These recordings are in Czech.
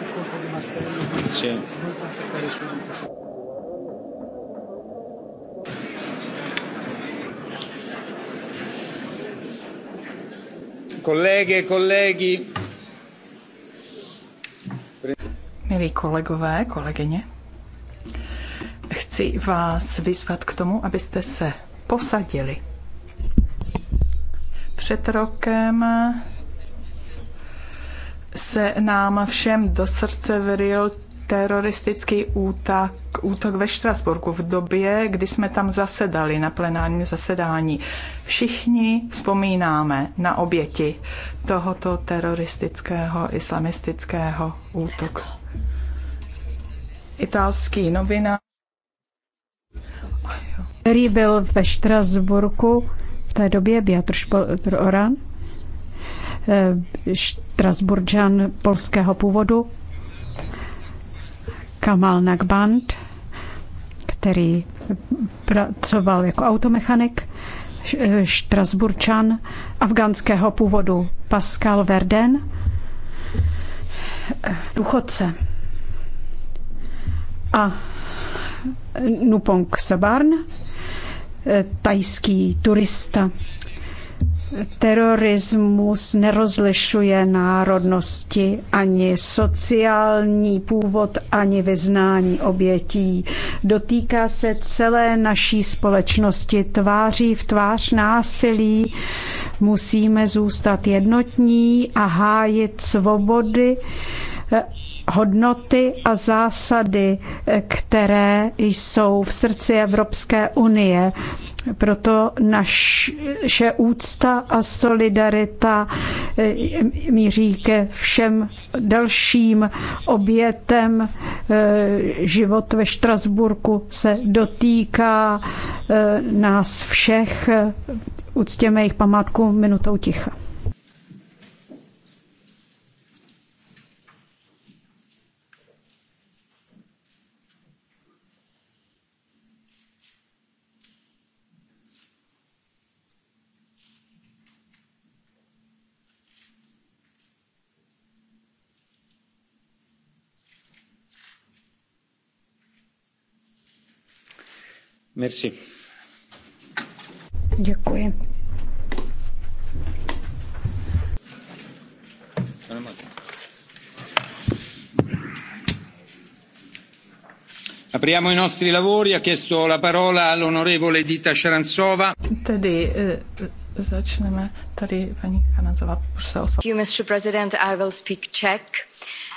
il colpo di martello sì. noi attaccare subito. Kolege, kolegy. Milí kolegové, kolegyně, chci vás vyzvat k tomu, abyste se posadili. Před rokem se nám všem do srdce vyril teroristický útak, útok ve Štrasburku v době, kdy jsme tam zasedali na plenárním zasedání. Všichni vzpomínáme na oběti tohoto teroristického islamistického útoku. Italský novina, který byl ve Štrasburku v té době, Beatrice Oran, Strasburčan eh, polského původu, Kamal Nagband, který pracoval jako automechanik, eh, Štrasburčan afgánského původu Pascal Verden, eh, důchodce a Nupong Sabarn, tajský turista. Terorismus nerozlišuje národnosti, ani sociální původ, ani vyznání obětí. Dotýká se celé naší společnosti tváří v tvář násilí. Musíme zůstat jednotní a hájit svobody eh, hodnoty a zásady, eh, které jsou v srdci Evropské unie. Proto naše úcta a solidarita eh, míří ke všem dalším obětem. Eh, život ve Štrasburku se dotýká eh, nás všech. Uctěme jejich památku minutou ticha. Merci. Děkuji. Tedy eh, začneme. Tady paní Charanzová, prosím. Thank you, Mr. President. I will speak Czech.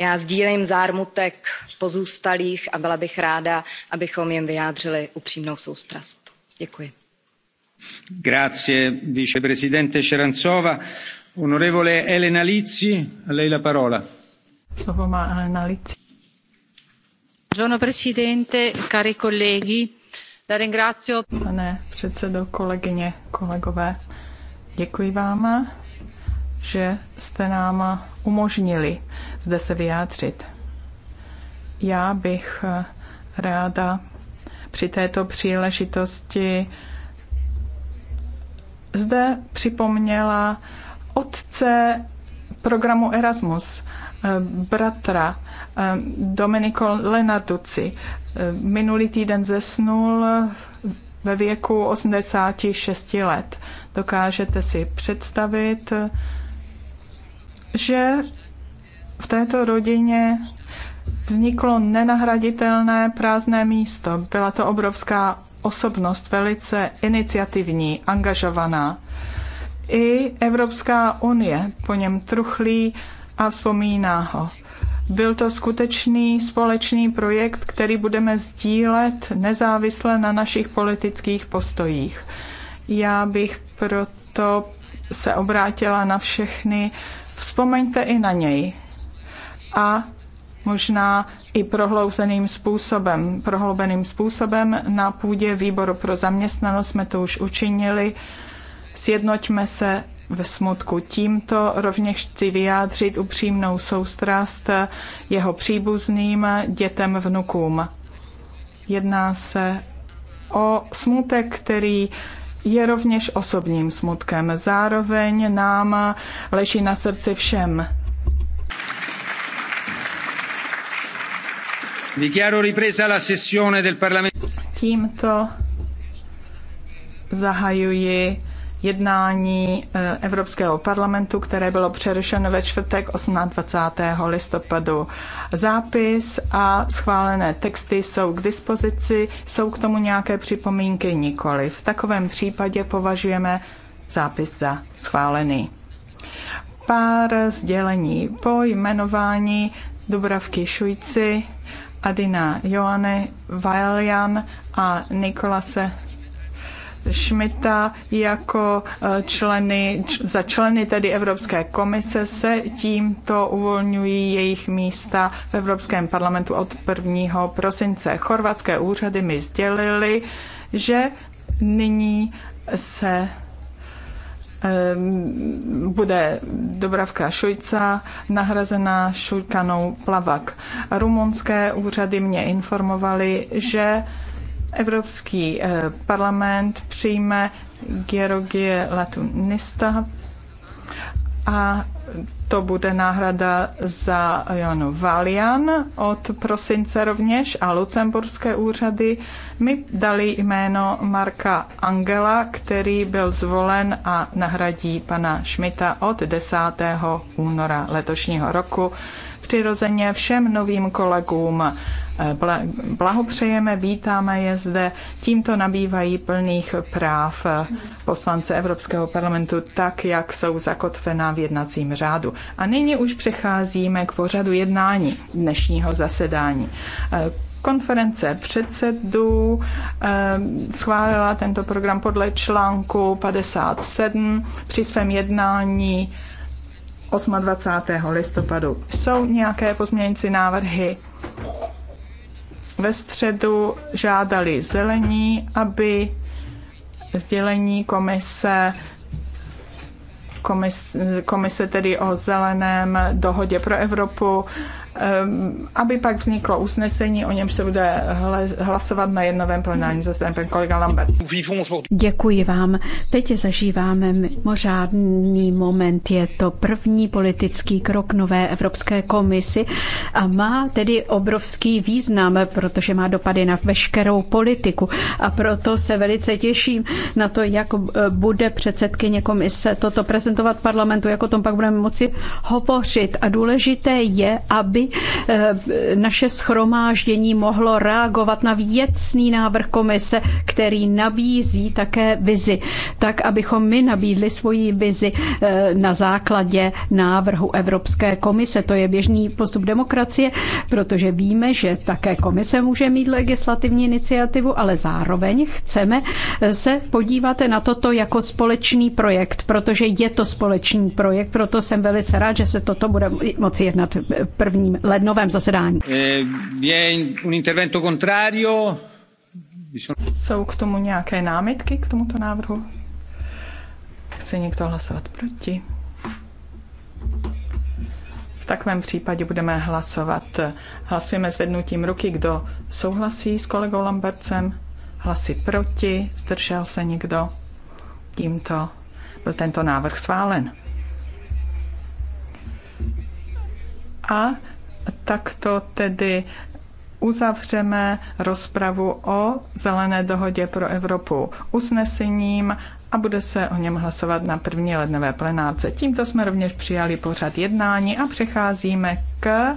já sdílím zármutek pozůstalých a byla bych ráda abychom jim vyjádřili upřímnou soustrast. děkuji. Grazie, viceprezidente Šerancová. Honorevole Elena Lizzi, a lei la parola. Slovo má Elena Lizzi. Buongiorno presidente, cari colleghi. La ringrazio. Pane předsedo, kolegyně, kolegové, děkuji vám že jste nám umožnili zde se vyjádřit. Já bych eh, ráda při této příležitosti zde připomněla otce programu Erasmus, eh, bratra eh, Domenico Lenarduci. Minulý týden zesnul ve věku 86 let. Dokážete si představit, že v této rodině vzniklo nenahraditelné prázdné místo. Byla to obrovská osobnost, velice iniciativní, angažovaná. I Evropská unie po něm truchlí a vzpomíná ho. Byl to skutečný společný projekt, který budeme sdílet nezávisle na našich politických postojích. Já bych proto se obrátila na všechny Vzpomeňte i na něj. A možná i prohloubeným způsobem. Prohloubeným způsobem na půdě výboru pro zaměstnanost jsme to už učinili. Sjednoťme se ve smutku. Tímto rovněž chci vyjádřit upřímnou soustrast jeho příbuzným dětem vnukům. Jedná se o smutek, který je rovněž osobním smutkem. Zároveň nám leží na srdci všem. Dichiaro ripresa la sessione del Parlamento. Tímto zahajuji jednání eh, Evropského parlamentu, které bylo přerušeno ve čtvrtek 28. listopadu. Zápis a schválené texty jsou k dispozici, jsou k tomu nějaké připomínky nikoli. V takovém případě považujeme zápis za schválený. Pár sdělení po jmenování Dubravky Šujci Adina Joane Vajljan a Nikolase Šmita jako eh, členy, za členy tedy Evropské komise se tímto uvolňují jejich místa v Evropském parlamentu od 1. prosince. Chorvatské úřady mi sdělili, že nyní se eh, bude Dobravka Šujca nahrazená Šujkanou Plavak. Rumunské úřady mě informovaly, že Evropský eh, parlament přijme Georgie Latunista a to bude náhrada za Janu Valian od prosince rovněž a lucemburské úřady mi dali jméno Marka Angela, který byl zvolen a nahradí pana Šmita od 10. února letošního roku přirozeně všem novým kolegům. Eh, blahopřejeme, vítáme je zde. Tímto nabývají plných práv eh, poslance Evropského parlamentu tak, jak jsou zakotvená v jednacím řádu. A nyní už přecházíme k pořadu jednání dnešního zasedání eh, konference předsedů schválila tento program podle článku 57 při svém jednání 28. listopadu. Jsou nějaké pozměňující návrhy? Ve středu žádali zelení, aby sdělení komise komise, komise tedy o zeleném dohodě pro Evropu Ehm, aby pak vzniklo usnesení, o němž se bude hlasovat na jednovém plenárním zasedání. kolega Lambert. Děkuji vám. Teď zažíváme mimořádný moment. Je to první politický krok nové Evropské komisi a má tedy obrovský význam, protože má dopady na veškerou politiku a proto se velice těším na to, jak eh, bude předsedkyně komise toto prezentovat parlamentu, jak o tom pak budeme moci hovořit. A důležité je, aby Eh, naše schromáždění mohlo reagovat na věcný návrh komise, který nabízí také vizi, tak abychom my nabídli svoji vizi eh, na základě návrhu Evropské komise. To je běžný postup demokracie, protože víme, že také komise může mít legislativní iniciativu, ale zároveň chceme eh, se podívat na toto jako společný projekt, protože je to společný projekt, proto jsem velice rád, že se toto bude moci jednat v prvním lednovém zasedání. Eh, Jsou k tomu nějaké námitky k tomuto návrhu? Chce někdo hlasovat proti? V takovém případě budeme hlasovat. Hlasujeme zvednutím ruky, kdo souhlasí s kolegou Lambercem, hlasy proti, zdržel se někdo. Tímto byl tento návrh schválen. A takto tedy uzavřeme rozpravu o zelené dohodě pro Evropu usnesením a bude se o něm hlasovat na první lednové plenáce. Tímto jsme rovněž přijali pořad jednání a přecházíme k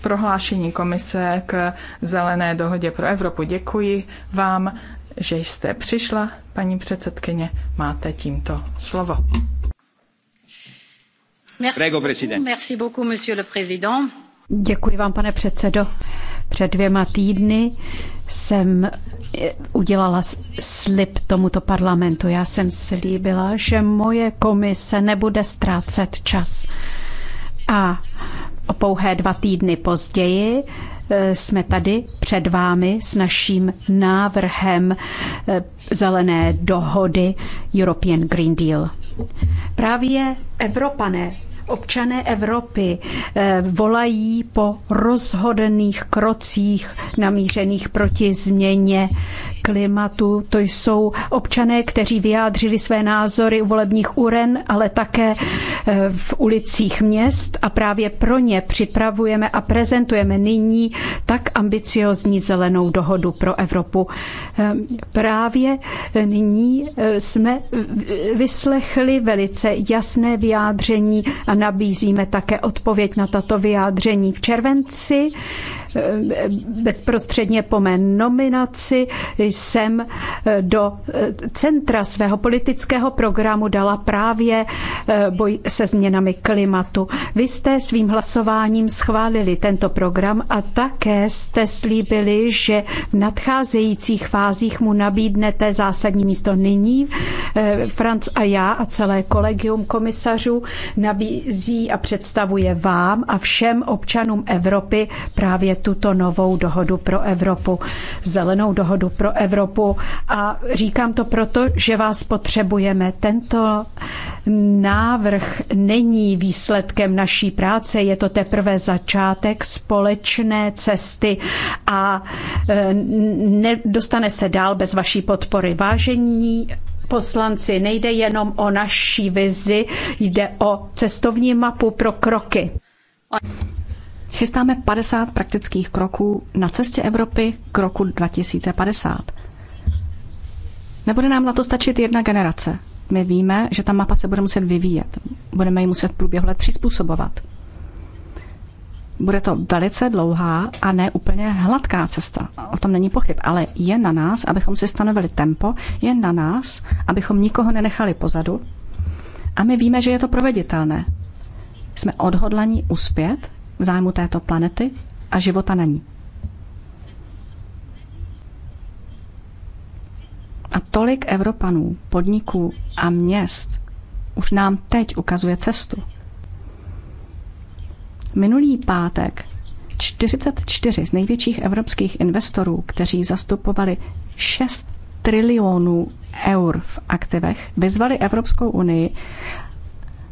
prohlášení komise k zelené dohodě pro Evropu. Děkuji vám, že jste přišla. Paní předsedkyně, máte tímto slovo. Merci, Prego, merci beaucoup, monsieur le président. Děkuji vám, pane předsedo. Před dvěma týdny jsem eh, udělala slib tomuto parlamentu. Já jsem slíbila, že moje komise nebude ztrácet čas. A o pouhé dva týdny později eh, jsme tady před vámi s naším návrhem eh, zelené dohody European Green Deal. Právě Evropané Občané Evropy eh, volají po rozhodných krocích namířených proti změně klimatu. To jsou občané, kteří vyjádřili své názory u volebních uren, ale také eh, v ulicích měst a právě pro ně připravujeme a prezentujeme nyní tak ambiciozní zelenou dohodu pro Evropu. Eh, právě eh, nyní jsme vyslechli velice jasné vyjádření a nabízíme také odpověď na tato vyjádření. V červenci bezprostředně po mé nominaci jsem do centra svého politického programu dala právě eh, boj se změnami klimatu. Vy jste svým hlasováním schválili tento program a také jste slíbili, že v nadcházejících fázích mu nabídnete zásadní místo nyní. Eh, Franc a já a celé kolegium komisařů nabízí a představuje vám a všem občanům Evropy právě tuto novou dohodu pro Evropu, zelenou dohodu pro Evropu. A říkám to proto, že vás potřebujeme. Tento návrh není výsledkem naší práce, je to teprve začátek společné cesty a e, nedostane se dál bez vaší podpory. Vážení poslanci, nejde jenom o naší vizi, jde o cestovní mapu pro kroky. Chystáme 50 praktických kroků na cestě Evropy k roku 2050. Nebude nám na to stačit jedna generace. My víme, že ta mapa se bude muset vyvíjet. Budeme ji muset v průběhu let přizpůsobovat. Bude to velice dlouhá a ne úplně hladká cesta. O tom není pochyb, ale je na nás, abychom si stanovili tempo, je na nás, abychom nikoho nenechali pozadu. A my víme, že je to proveditelné. Jsme odhodlaní uspět zájmu této planety a života na ní. A tolik Evropanů, podniků a měst už nám teď ukazuje cestu. Minulý pátek 44 z největších evropských investorů, kteří zastupovali 6 trilionů eur v aktivech, vyzvali Evropskou unii,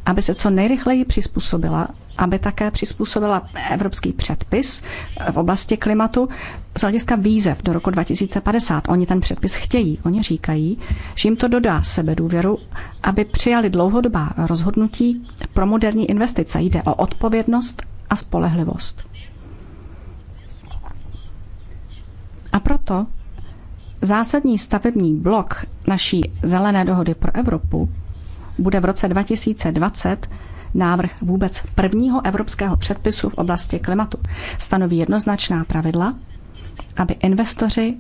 aby se co nejrychleji přizpůsobila, aby také přizpůsobila evropský předpis eh, v oblasti klimatu z hlediska výzev do roku 2050. Oni ten předpis chtějí, oni říkají, že jim to dodá sebedůvěru, aby přijali dlouhodobá rozhodnutí pro moderní investice. Jde o odpovědnost a spolehlivost. A proto zásadní stavební blok naší zelené dohody pro Evropu bude v roce 2020 návrh vůbec prvního evropského předpisu v oblasti klimatu. Stanoví jednoznačná pravidla, aby investoři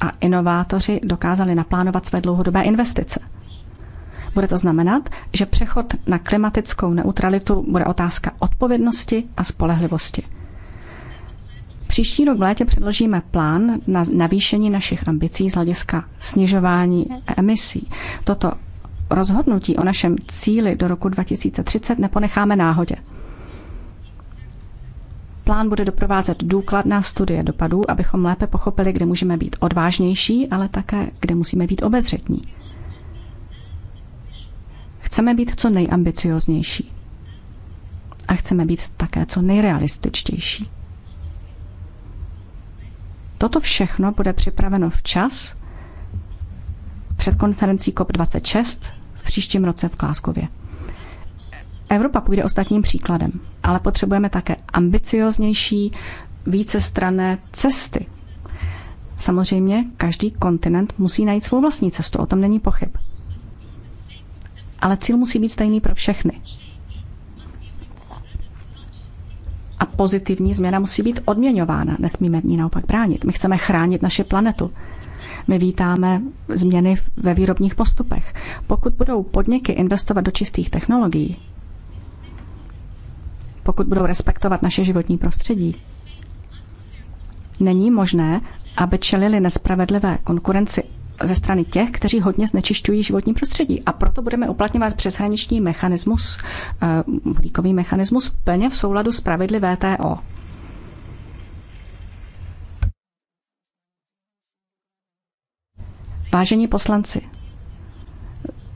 a inovátoři dokázali naplánovat své dlouhodobé investice. Bude to znamenat, že přechod na klimatickou neutralitu bude otázka odpovědnosti a spolehlivosti. Příští rok v létě předložíme plán na navýšení našich ambicí z hlediska snižování emisí. Toto rozhodnutí o našem cíli do roku 2030 neponecháme náhodě. Plán bude doprovázet důkladná studie dopadů, abychom lépe pochopili, kde můžeme být odvážnější, ale také kde musíme být obezřetní. Chceme být co nejambicioznější a chceme být také co nejrealističtější. Toto všechno bude připraveno včas před konferencí COP26 v příštím roce v Kláskově. Evropa půjde ostatním příkladem, ale potřebujeme také ambicioznější, vícestrané cesty. Samozřejmě každý kontinent musí najít svou vlastní cestu, o tom není pochyb. Ale cíl musí být stejný pro všechny. A pozitivní změna musí být odměňována, nesmíme v ní naopak bránit. My chceme chránit naši planetu. My vítáme změny ve výrobních postupech. Pokud budou podniky investovat do čistých technologií, pokud budou respektovat naše životní prostředí, není možné, aby čelili nespravedlivé konkurenci ze strany těch, kteří hodně znečišťují životní prostředí. A proto budeme uplatňovat přeshraniční mechanismus, eh, uhlíkový mechanismus plně v souladu s pravidly VTO. Vážení poslanci,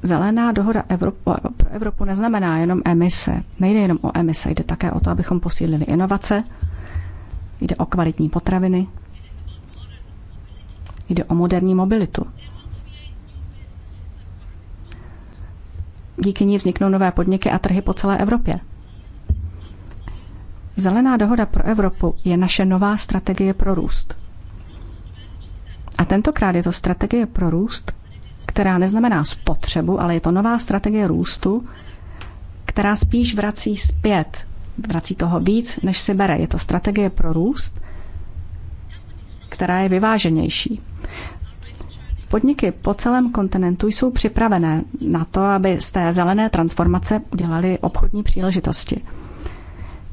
zelená dohoda Evropa, pro Evropu neznamená jenom emise. Nejde jenom o emise, jde také o to, abychom posílili inovace, jde o kvalitní potraviny, jde o moderní mobilitu. Díky ní vzniknou nové podniky a trhy po celé Evropě. Zelená dohoda pro Evropu je naše nová strategie pro růst. A tentokrát je to strategie pro růst, která neznamená spotřebu, ale je to nová strategie růstu, která spíš vrací zpět. Vrací toho víc, než si bere. Je to strategie pro růst, která je vyváženější. Podniky po celém kontinentu jsou připravené na to, aby z té zelené transformace udělali obchodní příležitosti.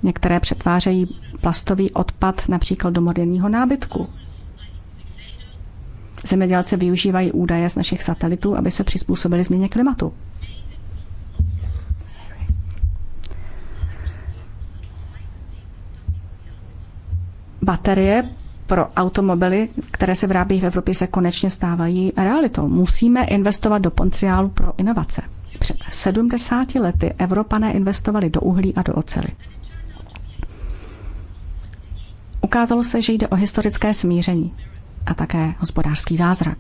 Některé přetvářejí plastový odpad například do moderního nábytku. Zemědělci využívají údaje z našich satelitů, aby se přizpůsobili změně klimatu. Baterie pro automobily, které se vyrábí v Evropě, se konečně stávají realitou. Musíme investovat do potenciálu pro inovace. Před 70 lety Evropané investovali do uhlí a do ocely. Ukázalo se, že jde o historické smíření a také hospodářský zázrak.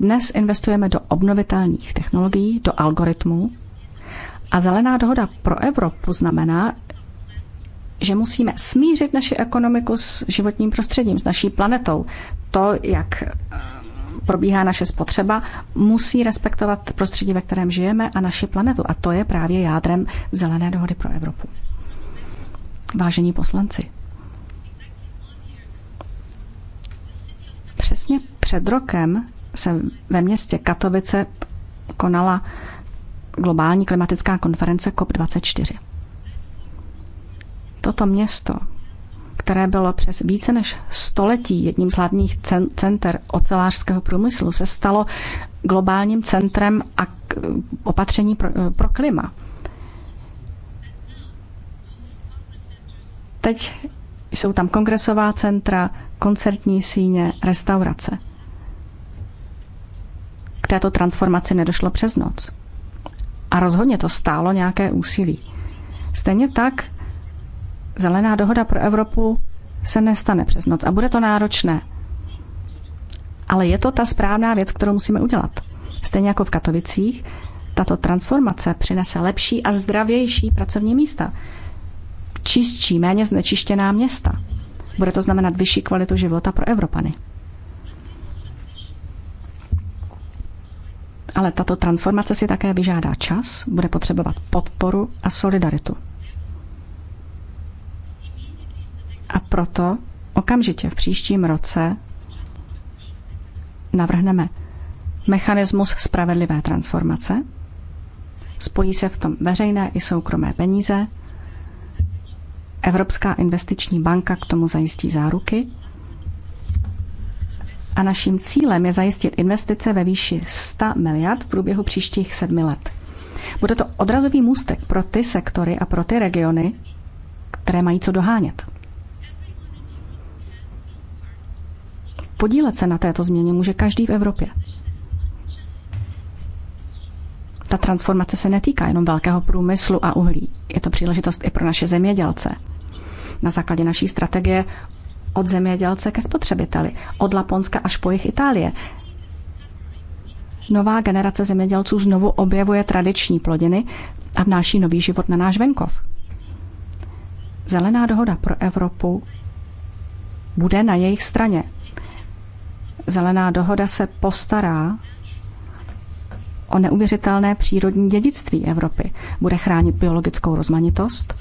Dnes investujeme do obnovitelných technologií, do algoritmů a zelená dohoda pro Evropu znamená, že musíme smířit naši ekonomiku s životním prostředím, s naší planetou. To, jak eh, probíhá naše spotřeba, musí respektovat prostředí, ve kterém žijeme a naši planetu. A to je právě jádrem zelené dohody pro Evropu. Vážení poslanci, Přesně před rokem se ve městě Katovice konala globální klimatická konference COP24. Toto město, které bylo přes více než století jedním z hlavních center ocelářského průmyslu, se stalo globálním centrem a opatření pro, eh, pro klima. Teď jsou tam kongresová centra, koncertní síně, restaurace. K této transformaci nedošlo přes noc. A rozhodně to stálo nějaké úsilí. Stejně tak zelená dohoda pro Evropu se nestane přes noc a bude to náročné. Ale je to ta správná věc, kterou musíme udělat. Stejně jako v Katovicích, tato transformace přinese lepší a zdravější pracovní místa, čistší, méně znečištěná města. Bude to znamenat vyšší kvalitu života pro Evropany. Ale tato transformace si také vyžádá čas, bude potřebovat podporu a solidaritu. A proto okamžitě v příštím roce navrhneme mechanismus spravedlivé transformace. Spojí se v tom veřejné i soukromé peníze Evropská investiční banka k tomu zajistí záruky. A naším cílem je zajistit investice ve výši 100 miliard v průběhu příštích sedmi let. Bude to odrazový můstek pro ty sektory a pro ty regiony, které mají co dohánět. Podílet se na této změně může každý v Evropě. Ta transformace se netýká jenom velkého průmyslu a uhlí. Je to příležitost i pro naše zemědělce, na základě naší strategie od zemědělce ke spotřebiteli, od Laponska až po jich Itálie. Nová generace zemědělců znovu objevuje tradiční plodiny a vnáší nový život na náš venkov. Zelená dohoda pro Evropu bude na jejich straně. Zelená dohoda se postará o neuvěřitelné přírodní dědictví Evropy. Bude chránit biologickou rozmanitost,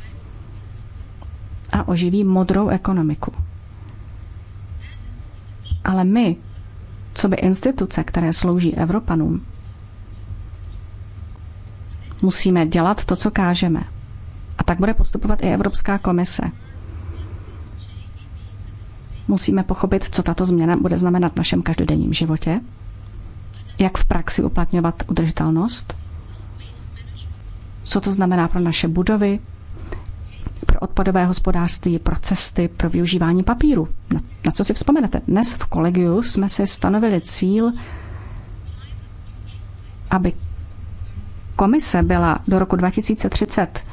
a oživí modrou ekonomiku. Ale my, co by instituce, které slouží Evropanům, musíme dělat to, co kážeme. A tak bude postupovat i Evropská komise. Musíme pochopit, co tato změna bude znamenat v našem každodenním životě, jak v praxi uplatňovat udržitelnost, co to znamená pro naše budovy, pro odpadové hospodářství, pro cesty, pro využívání papíru. Na, na co si vzpomenete? Dnes v kolegiu jsme si stanovili cíl, aby komise byla do roku 2030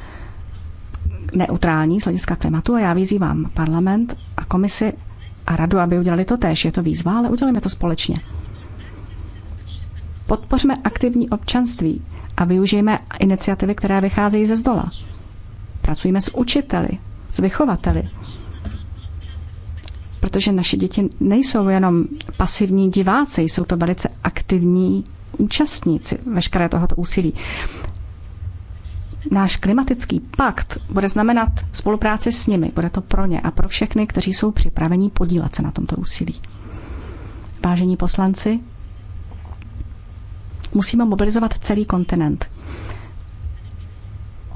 neutrální z hlediska klimatu a já vyzývám parlament a komisi a radu, aby udělali to též. Je to výzva, ale udělíme to společně. Podpořme aktivní občanství a využijeme iniciativy, které vycházejí ze zdola. Pracujeme s učiteli, s vychovateli. Protože naše děti nejsou jenom pasivní diváci, jsou to velice aktivní účastníci veškeré tohoto úsilí. Náš klimatický pakt bude znamenat spolupráci s nimi, bude to pro ně a pro všechny, kteří jsou připraveni podílet se na tomto úsilí. Vážení poslanci, musíme mobilizovat celý kontinent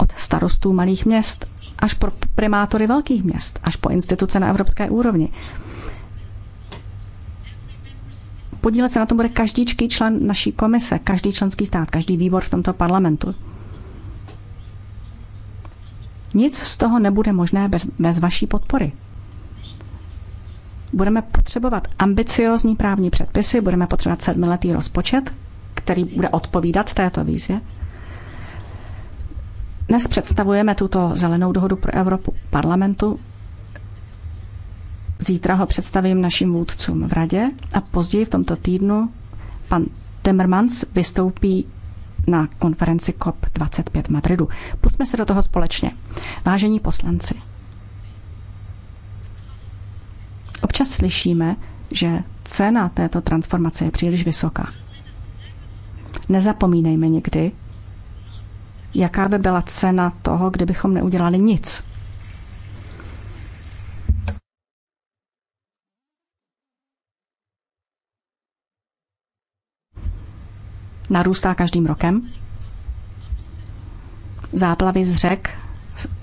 od starostů malých měst až po primátory velkých měst, až po instituce na evropské úrovni. Podílet se na tom bude každý člen naší komise, každý členský stát, každý výbor v tomto parlamentu. Nic z toho nebude možné bez vaší podpory. Budeme potřebovat ambiciózní právní předpisy, budeme potřebovat sedmiletý rozpočet, který bude odpovídat této výzvě dnes představujeme tuto zelenou dohodu pro Evropu parlamentu. Zítra ho představím našim vůdcům v radě a později v tomto týdnu pan Temmermans vystoupí na konferenci COP25 v Madridu. Pusme se do toho společně. Vážení poslanci, občas slyšíme, že cena této transformace je příliš vysoká. Nezapomínejme nikdy, jaká by byla cena toho, kdybychom neudělali nic. Narůstá každým rokem. Záplavy z řek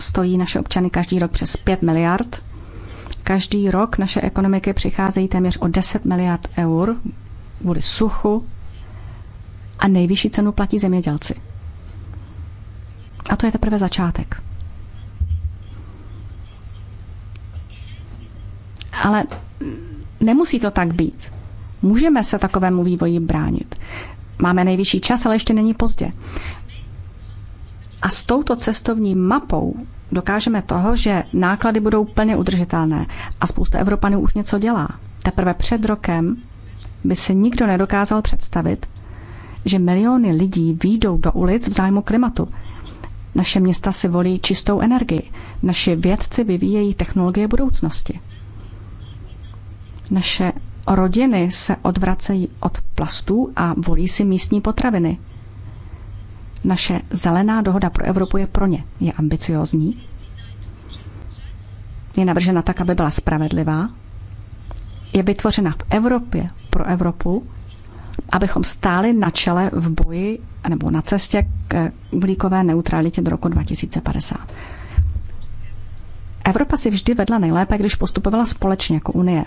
stojí naše občany každý rok přes 5 miliard. Každý rok naše ekonomiky přicházejí téměř o 10 miliard eur kvůli suchu a nejvyšší cenu platí zemědělci. A to je teprve začátek. Ale nemusí to tak být. Můžeme se takovému vývoji bránit. Máme nejvyšší čas, ale ještě není pozdě. A s touto cestovní mapou dokážeme toho, že náklady budou plně udržitelné a spousta Evropanů už něco dělá. Teprve před rokem by se nikdo nedokázal představit, že miliony lidí výjdou do ulic v zájmu klimatu. Naše města si volí čistou energii. Naši vědci vyvíjejí technologie budoucnosti. Naše rodiny se odvracejí od plastů a volí si místní potraviny. Naše zelená dohoda pro Evropu je pro ně. Je ambiciózní. Je navržena tak, aby byla spravedlivá. Je vytvořena v Evropě pro Evropu abychom stáli na čele v boji nebo na cestě k uhlíkové neutralitě do roku 2050. Evropa si vždy vedla nejlépe, když postupovala společně jako Unie.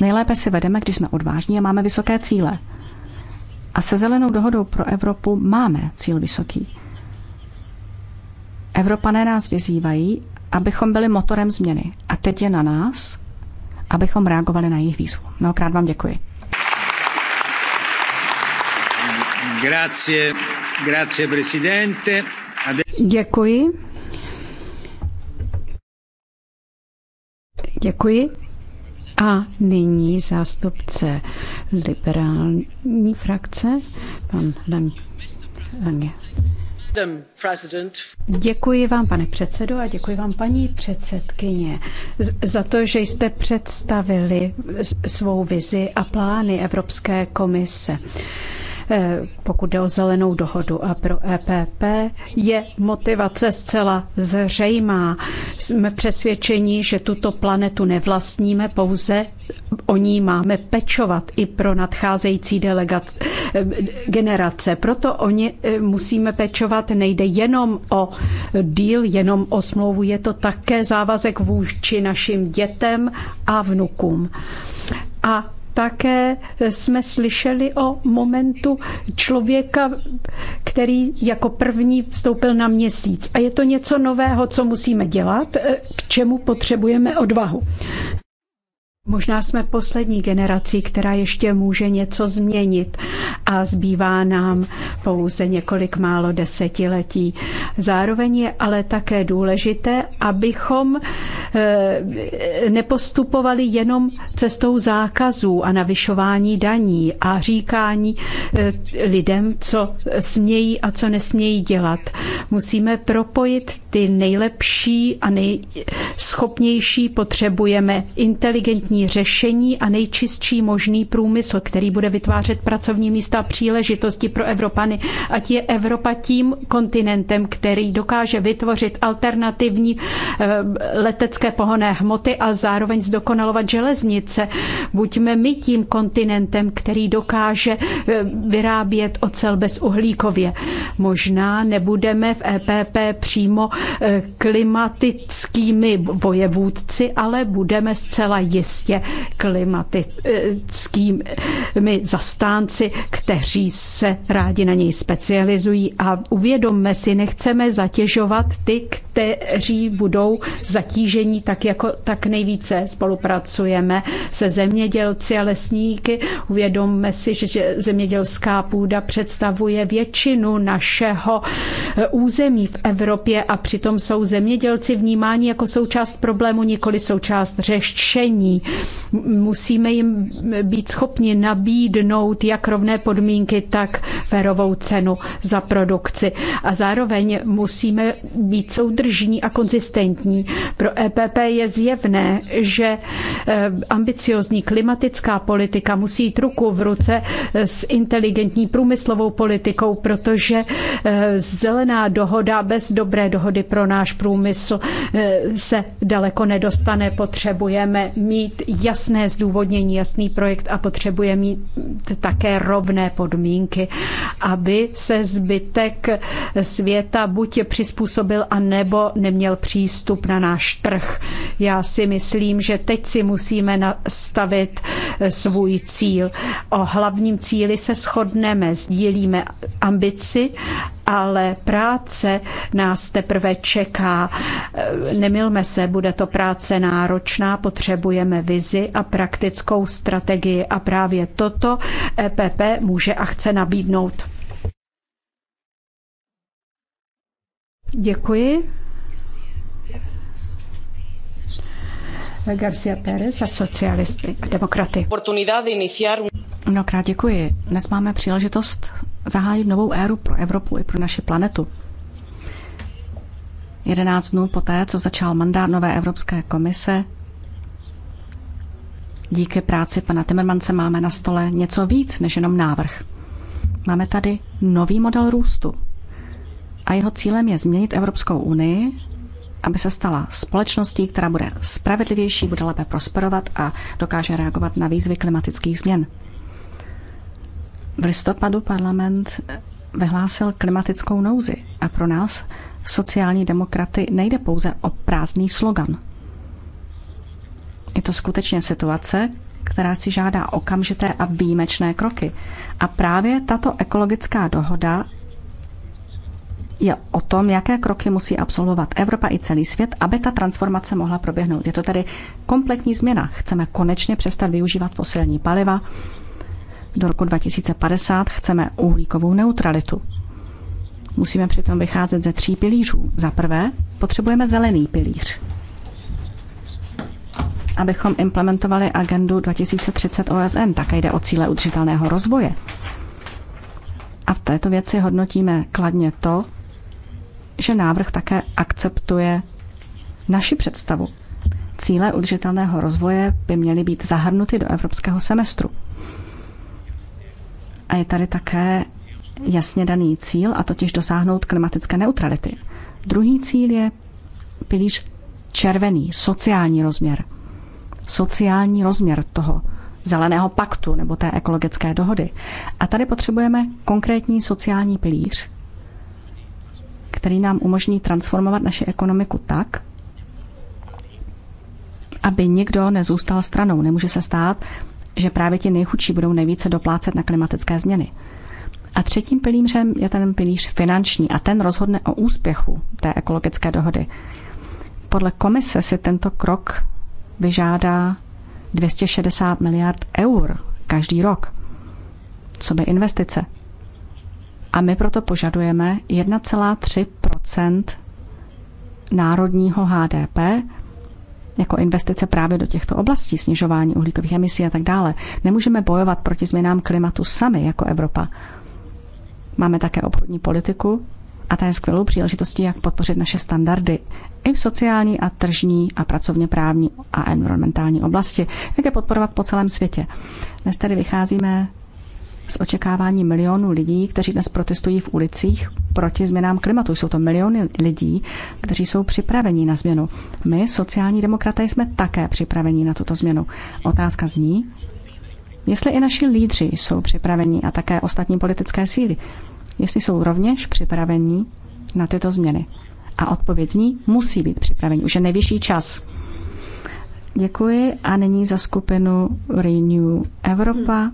Nejlépe si vedeme, když jsme odvážní a máme vysoké cíle. A se zelenou dohodou pro Evropu máme cíl vysoký. Evropané nás vyzývají, abychom byli motorem změny. A teď je na nás, abychom reagovali na jejich výzvu. Mnohokrát vám děkuji. Děkuji. Děkuji. A nyní zástupce liberální frakce, pan Lange. Děkuji vám, pane předsedo, a děkuji vám, paní předsedkyně, za to, že jste představili svou vizi a plány Evropské komise. Eh, pokud jde o zelenou dohodu. A pro EPP je motivace zcela zřejmá. Jsme přesvědčeni, že tuto planetu nevlastníme, pouze o ní máme pečovat i pro nadcházející delegat, eh, generace. Proto o ně eh, musíme pečovat. Nejde jenom o díl, jenom o smlouvu. Je to také závazek vůči našim dětem a vnukům. A také jsme slyšeli o momentu člověka, který jako první vstoupil na měsíc. A je to něco nového, co musíme dělat, k čemu potřebujeme odvahu. Možná jsme poslední generací, která ještě může něco změnit a zbývá nám pouze několik málo desetiletí. Zároveň je ale také důležité, abychom eh, nepostupovali jenom cestou zákazů a navyšování daní a říkání eh, lidem, co smějí a co nesmějí dělat. Musíme propojit ty nejlepší a nejschopnější, potřebujeme inteligentní konkrétní řešení a nejčistší možný průmysl, který bude vytvářet pracovní místa a příležitosti pro Evropany. Ať je Evropa tím kontinentem, který dokáže vytvořit alternativní eh, letecké pohonné hmoty a zároveň zdokonalovat železnice. Buďme my tím kontinentem, který dokáže eh, vyrábět ocel bez uhlíkově. Možná nebudeme v EPP přímo eh, klimatickými vojevůdci, ale budeme zcela jistí jistě klimatickými zastánci, kteří se rádi na něj specializují a uvědomme si, nechceme zatěžovat ty, kteří kteří budou zatížení tak jako tak nejvíce. Spolupracujeme se zemědělci a lesníky. Uvědomme si, že zemědělská půda představuje většinu našeho e, území v Evropě a přitom jsou zemědělci vnímáni jako součást problému, nikoli součást řešení. Musíme jim být schopni nabídnout jak rovné podmínky, tak férovou cenu za produkci. A zároveň musíme být soudržní tržní a konzistentní. Pro EPP je zjevné, že eh, ambiciozní klimatická politika musí jít ruku v ruce eh, s inteligentní průmyslovou politikou, protože eh, zelená dohoda bez dobré dohody pro náš průmysl se daleko nedostane. Potřebujeme mít jasné zdůvodnění, jasný projekt a potřebujeme mít také rovné podmínky, aby se zbytek světa buď přizpůsobil a nebo nebo neměl přístup na náš trh. Já si myslím, že teď si musíme nastavit eh, svůj cíl. O hlavním cíli se shodneme, sdílíme ambici, ale práce nás teprve čeká. Eh, nemilme se, bude to práce náročná, potřebujeme vizi a praktickou strategii a právě toto EPP může a chce nabídnout. Děkuji. Garcia Pérez a socialisty a demokraty. Mnohokrát děkuji. Dnes máme příležitost zahájit novou éru pro Evropu i pro naši planetu. 11 dnů poté, co začal mandát nové Evropské komise, díky práci pana Timmermance máme na stole něco víc než jenom návrh. Máme tady nový model růstu. A jeho cílem je změnit Evropskou unii aby se stala společností, která bude spravedlivější, bude lépe prosperovat a dokáže reagovat na výzvy klimatických změn. V listopadu parlament vyhlásil klimatickou nouzi a pro nás, sociální demokraty, nejde pouze o prázdný slogan. Je to skutečně situace, která si žádá okamžité a výjimečné kroky. A právě tato ekologická dohoda je o tom, jaké kroky musí absolvovat Evropa i celý svět, aby ta transformace mohla proběhnout. Je to tedy kompletní změna. Chceme konečně přestat využívat fosilní paliva. Do roku 2050 chceme uhlíkovou neutralitu. Musíme přitom vycházet ze tří pilířů. Za prvé, potřebujeme zelený pilíř, abychom implementovali agendu 2030 OSN. Také jde o cíle udržitelného rozvoje. A v této věci hodnotíme kladně to, že návrh také akceptuje naši představu. Cíle udržitelného rozvoje by měly být zahrnuty do evropského semestru. A je tady také jasně daný cíl, a totiž dosáhnout klimatické neutrality. Druhý cíl je pilíř červený, sociální rozměr. Sociální rozměr toho zeleného paktu nebo té ekologické dohody. A tady potřebujeme konkrétní sociální pilíř, který nám umožní transformovat naši ekonomiku tak, aby nikdo nezůstal stranou. Nemůže se stát, že právě ti nejchudší budou nejvíce doplácet na klimatické změny. A třetím pilířem je ten pilíř finanční a ten rozhodne o úspěchu té ekologické dohody. Podle komise si tento krok vyžádá 260 miliard eur každý rok. Co by investice? A my proto požadujeme 1,3 národního HDP jako investice právě do těchto oblastí, snižování uhlíkových emisí a tak dále. Nemůžeme bojovat proti změnám klimatu sami jako Evropa. Máme také obchodní politiku a ta je skvělou příležitostí, jak podpořit naše standardy i v sociální a tržní a pracovně právní a environmentální oblasti, jak je podporovat po celém světě. Dnes tedy vycházíme s očekáváním milionů lidí, kteří dnes protestují v ulicích proti změnám klimatu. Jsou to miliony lidí, kteří jsou připraveni na změnu. My, sociální demokraté, jsme také připraveni na tuto změnu. Otázka zní, jestli i naši lídři jsou připraveni a také ostatní politické síly, jestli jsou rovněž připraveni na tyto změny. A odpověď zní, musí být připraveni. Už je nejvyšší čas. Děkuji a nyní za skupinu Renew Evropa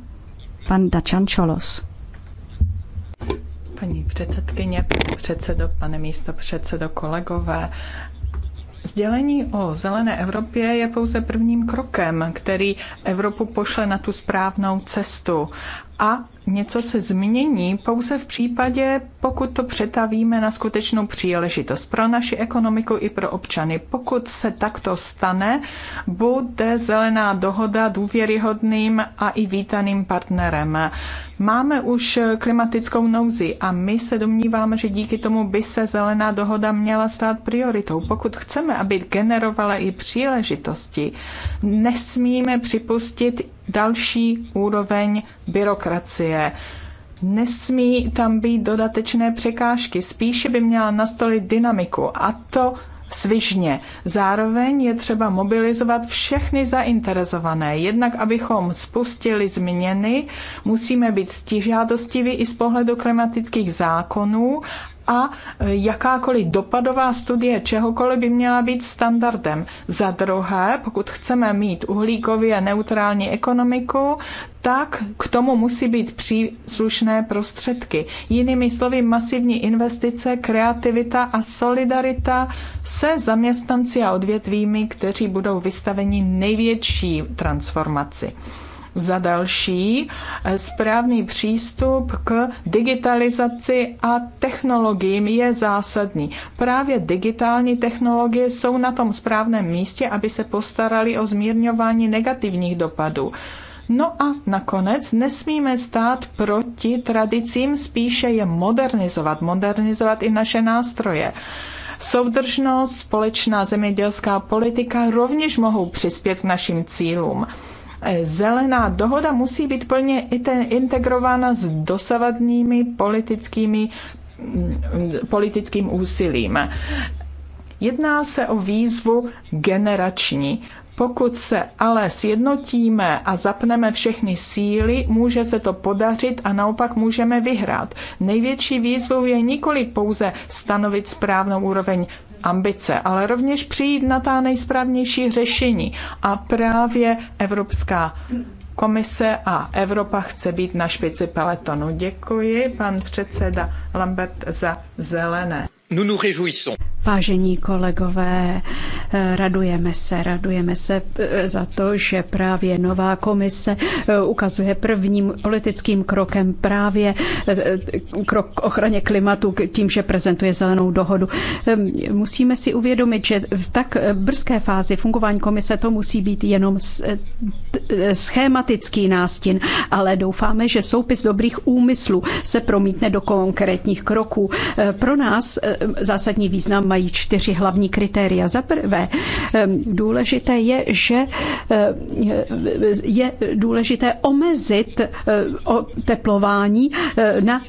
Pan Dačan Čolos. Paní předsedkyně, pane předsedo, pane místo předsedo, kolegové, Sdělení o zelené Evropě je pouze prvním krokem, který Evropu pošle na tu správnou cestu a něco se změní pouze v případě, pokud to přetavíme na skutečnou příležitost pro naši ekonomiku i pro občany. Pokud se takto stane, bude zelená dohoda důvěryhodným a i vítaným partnerem. Máme už klimatickou nouzi a my se domníváme, že díky tomu by se zelená dohoda měla stát prioritou. Pokud chceme, aby generovala i příležitosti, nesmíme připustit další úroveň byrokracie zdroje. Nesmí tam být dodatečné překážky, spíše by měla nastolit dynamiku a to svižně. Zároveň je třeba mobilizovat všechny zainteresované. Jednak, abychom spustili změny, musíme být stižádostiví i z pohledu klimatických zákonů a e, jakákoliv dopadová studie čehokoliv by měla být standardem. Za druhé, pokud chceme mít uhlíkově neutrální ekonomiku, tak k tomu musí být příslušné prostředky. Jinými slovy, masivní investice, kreativita a solidarita se zaměstnanci a odvětvími, kteří budou vystaveni největší transformaci. Za další, eh, správný přístup k digitalizaci a technologiím je zásadní. Právě digitální technologie jsou na tom správném místě, aby se postarali o zmírňování negativních dopadů. No a nakonec nesmíme stát proti tradicím, spíše je modernizovat, modernizovat i naše nástroje. Soudržnost, společná zemědělská politika rovněž mohou přispět k našim cílům. Zelená dohoda musí být plně integrována s dosavadními politickými mm, politickým úsilím. Jedná se o výzvu generační. Pokud se ale sjednotíme a zapneme všechny síly, může se to podařit a naopak můžeme vyhrát. Největší výzvou je nikoli pouze stanovit správnou úroveň ambice, ale rovněž přijít na ta nejsprávnější řešení. A právě Evropská komise a Evropa chce být na špici peletonu. Děkuji, pan předseda Lambert, za zelené. Nous nous réjouissons. Vážení kolegové, eh, radujeme se, radujeme se eh, za to, že právě nová komise eh, ukazuje prvním politickým krokem právě krok k ochraně klimatu tím, že prezentuje zelenou dohodu. Ehm, musíme si uvědomit, že v tak brzké fázi fungování komise to musí být jenom schématický nástin, ale doufáme, že soupis dobrých úmyslů se promítne do konkrétních kroků. Pro nás zásadní význam mají mají čtyři hlavní kritéria. Za prvé, důležité je, že je důležité omezit oteplování na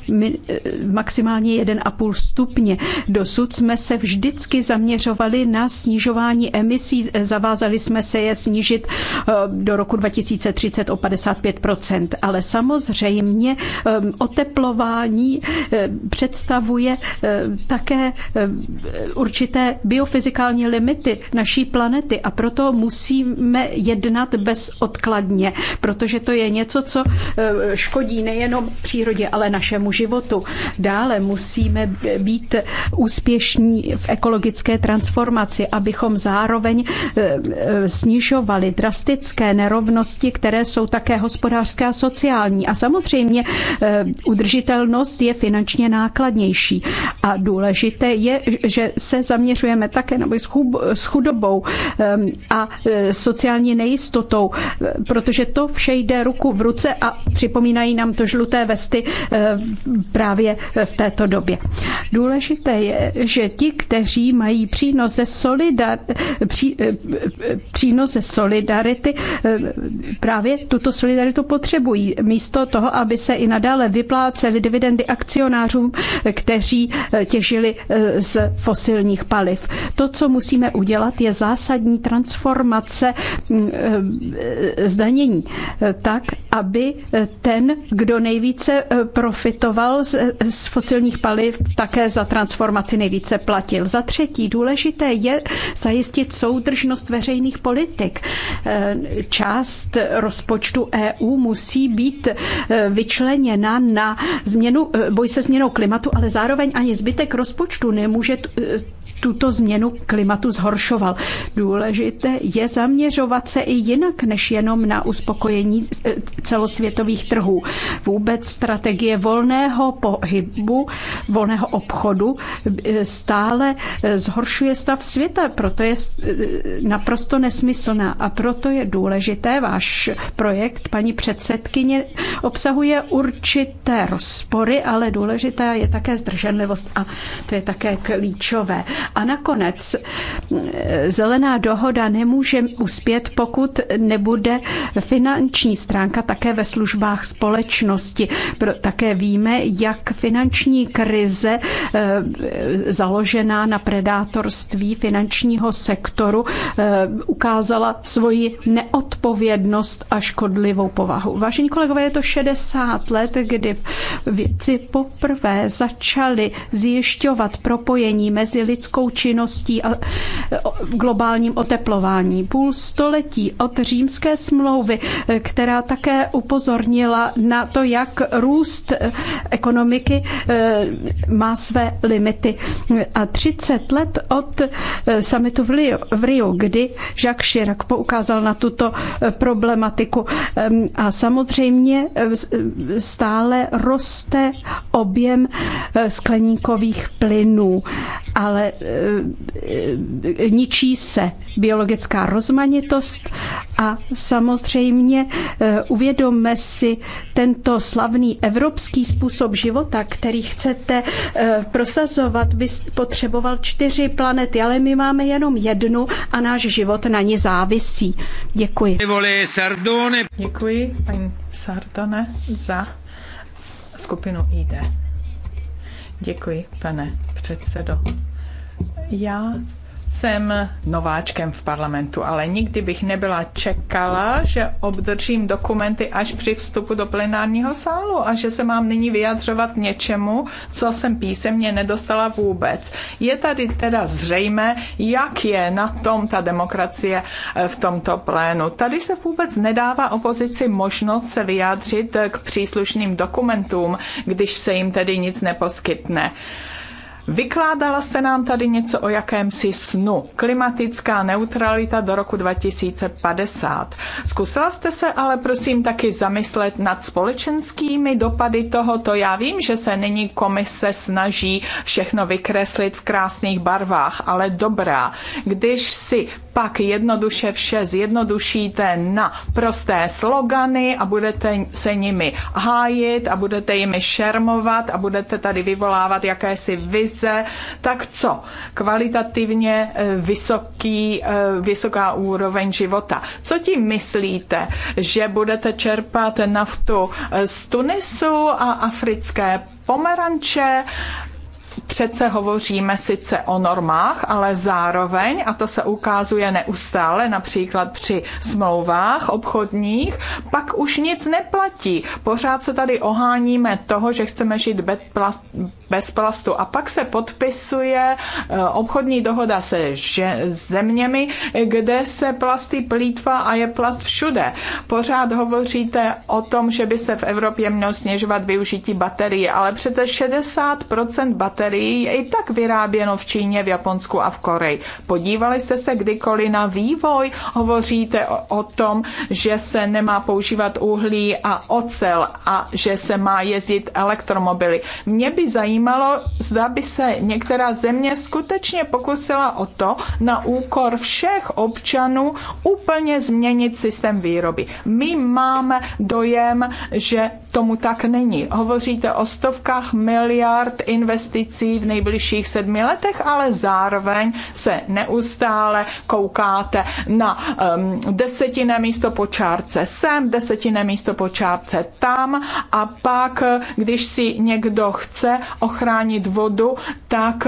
maximálně 1,5 stupně. Dosud jsme se vždycky zaměřovali na snižování emisí, e, zavázali jsme se je snížit do roku 2030 o 55 ale samozřejmě oteplování představuje také určité biofyzikální limity naší planety a proto musíme jednat bezodkladně, protože to je něco, co eh, škodí nejenom přírodě, ale našemu životu. Dále musíme být úspěšní v ekologické transformaci, abychom zároveň eh, eh, snižovali drastické nerovnosti, které jsou také hospodářské a sociální. A samozřejmě udržitelnost je finančně nákladnější. A důležité je, že se zaměřujeme také na boj s chudobou ehm, a e, sociální nejistotou, e, protože to vše jde ruku v ruce a připomínají nám to žluté vesty e, právě v této době. Důležité je, že ti, kteří mají přínos ze, solidar, pří, přínos ze solidarity, právě tuto solidaritu potřebují. Místo toho, aby se i nadále vypláceli dividendy akcionářům, kteří těžili z fosilních fosilních paliv. To, co musíme udělat, je zásadní transformace mm, eh, zdanění eh, tak, aby eh, ten, kdo nejvíce profitoval z, fosilních paliv, také za transformaci nejvíce platil. Za třetí, důležité je zajistit soudržnost veřejných politik. Část rozpočtu EU musí být vyčleněna na změnu, boj se změnou klimatu, ale zároveň ani zbytek rozpočtu nemůže tuto změnu klimatu zhoršoval. Důležité je zaměřovat se i jinak, než jenom na uspokojení eh, celosvětových trhů. Vůbec strategie volného pohybu, volného obchodu eh, stále eh, zhoršuje stav světa, proto je naprosto nesmyslná a proto je důležité, váš projekt, paní předsedkyně, obsahuje určité rozpory, ale důležitá je také zdrženlivost a to je také klíčové. A nakonec eh, zelená dohoda nemůže uspět, pokud nebude finanční stránka také ve službách společnosti. Také víme, jak finanční krize eh, založená na predátorství finančního sektoru eh, ukázala svoji neodpovědnost a škodlivou povahu. Vážení kolegové, je to 60 let, kdy věci poprvé začaly zjišťovat propojení mezi lidskou lidskou činností a globálním oteplování. Půl století od římské smlouvy, e, která také upozornila na to, jak růst e, ekonomiky e, má své limity. A 30 let od summitu v Rio, kdy Jacques Chirac poukázal na tuto problematiku. A samozřejmě stále roste objem skleníkových plynů, ale Eh, ničí se biologická rozmanitost a samozřejmě eh, uvědomme si tento slavný evropský způsob života, který chcete eh, prosazovat, by potřeboval čtyři planety, ale my máme jenom jednu a náš život na ní závisí. Děkuji. Děkuji, paní Sardone, za skupinu ID. Děkuji, pane předsedo. Já jsem nováčkem v parlamentu, ale nikdy bych nebyla čekala, že obdržím dokumenty až při vstupu do plenárního sálu a že se mám nyní vyjadřovat k něčemu, co jsem písemně nedostala vůbec. Je tady teda zřejmé, jak je na tom ta demokracie eh, v tomto plénu. Tady se vůbec nedává opozici možnost se vyjádřit k příslušným dokumentům, když se jim tedy nic neposkytne. Vykládala jste nám tady něco o jakémsi snu. Klimatická neutralita do roku 2050. Zkusila jste se ale prosím taky zamyslet nad společenskými dopady tohoto. Já vím, že se nyní komise snaží všechno vykreslit v krásných barvách, ale dobrá. Když si pak jednoduše vše zjednodušíte na prosté slogany a budete se nimi hájit a budete jimi šermovat a budete tady vyvolávat jakési vizi komise, tak co? Kvalitativně eh, vysoký, eh, vysoká úroveň života. Co tím myslíte, že budete čerpat naftu eh, z Tunisu a africké pomeranče? přece hovoříme sice o normách, ale zároveň, a to se ukazuje neustále, například při smlouvách obchodních, pak už nic neplatí. Pořád se tady oháníme toho, že chceme žít bez, bez plastu. A pak se podpisuje eh, obchodní dohoda se že zeměmi, kde se plasty plítva a je plast všude. Pořád hovoříte o tom, že by se v Evropě mělo snižovat využití baterií, ale přece 60% baterií je i tak vyráběno v Číně, v Japonsku a v Koreji. Podívali jste se kdykoliv na vývoj? Hovoříte o, o tom, že se nemá používat uhlí a ocel a že se má jezdit elektromobily. Mě by zajímalo, zajímalo, zda by se některá země skutečně pokusila o to na úkor všech občanů úplně změnit systém výroby. My máme dojem, že tomu tak není. Hovoříte o stovkách miliard investicí v nejbližších sedmi letech, ale zároveň se neustále koukáte na um, desetinné místo po čárce sem, desetinné místo po čárce tam a pak, když si někdo chce ochránit vodu, tak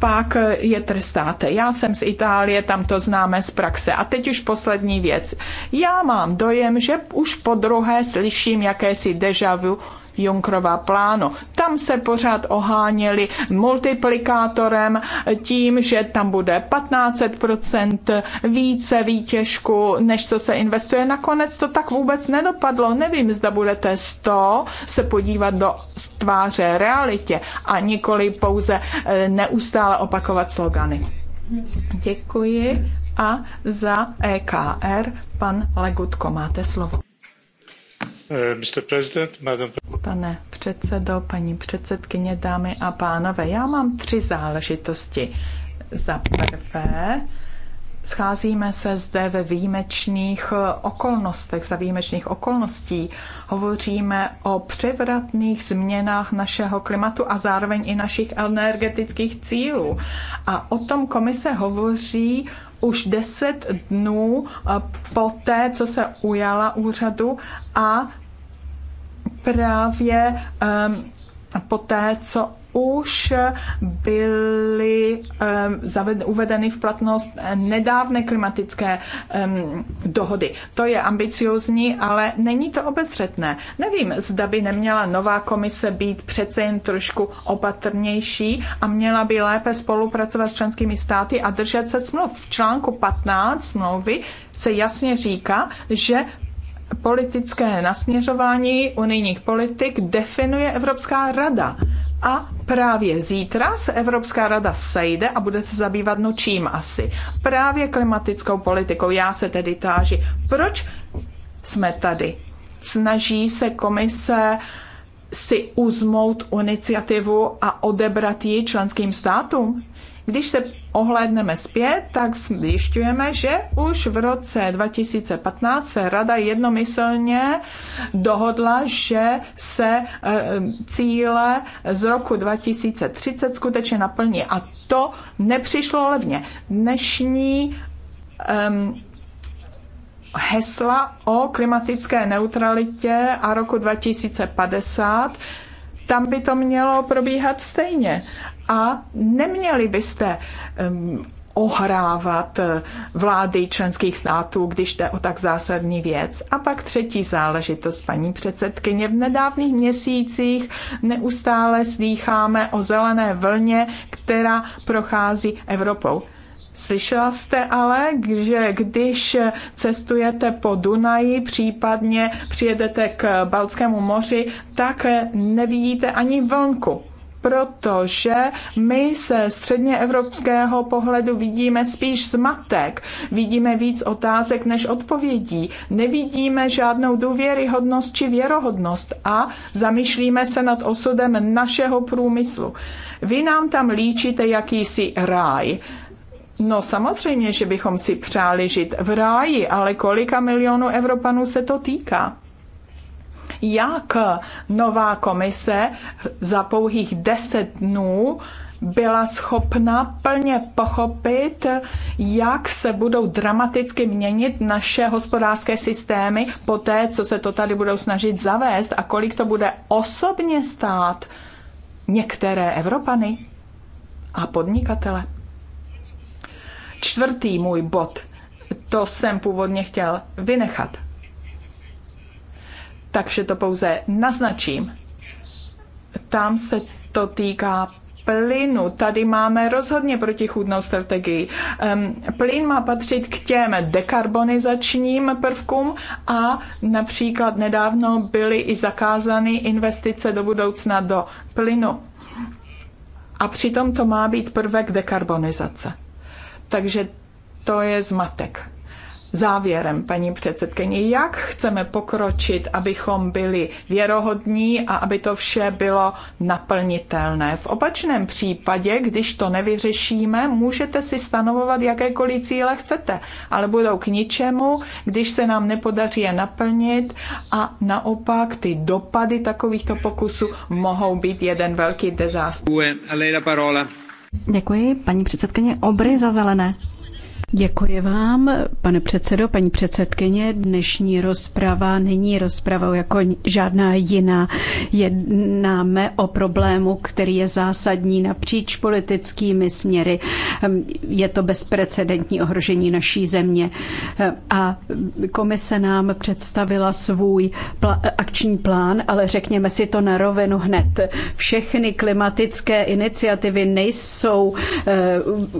pak je trestáte. Já jsem z Itálie, tam to známe z praxe. A teď už poslední věc. Já mám dojem, že už po druhé slyším jakési deja vu Junkrova pláno. Tam se pořád oháněli multiplikátorem tím, že tam bude 15% více výtěžku, než co se investuje. Nakonec to tak vůbec nedopadlo. Nevím, zda budete 100 se podívat do tváře realitě a nikoli pouze eh, neustále opakovat slogany. Děkuji a za EKR pan Legutko máte slovo. Eh, Pane předsedo, paní předsedkyně, dámy a pánové, já mám tři záležitosti. Za prvé, scházíme se zde ve výjimečných okolnostech, za výjimečných okolností. Hovoříme o převratných změnách našeho klimatu a zároveň i našich energetických cílů. A o tom komise hovoří už deset dnů po té, co se ujala úřadu a právě um, poté, co už byly um, zaved, uvedeny v platnost nedávné klimatické um, dohody. To je ambiciozní, ale není to obezřetné. Nevím, zda by neměla nová komise být přece jen trošku opatrnější a měla by lépe spolupracovat s členskými státy a držet se smluv. V článku 15 smlouvy se jasně říká, že politické nasměřování unijních politik definuje Evropská rada. A právě zítra se Evropská rada sejde a bude se zabývat no čím asi. Právě klimatickou politikou. Já se tedy táži, proč jsme tady. Snaží se komise si uzmout iniciativu a odebrat ji členským státům? Když se ohlédneme zpět, tak zjišťujeme, že už v roce 2015 se rada jednomyslně dohodla, že se e, cíle z roku 2030 skutečně naplní. A to nepřišlo levně. Dnešní um, hesla o klimatické neutralitě a roku 2050 tam by to mělo probíhat stejně. A neměli byste um, ohrávat eh, vlády členských států, když jde o tak zásadní věc. A pak třetí záležitost, paní předsedkyně. V nedávných měsících neustále slýcháme o zelené vlně, která prochází Evropou. Slyšela jste ale, že když cestujete po Dunaji, případně přijedete k Balckému moři, tak nevidíte ani vlnku protože my se středně evropského pohledu vidíme spíš zmatek, vidíme víc otázek než odpovědí, nevidíme žádnou důvěryhodnost či věrohodnost a zamýšlíme se nad osudem našeho průmyslu. Vy nám tam líčíte jakýsi ráj No samozřejmě, že bychom si přáli žít v ráji, ale kolika milionů Evropanů se to týká? Jak nová komise za pouhých deset dnů byla schopna plně pochopit, jak se budou dramaticky měnit naše hospodářské systémy po té, co se to tady budou snažit zavést a kolik to bude osobně stát některé Evropany a podnikatele čtvrtý můj bod. To jsem původně chtěl vynechat. Takže to pouze naznačím. Tam se to týká plynu. Tady máme rozhodně protichůdnou strategii. Um, plyn má patřit k těm dekarbonizačním prvkům a například nedávno byly i zakázány investice do budoucna do plynu. A přitom to má být prvek dekarbonizace. Takže to je zmatek. Závěrem, paní předsedkyně, jak chceme pokročit, abychom byli věrohodní a aby to vše bylo naplnitelné. V opačném případě, když to nevyřešíme, můžete si stanovovat jakékoliv cíle chcete, ale budou k ničemu, když se nám nepodaří je naplnit a naopak ty dopady takovýchto pokusů mohou být jeden velký dezastr. Děkuji, paní předsedkyně Obry za zelené. Děkuji vám, pane předsedo, paní předsedkyně. Dnešní rozprava není rozpravou jako žádná jiná. Jednáme o problému, který je zásadní napříč politickými směry. Je to bezprecedentní ohrožení naší země. A komise nám představila svůj akční plán, ale řekněme si to na rovinu hned. Všechny klimatické iniciativy nejsou eh,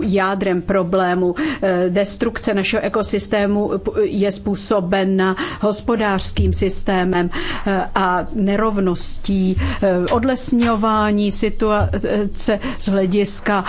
jádrem problému eh, Eh, destrukce našeho ekosystému eh, je způsobena hospodářským systémem eh, a nerovností, odlesňování situace z hlediska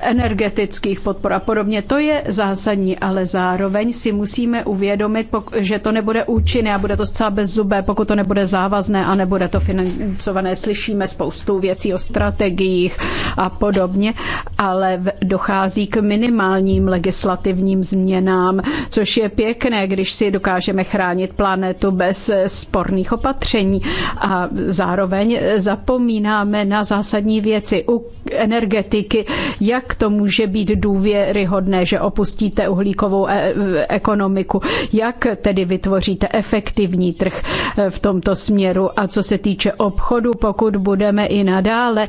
energetických podpor a podobně. To je zásadní, ale zároveň si musíme uvědomit, že to nebude účinné a bude to zcela bezzubé, pokud to nebude závazné a nebude to financované. Slyšíme spoustu věcí o strategiích a podobně, ale dochází k minimální pozitivním legislativním změnám, což je pěkné, když si dokážeme chránit planetu bez sporných opatření a zároveň zapomínáme na zásadní věci u energetiky, jak to může být důvěryhodné, že opustíte uhlíkovou e ekonomiku, jak tedy vytvoříte efektivní trh e, v tomto směru a co se týče obchodu, pokud budeme i nadále e,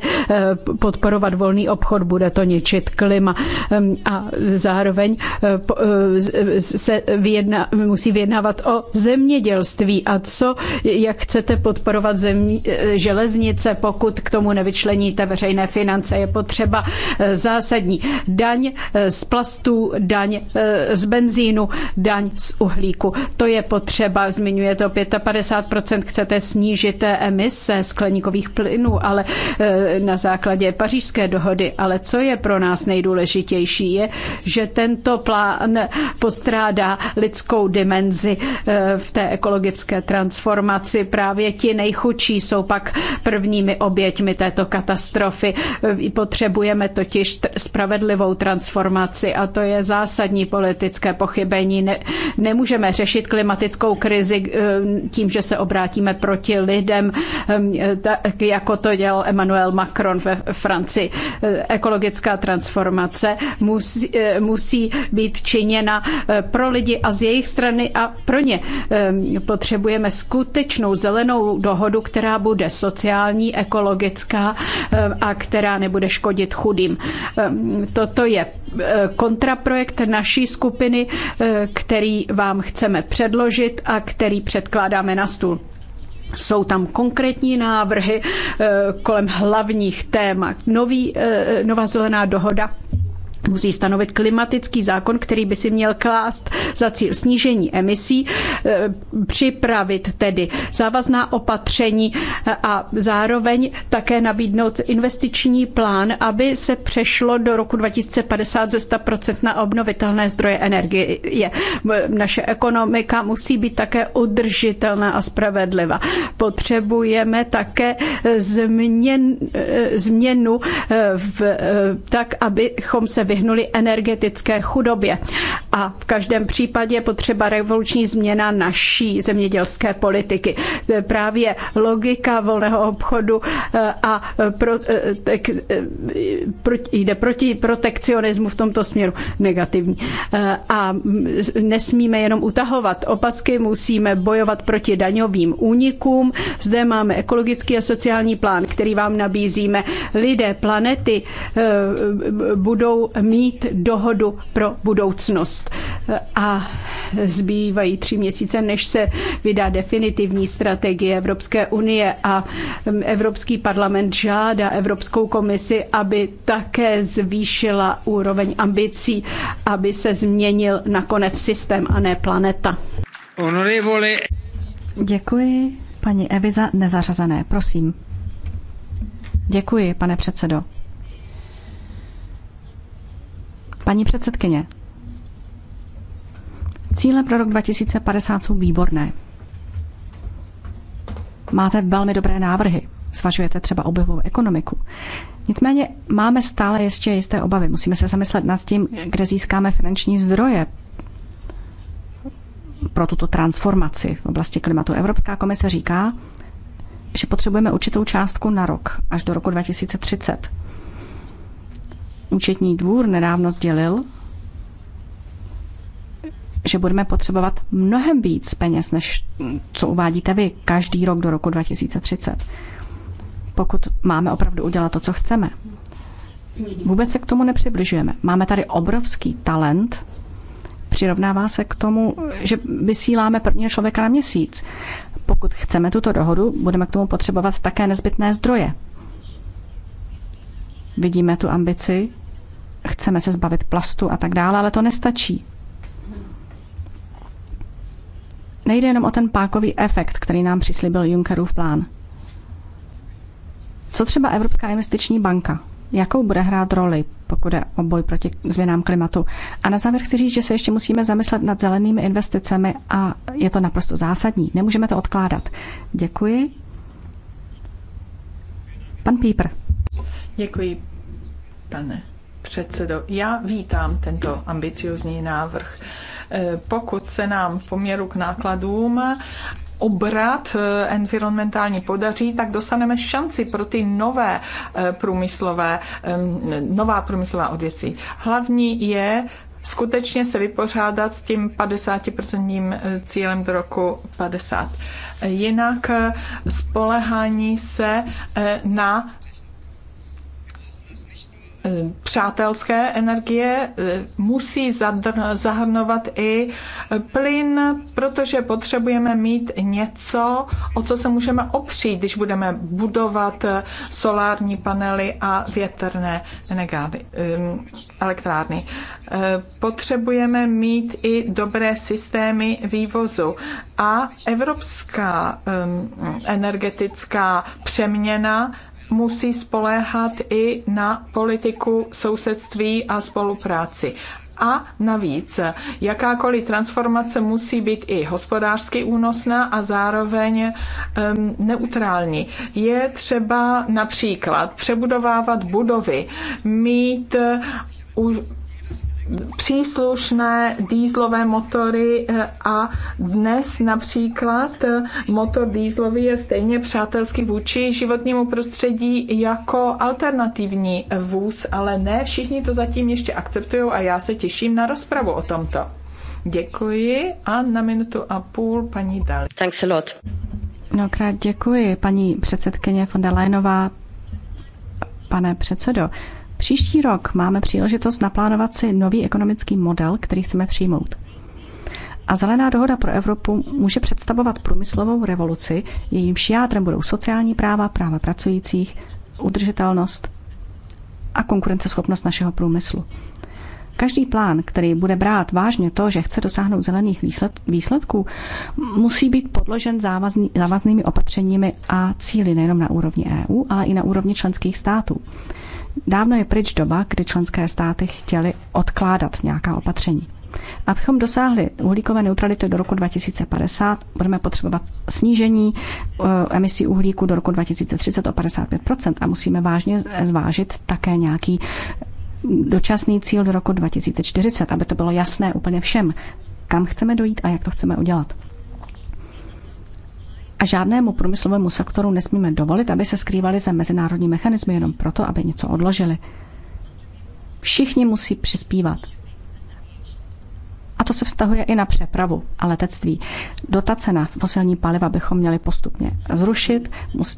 podporovat volný obchod, bude to ničit klima a zároveň eh, eh, se vyjedna, musí vyjednávat o zemědělství a co, jak chcete podporovat zemí, eh, železnice, pokud k tomu nevyčleníte veřejné finance. Je potřeba zásadní daň z plastů, daň z benzínu, daň z uhlíku. To je potřeba, zmiňuje to 55%, chcete snížit emise skleníkových plynů, ale na základě pařížské dohody. Ale co je pro nás nejdůležitější, je, že tento plán postrádá lidskou dimenzi eh, v té ekologické transformaci. Právě ti nejchudší jsou pak prvními oběťmi této katastrofy. Eh, potřebujeme totiž spravedlivou transformaci a to je zásadní politické pochybení. Ne, nemůžeme řešit klimatickou krizi eh, tím, že se obrátíme proti lidem, tak jako to dělal Emmanuel Macron ve Francii. Ekologická transformace musí, musí být činěna eh, pro lidi a z jejich strany a pro ně. Ehm, potřebujeme skutečnou zelenou dohodu, která bude sociální, ekologická ehm, a která nebude škodit chudým. Ehm, toto je eh, kontraprojekt naší skupiny, eh, který vám chceme předložit a který předkládáme na stůl. Jsou tam konkrétní návrhy kolem hlavních témat. Nový, nová zelená dohoda musí stanovit klimatický zákon, který by si měl klást za cíl snížení emisí, eh, připravit tedy závazná opatření eh, a zároveň také nabídnout investiční plán, aby se přešlo do roku 2050 ze 100% na obnovitelné zdroje energie. Naše ekonomika musí být také udržitelná a spravedlivá. Potřebujeme také eh, změn, změnu v, tak, abychom se vyhnuli vyhnuli energetické chudobě. A v každém případě je potřeba revoluční změna naší zemědělské politiky. Právě logika volného obchodu eh, a eh, pro, eh, tak, jde proti protekcionismu v tomto směru negativní. A mm, nesmíme jenom utahovat opasky, musíme bojovat proti daňovým únikům. Zde máme ekologický a sociální plán, který vám nabízíme. Lidé planety budou mít dohodu pro budoucnost. A zbývají tři měsíce, než se vydá definitivní strategie Evropské unie a um, Evropský parlament žádá Evropskou komisi, aby také zvýšila úroveň ambicí, aby se změnil nakonec systém a ne planeta. Děkuji. Paní Eviza, nezařazené, prosím. Děkuji, pane předsedo. Paní předsedkyně, cíle pro rok 2050 jsou výborné. Máte velmi dobré návrhy, zvažujete třeba objevovou ekonomiku. Nicméně máme stále ještě jisté obavy. Musíme se zamyslet nad tím, kde získáme finanční zdroje pro tuto transformaci v oblasti klimatu. Evropská komise říká, že potřebujeme určitou částku na rok, až do roku 2030. Účetní dvůr nedávno sdělil, že budeme potřebovat mnohem víc peněz, než co uvádíte vy každý rok do roku 2030, pokud máme opravdu udělat to, co chceme. Vůbec se k tomu nepřibližujeme. Máme tady obrovský talent, přirovnává se k tomu, že vysíláme prvního člověka na měsíc. Pokud chceme tuto dohodu, budeme k tomu potřebovat také nezbytné zdroje. Vidíme tu ambici, chceme se zbavit plastu a tak dále, ale to nestačí. Nejde jenom o ten pákový efekt, který nám přislíbil Junckerův plán. Co třeba Evropská investiční banka? Jakou bude hrát roli, pokud je o boj proti změnám klimatu? A na závěr chci říct, že se ještě musíme zamyslet nad zelenými investicemi a je to naprosto zásadní. Nemůžeme to odkládat. Děkuji. Pan Pípr. Děkuji, pane předsedo. Já vítám tento ambiciozní návrh. Eh, pokud se nám v poměru k nákladům obrat eh, environmentální podaří, tak dostaneme šanci pro ty nové eh, průmyslové, nová průmyslová odvěcí. Hlavní je skutečně se vypořádat s tím 50% cílem do roku 50. Jinak spolehání se na přátelské energie musí zahrnovat i plyn, protože potřebujeme mít něco, o co se můžeme opřít, když budeme budovat solární panely a větrné energády, elektrárny. Eh, potřebujeme mít i dobré systémy vývozu a evropská energetická přeměna musí spoléhat i na politiku sousedství a spolupráci. A navíc, jakákoliv transformace musí být i hospodářsky únosná a zároveň um, neutrální. Je třeba například přebudovávat budovy, mít eh, už příslušné dýzlové motory eh, a dnes například eh, motor dýzlový je stejně přátelský vůči životnímu prostředí jako alternativní vůz, ale ne všichni to zatím ještě akceptují a já se těším na rozpravu o tomto. Děkuji a na minutu a půl paní Dali. Thanks a lot. No, krát děkuji, paní předsedkyně von der Leinová, pane předsedo. Příští rok máme příležitost naplánovat si nový ekonomický model, který chceme přijmout. A Zelená dohoda pro Evropu může představovat průmyslovou revoluci, jejímž jádrem budou sociální práva, práva pracujících, udržitelnost a konkurenceschopnost našeho průmyslu. Každý plán, který bude brát vážně to, že chce dosáhnout zelených výsledků, musí být podložen závazný, závaznými opatřeními a cíly nejenom na úrovni EU, ale i na úrovni členských států. Dávno je pryč doba, kdy členské státy chtěly odkládat nějaká opatření. Abychom dosáhli uhlíkové neutrality do roku 2050, budeme potřebovat snížení e, emisí uhlíku do roku 2030 o 55 a musíme vážně zvážit také nějaký dočasný cíl do roku 2040, aby to bylo jasné úplně všem, kam chceme dojít a jak to chceme udělat. A žádnému průmyslovému sektoru nesmíme dovolit, aby se skrývali za mezinárodní mechanismy jenom proto, aby něco odložili. Všichni musí přispívat. A to se vztahuje i na přepravu a letectví. Dotace na fosilní paliva bychom měli postupně zrušit,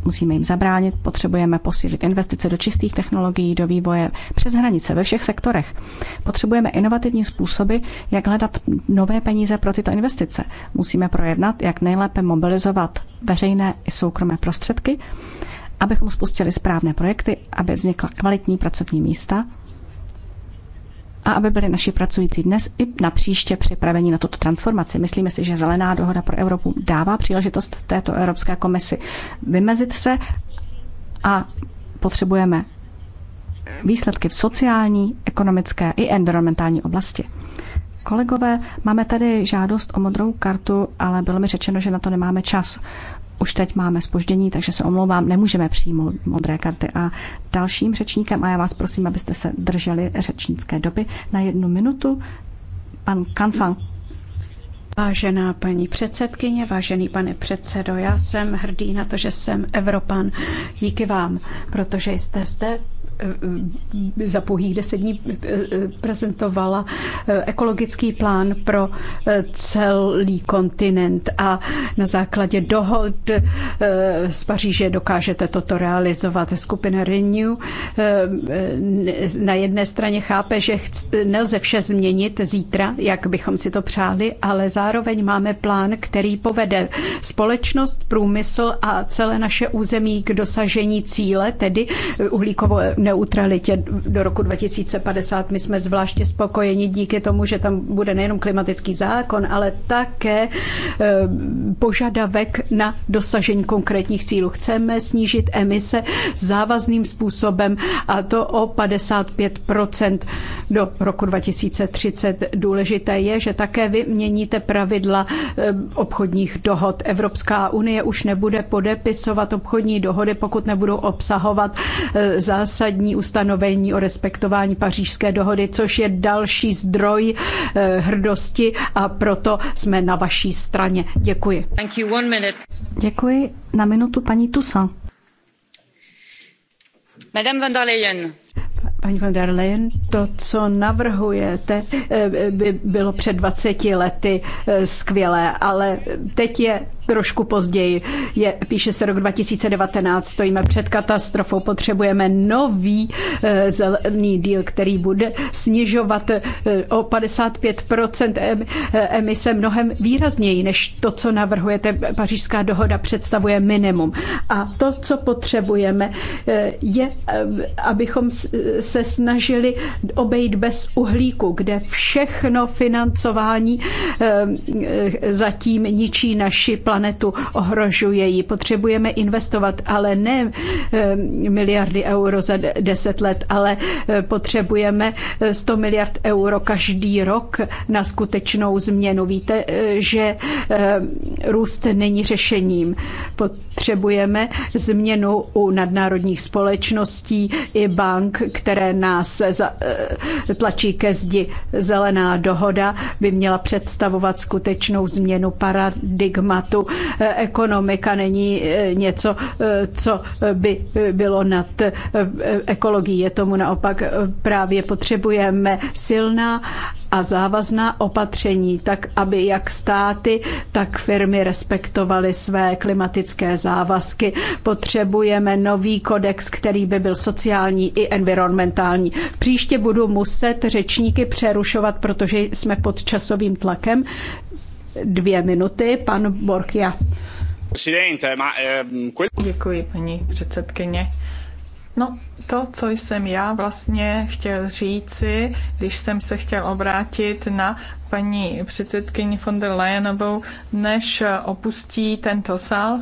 musíme jim zabránit, potřebujeme posílit investice do čistých technologií, do vývoje přes hranice ve všech sektorech. Potřebujeme inovativní způsoby, jak hledat nové peníze pro tyto investice. Musíme projednat, jak nejlépe mobilizovat veřejné i soukromé prostředky, abychom spustili správné projekty, aby vznikla kvalitní pracovní místa a aby byli naši pracující dnes i na příště připraveni na tuto transformaci. Myslíme si, že Zelená dohoda pro Evropu dává příležitost této Evropské komisi vymezit se a potřebujeme výsledky v sociální, ekonomické i environmentální oblasti. Kolegové, máme tady žádost o modrou kartu, ale bylo mi řečeno, že na to nemáme čas. Už teď máme spoždění, takže se omlouvám, nemůžeme přijmout modré karty. A dalším řečníkem, a já vás prosím, abyste se drželi řečnické doby, na jednu minutu pan Kanfan Vážená paní předsedkyně, vážený pane předsedo, já jsem hrdý na to, že jsem Evropan. Díky vám, protože jste zde Eh, za pouhých deset dní eh, eh, prezentovala ekologický plán pro celý kontinent a na základě dohod z Paříže dokážete toto realizovat. Skupina Renew na jedné straně chápe, že nelze vše změnit zítra, jak bychom si to přáli, ale zároveň máme plán, který povede společnost, průmysl a celé naše území k dosažení cíle, tedy uhlíkovou neutralitě do roku 2050. My jsme zvláště spokojeni díky tomu, že tam bude nejenom klimatický zákon, ale také eh, požadavek na dosažení konkrétních cílů. Chceme snížit emise závazným způsobem a to o 55 do roku 2030. Důležité je, že také vy měníte pravidla eh, obchodních dohod. Evropská unie už nebude podepisovat obchodní dohody, pokud nebudou obsahovat eh, zásadní zásadní ustanovení o respektování pařížské dohody, což je další zdroj eh, hrdosti a proto jsme na vaší straně. Děkuji. Děkuji. Na minutu paní Tusa. Madame Van der Leyen. Paní von der Leyen, to, co navrhujete, eh, by bylo před 20 lety eh, skvělé, ale teď je trošku později. Je, píše se rok 2019, stojíme před katastrofou, potřebujeme nový e, zelený díl, který bude snižovat e, o 55% em, e, emise mnohem výrazněji, než to, co navrhujete. Pařížská dohoda představuje minimum. A to, co potřebujeme, e, je, abychom se snažili obejít bez uhlíku, kde všechno financování e, zatím ničí naši planetu planetu, ohrožuje ji. Potřebujeme investovat, ale ne eh, miliardy euro za deset let, ale eh, potřebujeme 100 eh, miliard euro každý rok na skutečnou změnu. Víte, že růst není řešením. Potřebujeme změnu u nadnárodních společností i bank, které nás tlačí ke zdi. Zelená dohoda by měla představovat skutečnou změnu paradigmatu Ekonomika není eh, něco, eh, co by eh, bylo nad ekologií. Je tomu naopak právě potřebujeme silná a závazná opatření, tak aby jak státy, tak firmy respektovaly své klimatické závazky. Potřebujeme nový kodex, který by byl sociální i environmentální. Příště budu muset řečníky přerušovat, protože jsme pod časovým tlakem dvě minuty, pan Borkia. Ehm, Děkuji, paní předsedkyně. No, to, co jsem já vlastně chtěl říci, když jsem se chtěl obrátit na paní předsedkyni von der Leyenovou, než opustí tento sál,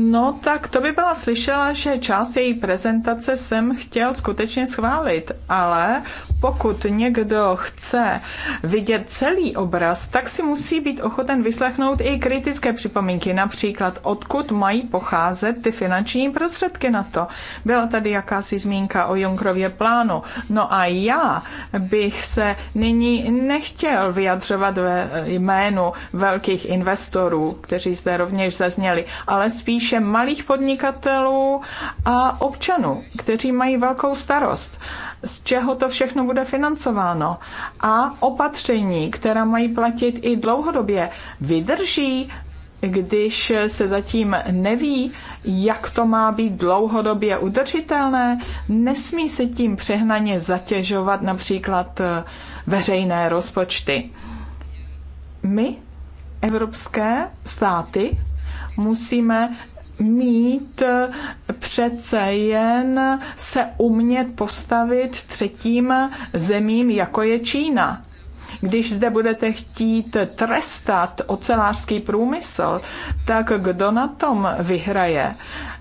No tak to by byla slyšela, že část její prezentace jsem chtěl skutečně schválit, ale pokud někdo chce vidět celý obraz, tak si musí být ochoten vyslechnout i kritické připomínky, například odkud mají pocházet ty finanční prostředky na to. Byla tady jakási zmínka o Junkrově plánu. No a já bych se nyní nechtěl vyjadřovat ve jménu velkých investorů, kteří zde rovněž zazněli, ale spíš spíše malých podnikatelů a občanů, kteří mají velkou starost, z čeho to všechno bude financováno a opatření, která mají platit i dlouhodobě, vydrží když se zatím neví, jak to má být dlouhodobě udržitelné, nesmí se tím přehnaně zatěžovat například eh, veřejné rozpočty. My, evropské státy, musíme mít přece jen se umět postavit třetím zemím, jako je Čína. Když zde budete chtít trestat ocelářský průmysl, tak kdo na tom vyhraje?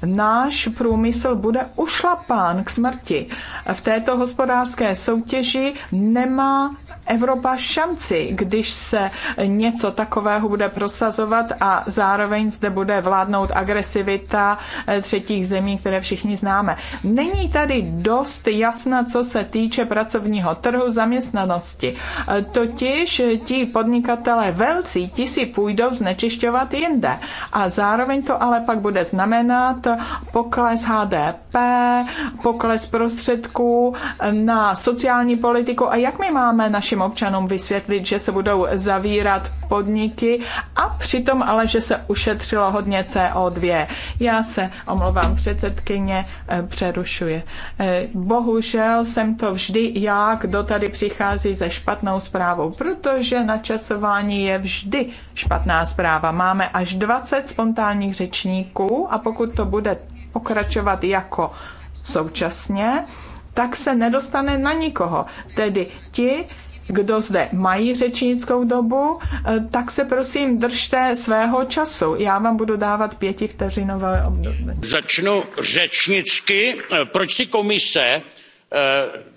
Náš průmysl bude ušlapán k smrti. V této hospodářské soutěži nemá Evropa šanci, když se něco takového bude prosazovat a zároveň zde bude vládnout agresivita eh, třetích zemí, které všichni známe. Není tady dost jasna, co se týče pracovního trhu zaměstnanosti. Eh, to totiž ti podnikatelé velcí, ti si půjdou znečišťovat jinde. A zároveň to ale pak bude znamenat pokles HDP, pokles prostředků na sociální politiku. A jak my máme našim občanům vysvětlit, že se budou zavírat podniky a přitom ale, že se ušetřilo hodně CO2. Já se omlouvám, předsedkyně eh, přerušuje. Eh, bohužel jsem to vždy já, kdo tady přichází ze špatnou zprávou zprávu, protože načasování je vždy špatná zpráva. Máme až 20 spontánních řečníků a pokud to bude pokračovat jako současně, tak se nedostane na nikoho. Tedy ti, kdo zde mají řečnickou dobu, eh, tak se prosím držte svého času. Já vám budu dávat pětivteřinové období. Začnu řečnicky. Eh, proč si komise eh,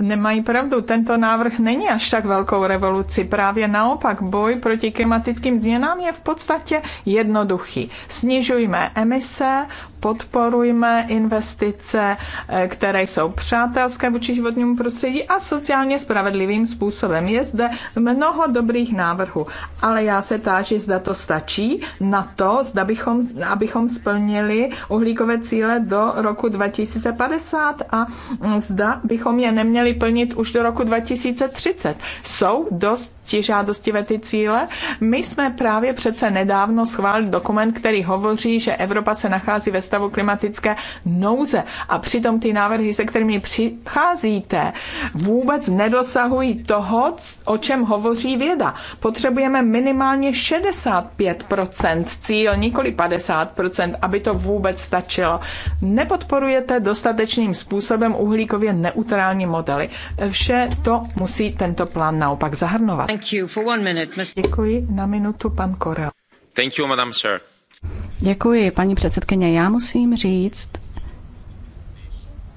nemají pravdu. Tento návrh není až tak velkou revoluci. Právě naopak, boj proti klimatickým změnám je v podstatě jednoduchý. Snižujme emise, podporujme investice, eh, které jsou přátelské vůči životnímu prostředí a sociálně spravedlivým způsobem. Je zde mnoho dobrých návrhů, ale já se táži, zda to stačí na to, zda bychom, abychom splnili uhlíkové cíle do roku 2050 a zda bychom je neměli plnit už do roku 2030. Jsou dost ti žádostivé ty cíle. My jsme právě přece nedávno schválili dokument, který hovoří, že Evropa se nachází ve stavu klimatické nouze. A přitom ty návrhy, se kterými přicházíte, vůbec nedosahují toho, o čem hovoří věda. Potřebujeme minimálně 65% cíl, nikoli 50%, aby to vůbec stačilo. Nepodporujete dostatečným způsobem uhlíkově neutrální modely. Vše to musí tento plán naopak zahrnovat. Děkuji. Na minutu pan Korel. Thank you, Madam Chair. Děkuji, paní předsedkyně. Já musím říct,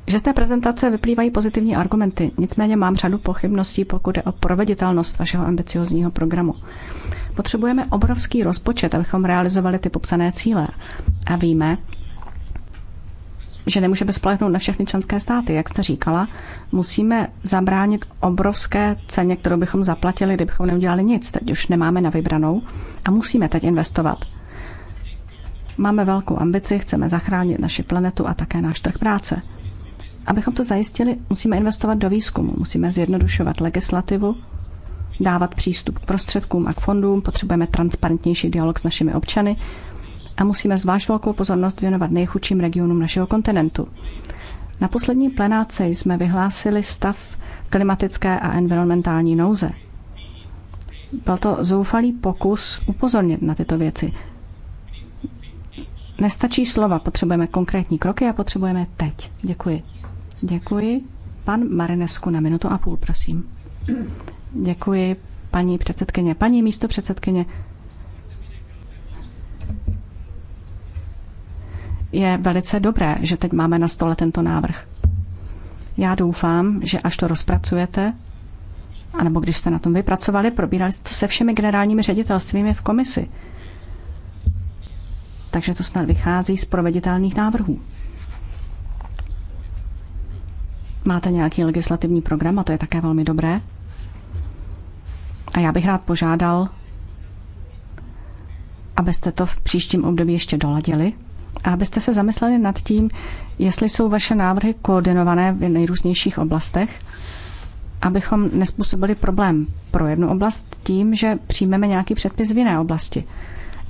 že z té prezentace vyplývají pozitivní argumenty, nicméně mám řadu pochybností, pokud je o proveditelnost vašeho ambiciozního programu. Potřebujeme obrovský rozpočet, abychom realizovali ty popsané cíle. A víme, že nemůžeme spolehnout na všechny členské státy, jak jste říkala. Musíme zabránit obrovské ceně, kterou bychom zaplatili, kdybychom neudělali nic. Teď už nemáme na vybranou a musíme teď investovat. Máme velkou ambici, chceme zachránit naši planetu a také náš trh práce. Abychom to zajistili, musíme investovat do výzkumu, musíme zjednodušovat legislativu, dávat přístup k prostředkům a k fondům, potřebujeme transparentnější dialog s našimi občany a musíme zvlášť velkou pozornost věnovat nejchudším regionům našeho kontinentu. Na poslední plenáce jsme vyhlásili stav klimatické a environmentální nouze. Byl to zoufalý pokus upozornit na tyto věci, Nestačí slova, potřebujeme konkrétní kroky a potřebujeme teď. Děkuji. Děkuji. Pan Marinesku na minutu a půl, prosím. Děkuji, paní předsedkyně. Paní místo předsedkyně, je velice dobré, že teď máme na stole tento návrh. Já doufám, že až to rozpracujete, anebo když jste na tom vypracovali, probírali jste to se všemi generálními ředitelstvími v komisi takže to snad vychází z proveditelných návrhů. Máte nějaký legislativní program a to je také velmi dobré. A já bych rád požádal, abyste to v příštím období ještě doladili a abyste se zamysleli nad tím, jestli jsou vaše návrhy koordinované v nejrůznějších oblastech, abychom nespůsobili problém pro jednu oblast tím, že přijmeme nějaký předpis v jiné oblasti.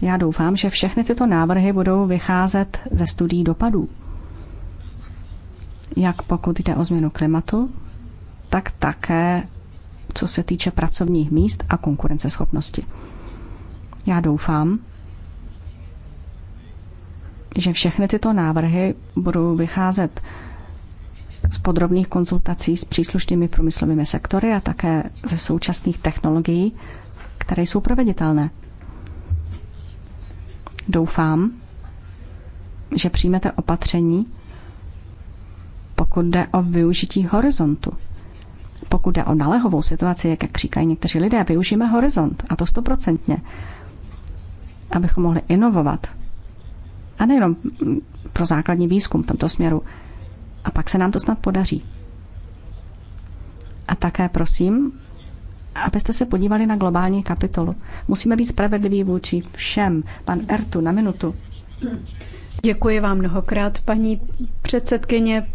Já doufám, že všechny tyto návrhy budou vycházet ze studií dopadů. Jak pokud jde o změnu klimatu, tak také co se týče pracovních míst a konkurenceschopnosti. Já doufám, že všechny tyto návrhy budou vycházet z podrobných konzultací s příslušnými průmyslovými sektory a také ze současných technologií, které jsou proveditelné. Doufám, že přijmete opatření, pokud jde o využití horizontu. Pokud jde o nalehovou situaci, jak říkají někteří lidé, využijeme horizont, a to stoprocentně, abychom mohli inovovat. A nejenom pro základní výzkum v tomto směru. A pak se nám to snad podaří. A také prosím, abyste se podívali na globální kapitolu. Musíme být spravedliví vůči všem. Pan Ertu na minutu. Děkuji vám mnohokrát, paní předsedkyně.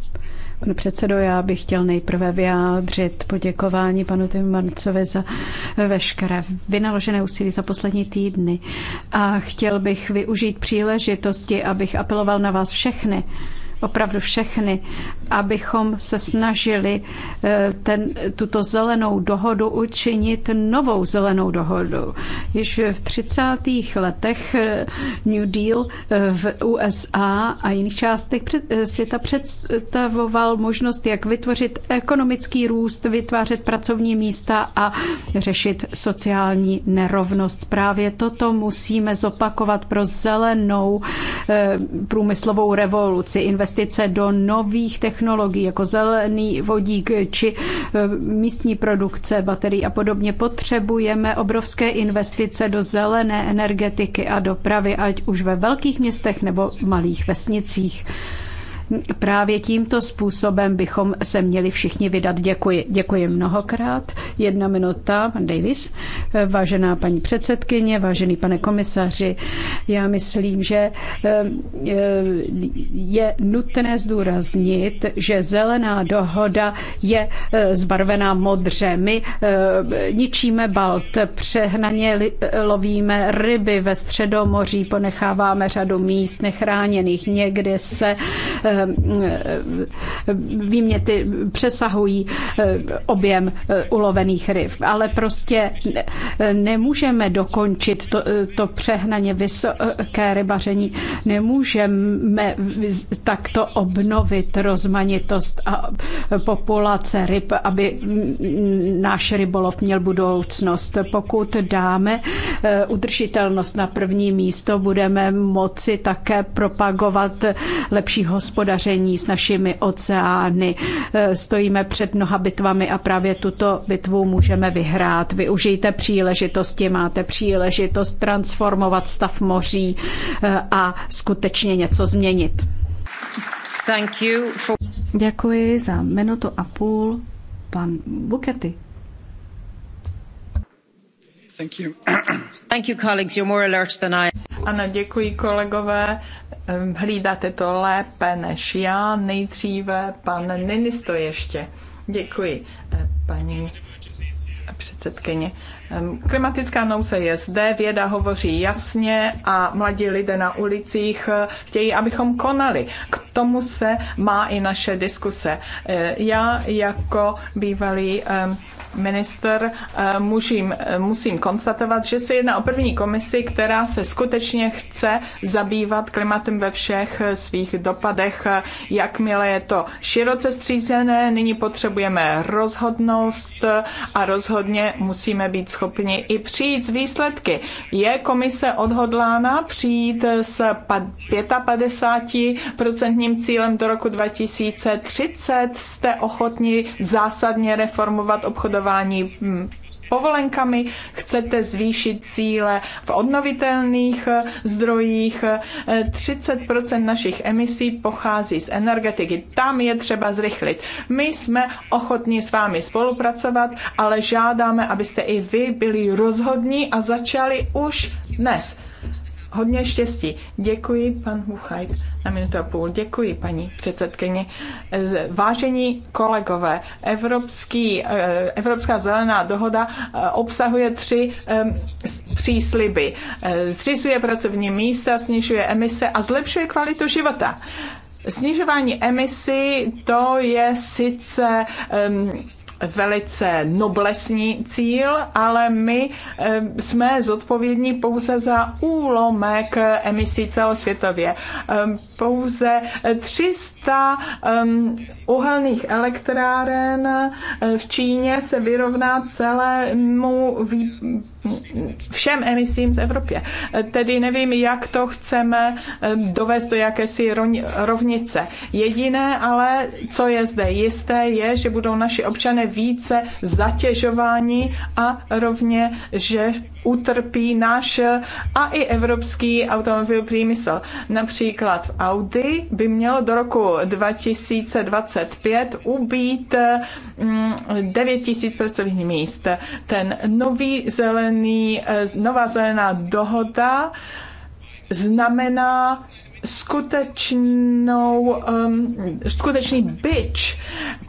Pane předsedo, já bych chtěl nejprve vyjádřit poděkování panu Timmancovi za veškeré vynaložené úsilí za poslední týdny. A chtěl bych využít příležitosti, abych apeloval na vás všechny, opravdu všechny, abychom se snažili eh, ten, tuto zelenou dohodu učinit novou zelenou dohodu. Již v 30. letech eh, New Deal eh, v USA a jiných částech světa představoval možnost, jak vytvořit ekonomický růst, vytvářet pracovní místa a řešit sociální nerovnost. Právě toto musíme zopakovat pro zelenou průmyslovou revoluci. Invest investice do nových technologií, jako zelený vodík či e, místní produkce baterií a podobně. Potřebujeme obrovské investice do zelené energetiky a dopravy, ať už ve velkých městech nebo malých vesnicích. Právě tímto způsobem bychom se měli všichni vydat. Děkuji. Děkuji mnohokrát. Jedna minuta, pan Davis. Vážená paní předsedkyně, vážený pane komisaři, já myslím, že eh, je nutné zdůraznit, že zelená dohoda je eh, zbarvená modře. My eh, ničíme balt, přehnaně lovíme ryby ve středomoří, ponecháváme řadu míst nechráněných. Někde se výměty přesahují eh, objem eh, ulovených ryb. Ale prostě nemůžeme dokončit to, eh, to přehnaně vysoké rybaření, nemůžeme takto obnovit rozmanitost a populace ryb, aby náš rybolov měl budoucnost. Pokud dáme udržitelnost na první místo, budeme moci také propagovat lepší hospodářství hospodaření s našimi oceány. E, stojíme před mnoha bitvami a právě tuto bitvu můžeme vyhrát. Využijte příležitosti, máte příležitost transformovat stav moří e, a skutečně něco změnit. Děkuji za minutu a půl. Pan Bukety. Ano, děkuji kolegové. Ehm, hlídáte to lépe než já. Nejdříve pan Ninisto ještě. Děkuji, eh, paní předsedkyně. Ehm, klimatická nouze je zde, věda hovoří jasně a mladí lidé na ulicích eh, chtějí, abychom konali. K tomu se má i naše diskuse. Eh, já jako bývalý ehm, minister, eh, musím, eh, musím konstatovat, že se jedná o první komisi, která se skutečně chce zabývat klimatem ve všech eh, svých dopadech. Jakmile je to široce střízené, nyní potřebujeme rozhodnost a rozhodně musíme být schopni i přijít s výsledky. Je komise odhodlána přijít s 55% cílem do roku 2030? Jste ochotni zásadně reformovat obchodování obchodování hm, povolenkami, chcete zvýšit cíle v obnovitelných eh, zdrojích. 30% eh, našich emisí pochází z energetiky. Tam je třeba zrychlit. My jsme ochotni s vámi spolupracovat, ale žádáme, abyste i vy byli rozhodní a začali už dnes hodně štěstí. Děkuji, pan Huchajt, na minutu a půl. Děkuji, paní předsedkyni. Vážení kolegové, Evropský, eh, Evropská zelená dohoda eh, obsahuje tři eh, přísliby. Zřizuje pracovní místa, snižuje emise a zlepšuje kvalitu života. Snižování emisí to je sice um, velice noblesní cíl, ale my eh, jsme zodpovědní pouze za úlomek emisí celosvětově. Ehm, pouze 300 ehm, uhelných elektráren eh, v Číně se vyrovná celému všem emisím z Evropě. Tedy nevím, jak to chceme eh, dovést do jakési rovnice. Jediné ale, co je zde jisté, je, že budou naši občané více zatěžováni a rovně, že utrpí náš a i evropský automobilový průmysl. Například Audi by mělo do roku 2025 ubít 9 mm, 000 pracovních míst. Ten nový zelený, eh, nová zelená dohoda znamená skutečnou, um, skutečný byč.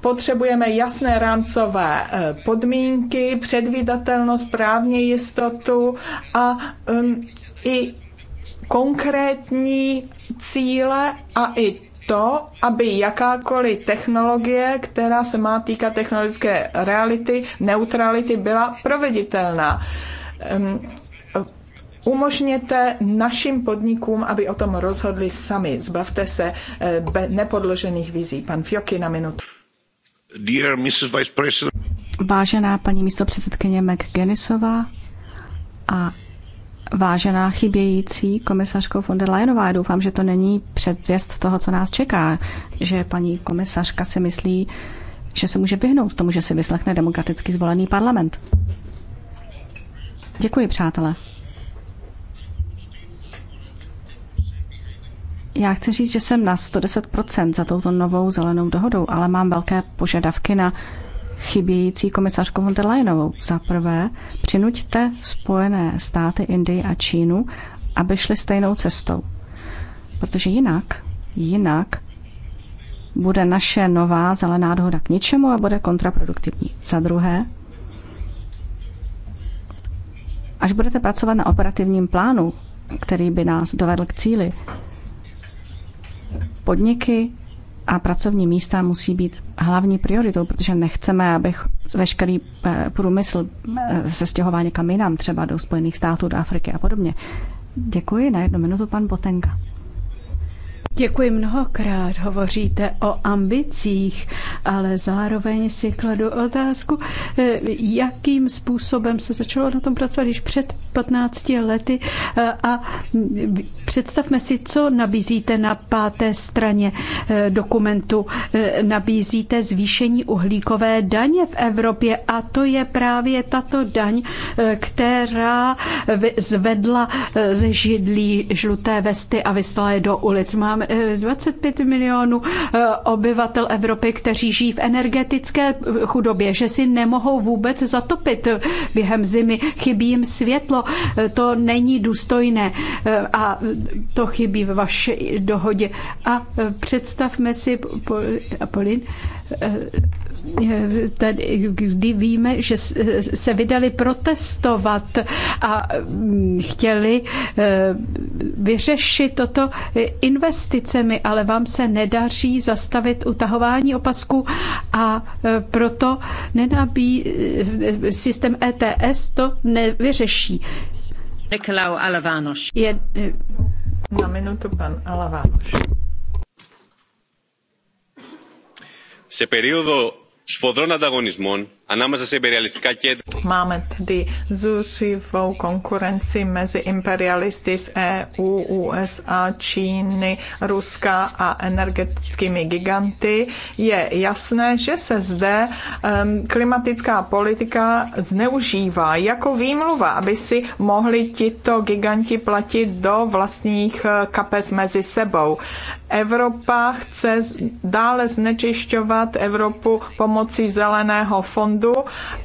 Potřebujeme jasné rámcové eh, podmínky, předvídatelnost, právně jistotu a um, i konkrétní cíle a i to, aby jakákoliv technologie, která se má týkat technologické reality, neutrality, byla proveditelná. Um, Umožněte našim podnikům, aby o tom rozhodli sami. Zbavte se eh, nepodložených vizí. Pan Fjoky na minutu. Dear Mrs. Vice President. Vážená paní místopředsedkyně McGuinnessová a vážená chybějící komisařko von der Leyenová, já doufám, že to není předvěst toho, co nás čeká, že paní komisařka si myslí, že se může vyhnout tomu, že si vyslechne demokraticky zvolený parlament. Děkuji, přátelé. Já chci říct, že jsem na 110% za touto novou zelenou dohodou, ale mám velké požadavky na chybějící komisařku von der Leyenovou. Za prvé, přinuďte Spojené státy, Indii a Čínu, aby šli stejnou cestou. Protože jinak, jinak bude naše nová zelená dohoda k ničemu a bude kontraproduktivní. Za druhé, až budete pracovat na operativním plánu, který by nás dovedl k cíli, Podniky a pracovní místa musí být hlavní prioritou, protože nechceme, aby veškerý eh, průmysl eh, se stěhoval někam jinam, třeba do Spojených států, do Afriky a podobně. Děkuji. Na jednu minutu pan Botenka. Děkuji mnohokrát. Hovoříte o ambicích, ale zároveň si kladu otázku, eh, jakým způsobem se začalo na tom pracovat již před 15 lety eh, a představme si, co nabízíte na páté straně eh, dokumentu. Nabízíte zvýšení uhlíkové daně v Evropě a to je právě tato daň, která zvedla ze židlí žluté vesty a vyslala je do ulic. Máme Máme 25 eh, milionů eh, obyvatel Evropy, kteří žijí v energetické eh, chudobě, že si nemohou vůbec zatopit během zimy. Chybí jim světlo. To není důstojné a to chybí v vaší dohodě. A představme si, Polin, tady, kdy víme, že se vydali protestovat a mm, chtěli eh, vyřešit toto investicemi, ale vám se nedaří zastavit utahování opasků a eh, proto nenabí eh, systém ETS to nevyřeší. Nikolau Alavánoš. Je... Na minutu pan Alavánoš. Se periodo σφοδρών ανταγωνισμών Máme tedy zuřivou konkurenci mezi imperialisty z EU, USA, Číny, Ruska a energetickými giganty. Je jasné, že se zde um, klimatická politika zneužívá jako výmluva, aby si mohli tito giganti platit do vlastních eh, kapes mezi sebou. Evropa chce dále znečišťovat Evropu pomocí zeleného fondu fondu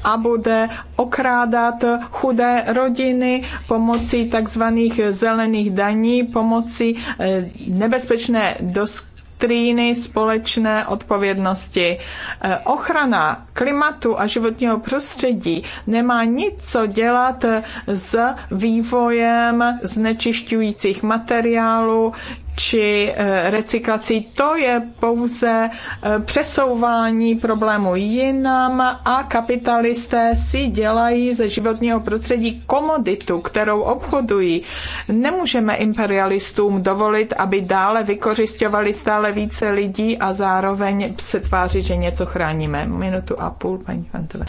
a bude okrádat chudé rodiny pomocí takzvaných zelených daní, pomocí eh, nebezpečné dosky doktríny společné odpovědnosti. Eh, ochrana klimatu a životního prostředí nemá nic co dělat s vývojem znečišťujících materiálů či eh, recyklací, to je pouze eh, přesouvání problému jinam a kapitalisté si dělají ze životního prostředí komoditu, kterou obchodují. Nemůžeme imperialistům dovolit, aby dále vykořišťovali stále více lidí a zároveň se tváří, že něco chráníme. Minutu a půl, paní Fantele.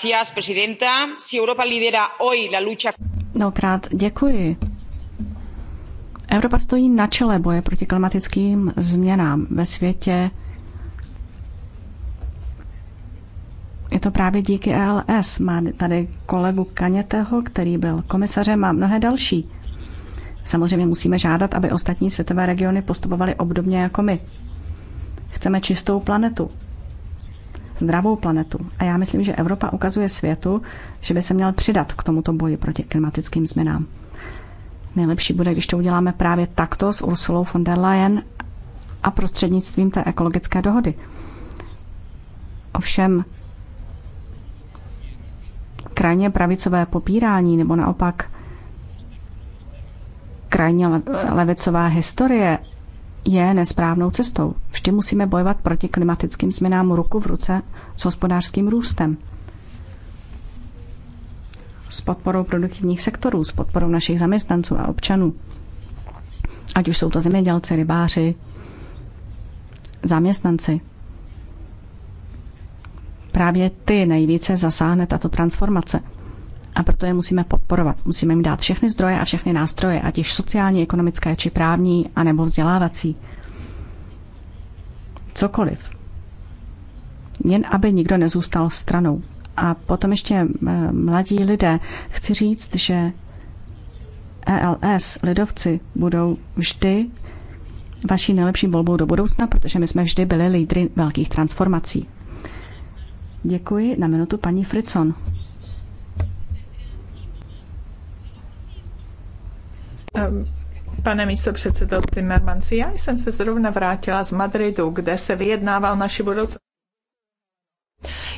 Mnohokrát děkuji. Evropa stojí na čele boje proti klimatickým změnám ve světě. Je to právě díky ELS. Má tady kolegu Kaněteho, který byl komisařem a mnohé další. Samozřejmě musíme žádat, aby ostatní světové regiony postupovaly obdobně jako my. Chceme čistou planetu, zdravou planetu. A já myslím, že Evropa ukazuje světu, že by se měl přidat k tomuto boji proti klimatickým změnám. Nejlepší bude, když to uděláme právě takto s Ursulou von der Leyen a prostřednictvím té ekologické dohody. Ovšem, krajně pravicové popírání nebo naopak krajně levicová historie je nesprávnou cestou. Vždy musíme bojovat proti klimatickým změnám ruku v ruce s hospodářským růstem s podporou produktivních sektorů, s podporou našich zaměstnanců a občanů. Ať už jsou to zemědělci, rybáři, zaměstnanci. Právě ty nejvíce zasáhne tato transformace. A proto je musíme podporovat. Musíme jim dát všechny zdroje a všechny nástroje, ať již sociální, ekonomické či právní, anebo vzdělávací. Cokoliv. Jen aby nikdo nezůstal stranou. A potom ještě eh, mladí lidé. Chci říct, že ELS, lidovci, budou vždy vaší nejlepší volbou do budoucna, protože my jsme vždy byli lídry velkých transformací. Děkuji. Na minutu paní Fritson. Ehm, pane místo předsedo Timmermansi, já jsem se zrovna vrátila z Madridu, kde se vyjednával naši budoucnost.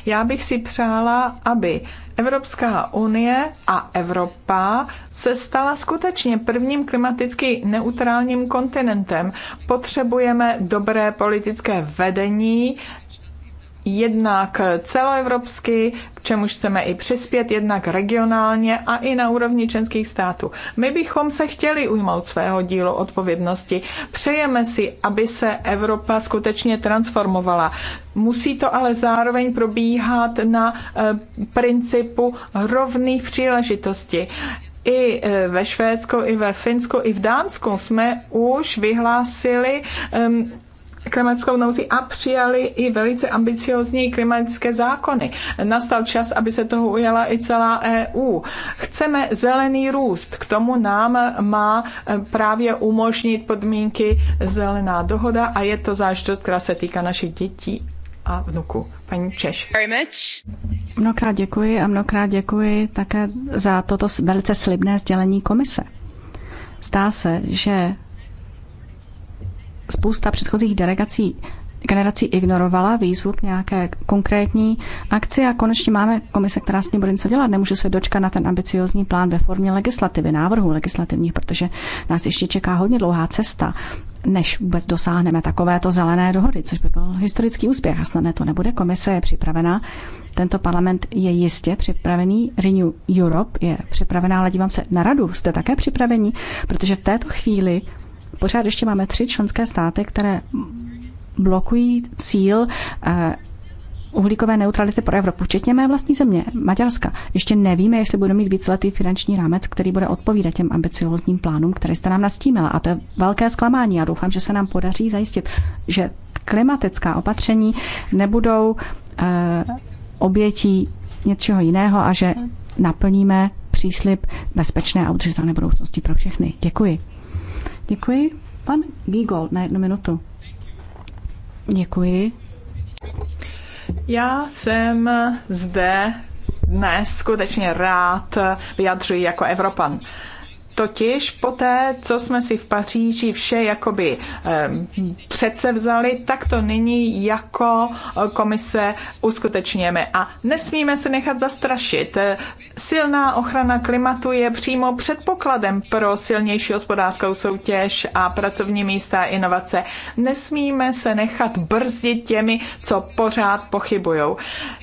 Já bych si přála, aby Evropská unie a Evropa se stala skutečně prvním klimaticky neutrálním kontinentem. Potřebujeme dobré politické vedení, jednak celoevropsky, k čemuž chceme i přispět, jednak regionálně a i na úrovni členských států. My bychom se chtěli ujmout svého dílu odpovědnosti. Přejeme si, aby se Evropa skutečně transformovala. Musí to ale zároveň probíhat na eh, principu rovných příležitostí. I eh, ve Švédsku, i ve Finsku, i v Dánsku jsme už vyhlásili um, klimatickou nouzi a přijali i velice ambiciozní klimatické zákony. Nastal čas, aby se toho ujela i celá EU. Chceme zelený růst. K tomu nám má eh, právě umožnit podmínky zelená dohoda a je to záležitost, která se týká našich dětí a vnuku. Paní Češ. Mnohokrát děkuji a mnohokrát děkuji také za toto velice slibné sdělení komise. Zdá se, že spousta předchozích delegací generací ignorovala výzvu k nějaké konkrétní akci a konečně máme komise, která s tím bude něco dělat. Nemůže se dočkat na ten ambiciozní plán ve formě legislativy, návrhu legislativních, protože nás ještě čeká hodně dlouhá cesta, než vůbec dosáhneme takovéto zelené dohody, což by byl historický úspěch. A snadné to nebude. Komise je připravená. Tento parlament je jistě připravený. Renew Europe je připravená, ale dívám se na radu. Jste také připravení, protože v této chvíli pořád ještě máme tři členské státy, které blokují cíl eh, uhlíkové neutrality pro Evropu, včetně mé vlastní země, Maďarska. Ještě nevíme, jestli budeme mít víceletý finanční rámec, který bude odpovídat těm ambiciózním plánům, které jste nám nastímila. A to je velké zklamání a doufám, že se nám podaří zajistit, že klimatická opatření nebudou eh, obětí něčeho jiného a že naplníme příslip bezpečné a udržitelné budoucnosti pro všechny. Děkuji. Děkuji. Pan Gigol na jednu minutu. Děkuji. Já jsem zde dnes skutečně rád vyjadřuji jako Evropan. Totiž poté, co jsme si v Paříži vše jakoby přece vzali, tak to nyní jako eh, komise uskutečněme. A nesmíme se nechat zastrašit. Eh, silná ochrana klimatu je přímo předpokladem pro silnější hospodářskou soutěž a pracovní místa a inovace. Nesmíme se nechat brzdit těmi, co pořád pochybují.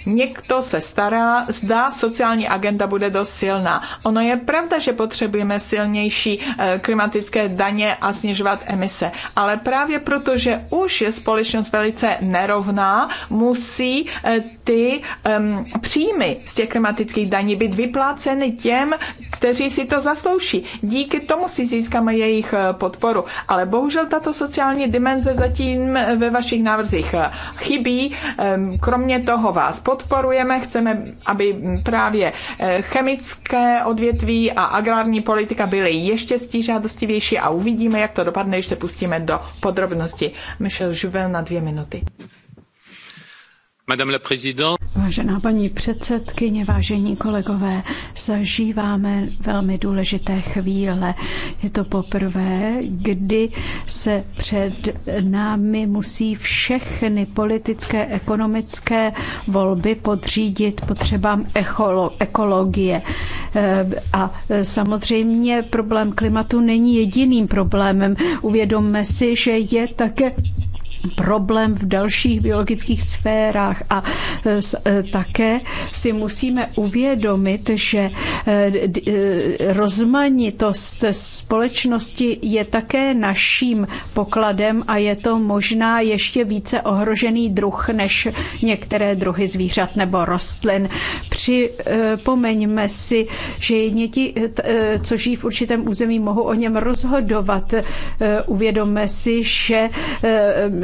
Někdo se stará, zdá sociální agenda bude dost silná. Ono je pravda, že potřebujeme silnější udržitelnější eh, klimatické daně a snižovat emise. Ale právě proto, že už je společnost velice nerovná, musí eh, ty um, příjmy z těch klimatických daní být vypláceny těm, kteří si to zaslouží. Díky tomu si získáme jejich eh, podporu. Ale bohužel tato sociální dimenze zatím ve vašich návrzích chybí. Kromě toho vás podporujeme, chceme, aby právě chemické odvětví a agrární politika byly ještě stížádostivější a uvidíme, jak to dopadne, když se pustíme do podrobností. Michel Žuvel na dvě minuty. Vážená paní předsedkyně, vážení kolegové, zažíváme velmi důležité chvíle. Je to poprvé, kdy se před námi musí všechny politické, ekonomické volby podřídit potřebám ekologie. Eh, a samozřejmě problém klimatu není jediným problémem. Uvědomme si, že je také problém v dalších biologických sférách a e, e, také si musíme uvědomit, že e, rozmanitost společnosti je také naším pokladem a je to možná ještě více ohrožený druh než některé druhy zvířat nebo rostlin. Připomeňme si, že jedni ti, co žijí v určitém území, mohou o něm rozhodovat. Uvědomme si, že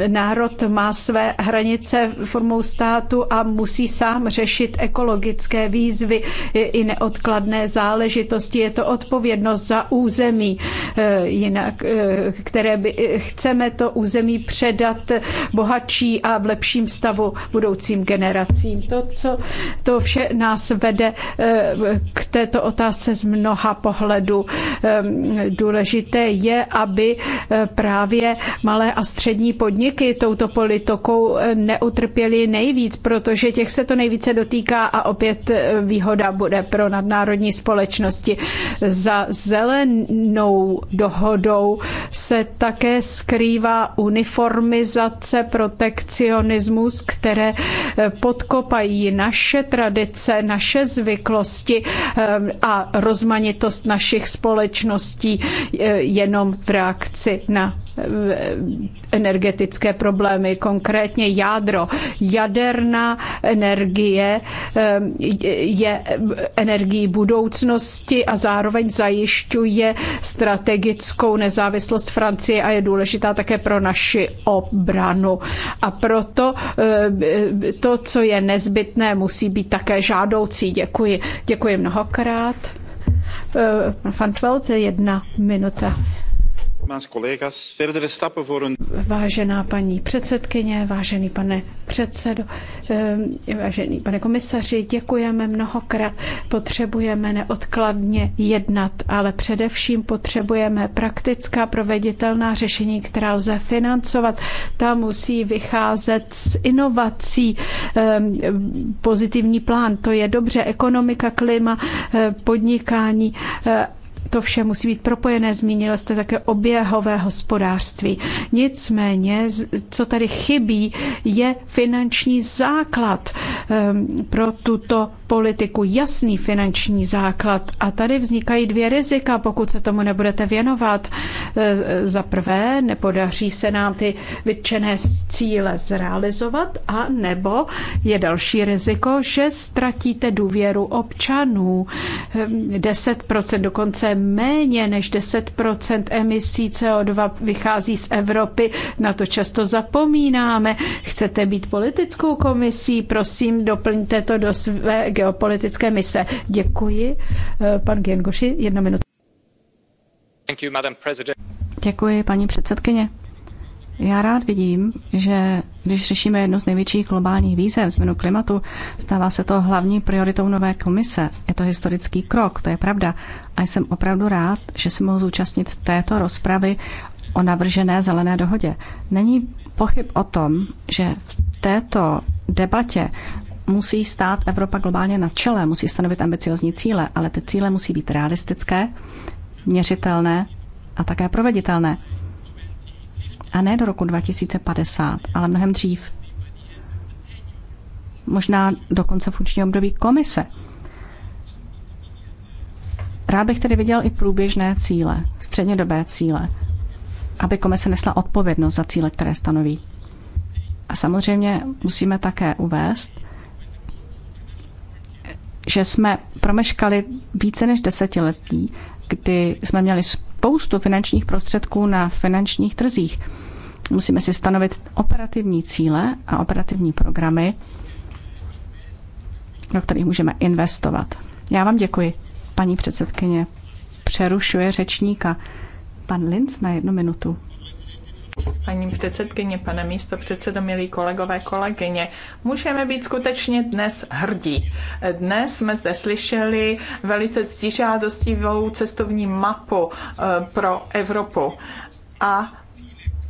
národ má své hranice formou státu a musí sám řešit ekologické výzvy i neodkladné záležitosti. Je to odpovědnost za území, eh, jinak, eh, které by, eh, chceme to území předat bohatší a v lepším stavu budoucím generacím. To, co to vše nás vede k této otázce z mnoha pohledů. Důležité je, aby právě malé a střední podniky politiky touto politikou eh, neutrpěly nejvíc, protože těch se to nejvíce dotýká a opět eh, výhoda bude pro nadnárodní společnosti. Za zelenou dohodou se také skrývá uniformizace protekcionismus, které eh, podkopají naše tradice, naše zvyklosti a rozmanitost našich společností jenom v reakci na energetické problémy, konkrétně jádro. Jaderná energie eh, je energií budoucnosti a zároveň zajišťuje strategickou nezávislost Francie a je důležitá také pro naši obranu. A proto eh, to, co je nezbytné, musí být také žádoucí. Děkuji. Děkuji mnohokrát. Fantwelt, eh, jedna minuta. Vážená paní předsedkyně, vážený pane předsedo, ehm, vážený pane komisaři, děkujeme mnohokrát. Potřebujeme neodkladně jednat, ale především potřebujeme praktická proveditelná řešení, která lze financovat. Ta musí vycházet z inovací. Ehm, pozitivní plán, to je dobře, ekonomika, klima, eh, podnikání eh, to vše musí být propojené. Zmínila jste také oběhové hospodářství. Nicméně, co tady chybí, je finanční základ ehm, pro tuto politiku. Jasný finanční základ. A tady vznikají dvě rizika, pokud se tomu nebudete věnovat. E, e, za prvé, nepodaří se nám ty vytčené cíle zrealizovat a nebo je další riziko, že ztratíte důvěru občanů. 10% ehm, dokonce méně než 10 emisí CO2 vychází z Evropy. Na to často zapomínáme. Chcete být politickou komisí? Prosím, doplňte to do své geopolitické mise. Děkuji. Eh, pan Gengoši, jedna minuta. Děkuji, paní předsedkyně. Já rád vidím, že když řešíme jednu z největších globálních výzev, změnu klimatu, stává se to hlavní prioritou nové komise. Je to historický krok, to je pravda. A jsem opravdu rád, že se mohu zúčastnit této rozpravy o navržené zelené dohodě. Není pochyb o tom, že v této debatě musí stát Evropa globálně na čele, musí stanovit ambiciozní cíle, ale ty cíle musí být realistické, měřitelné a také proveditelné. A ne do roku 2050, ale mnohem dřív. Možná do konce funkčního období komise. Rád bych tedy viděl i průběžné cíle, střednědobé cíle, aby komise nesla odpovědnost za cíle, které stanoví. A samozřejmě musíme také uvést, že jsme promeškali více než desetiletí kdy jsme měli spoustu finančních prostředků na finančních trzích. Musíme si stanovit operativní cíle a operativní programy, do kterých můžeme investovat. Já vám děkuji, paní předsedkyně. Přerušuje řečníka. Pan Linz na jednu minutu. Paní předsedkyně, pane místo předsedo, milí kolegové, kolegyně, můžeme být skutečně dnes hrdí. Dnes jsme zde slyšeli velice ctižádostivou cestovní mapu eh, pro Evropu a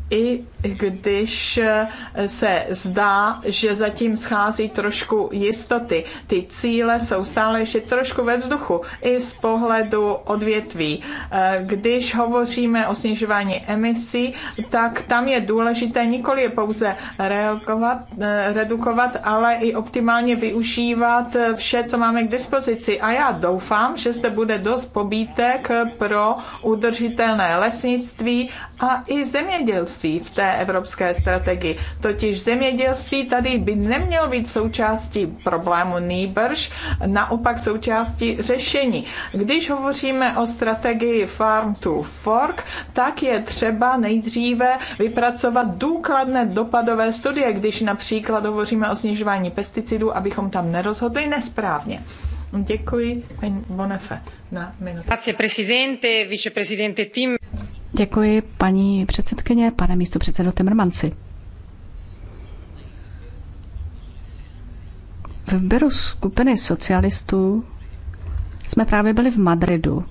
i když eh, se zdá, že zatím schází trošku jistoty. Ty cíle jsou stále ještě trošku ve vzduchu i z pohledu odvětví. Eh, když hovoříme o snižování emisí, tak tam je důležité nikoli je pouze reagovat, eh, redukovat, ale i optimálně využívat vše, co máme k dispozici. A já doufám, že zde bude dost pobítek pro udržitelné lesnictví a i zemědělství v té evropské strategii. Totiž zemědělství tady by nemělo být součástí problému nýbrž, naopak součástí řešení. Když hovoříme o strategii Farm to Fork, tak je třeba nejdříve vypracovat důkladné dopadové studie, když například hovoříme o snižování pesticidů, abychom tam nerozhodli nesprávně. Děkuji, paní Bonefe, na minutu. Grazie, presidente, viceprezidente Tim. Děkuji paní předsedkyně, pane místo předsedo Timmermansi. V Beru skupiny socialistů jsme právě byli v Madridu.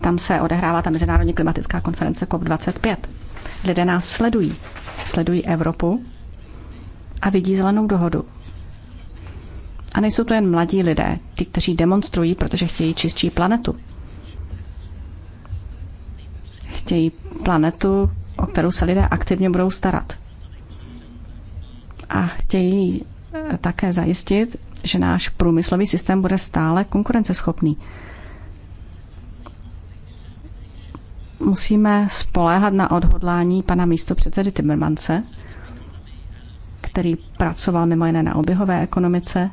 Tam se odehrává ta mezinárodní klimatická konference COP25. Lidé nás sledují. Sledují Evropu a vidí zelenou dohodu. A nejsou to jen mladí lidé, ti, kteří demonstrují, protože chtějí čistší planetu chtějí planetu, o kterou se lidé aktivně budou starat. A chtějí eh, také zajistit, že náš průmyslový systém bude stále konkurenceschopný. Musíme spoléhat na odhodlání pana místopředsedy Timmermanse, který pracoval mimo jiné na oběhové ekonomice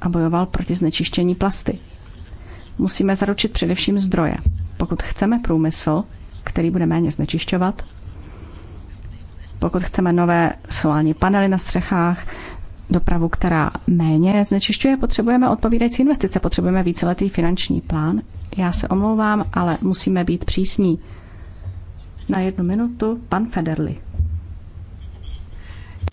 a bojoval proti znečištění plasty. Musíme zaručit především zdroje. Pokud chceme průmysl, který bude méně znečišťovat. Pokud chceme nové solární panely na střechách, dopravu, která méně znečišťuje, potřebujeme odpovídající investice, potřebujeme víceletý finanční plán. Já se omlouvám, ale musíme být přísní. Na jednu minutu pan Federli.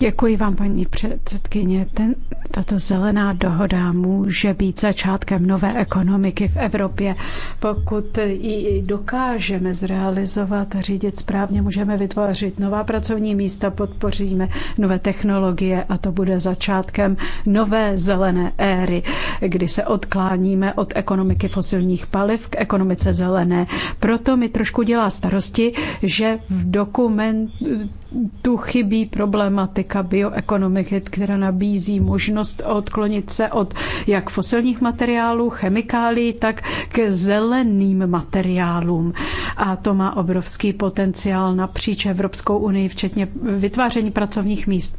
Děkuji vám, paní předsedkyně. Ten, tato zelená dohoda může být začátkem nové ekonomiky v Evropě. Pokud ji dokážeme zrealizovat, a řídit správně, můžeme vytvářet nová pracovní místa, podpoříme nové technologie a to bude začátkem nové zelené éry, kdy se odkláníme od ekonomiky fosilních paliv k ekonomice zelené. Proto mi trošku dělá starosti, že v dokumentu chybí problematika politika bioekonomiky, která nabízí možnost odklonit se od jak fosilních materiálů, chemikálií, tak k zeleným materiálům. A to má obrovský potenciál napříč Evropskou unii, včetně vytváření pracovních míst.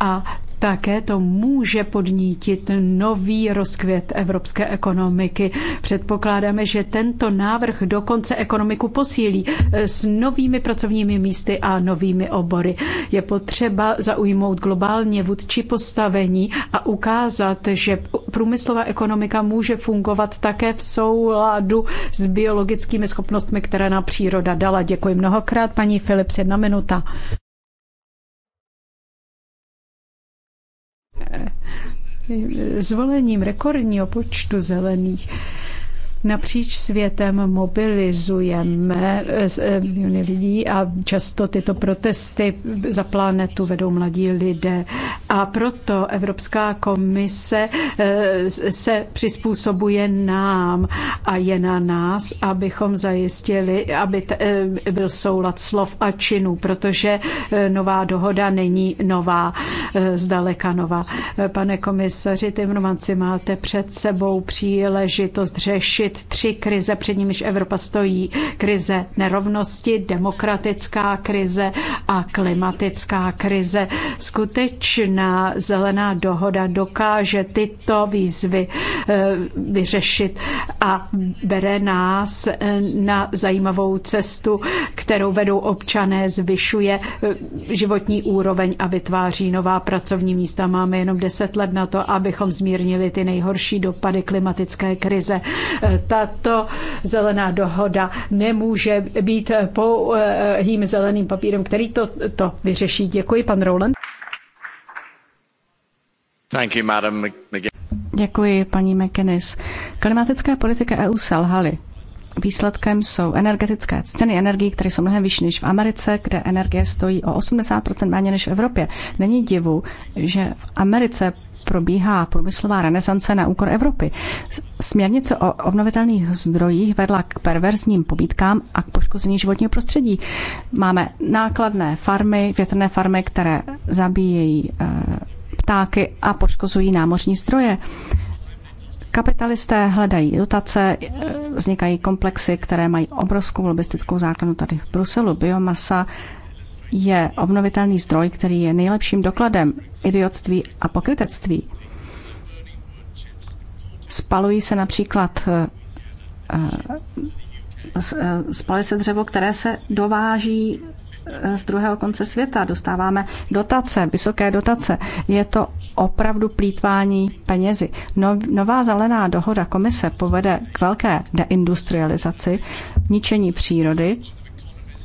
A také to může podnítit nový rozkvět evropské ekonomiky. Předpokládáme, že tento návrh dokonce ekonomiku posílí eh, s novými pracovními místy a novými obory. Je potřeba zaujmout globálně vůdčí postavení a ukázat, že průmyslová ekonomika může fungovat také v souladu s biologickými schopnostmi, které nám příroda dala. Děkuji mnohokrát, paní Philips, jedna minuta. zvolením rekordního počtu zelených Napříč světem mobilizujeme eh, eh, miliony lidí a často tyto protesty za planetu vedou mladí lidé. A proto Evropská komise eh, se přizpůsobuje nám a je na nás, abychom zajistili, aby byl soulad slov a činů, protože nová dohoda není nová, zdaleka nová. Pane komisaři Timmermansi, máte před sebou příležitost řešit vyřešit tři krize, před nimiž Evropa stojí. Krize nerovnosti, demokratická krize a klimatická krize. Skutečná zelená dohoda dokáže tyto výzvy eh, vyřešit a bere nás eh, na zajímavou cestu, kterou vedou občané, zvyšuje eh, životní úroveň a vytváří nová pracovní místa. Máme jenom deset let na to, abychom zmírnili ty nejhorší dopady klimatické krize tato zelená dohoda nemůže být pouhým zeleným papírem, který to, to vyřeší. Děkuji, pan Rowland. Thank you, madam. Děkuji, paní McInnes. Klimatická politika EU selhaly. Výsledkem jsou energetické ceny energií, které jsou mnohem vyšší než v Americe, kde energie stojí o 80% méně než v Evropě. Není divu, že v Americe probíhá průmyslová renesance na úkor Evropy. Směrnice o obnovitelných zdrojích vedla k perverzním pobítkám a k poškození životního prostředí. Máme nákladné farmy, větrné farmy, které zabíjejí eh, ptáky a poškozují námořní zdroje. Kapitalisté hledají dotace, e, vznikají komplexy, které mají obrovskou lobistickou základnu tady v Bruselu. Biomasa je obnovitelný zdroj, který je nejlepším dokladem idiotství a pokrytectví. Spalují se například e, e, spaluje se dřevo, které se dováží Eh, z druhého konce světa, dostáváme dotace, vysoké dotace. Je to opravdu plítvání penězi. No, nová zelená dohoda komise povede k velké deindustrializaci, ničení přírody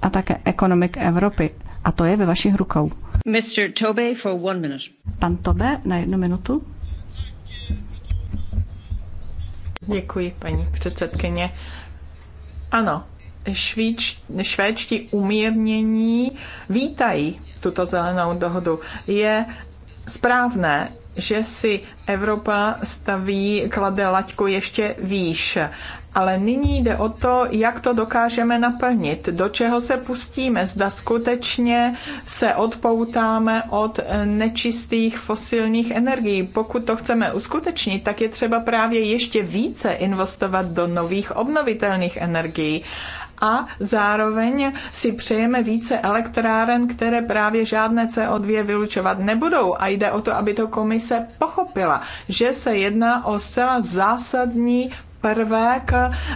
a také ekonomik Evropy. A to je ve vašich rukou. Mr. Tobey for one minute. Pan Tobe na jednu minutu. Děkuji, paní předsedkyně. Ano, švíč, švédští umírnění vítají tuto zelenou dohodu. Je správné, že si Evropa staví, klade laťku ještě výš. Ale nyní jde o to, jak to dokážeme naplnit, do čeho se pustíme, zda skutečně se odpoutáme od nečistých fosilních energií. Pokud to chceme uskutečnit, tak je třeba právě ještě více investovat do nových obnovitelných energií a zároveň si přejeme více elektráren, které právě žádné CO2 vylučovat nebudou. A jde o to, aby to komise pochopila, že se jedná o zcela zásadní prvek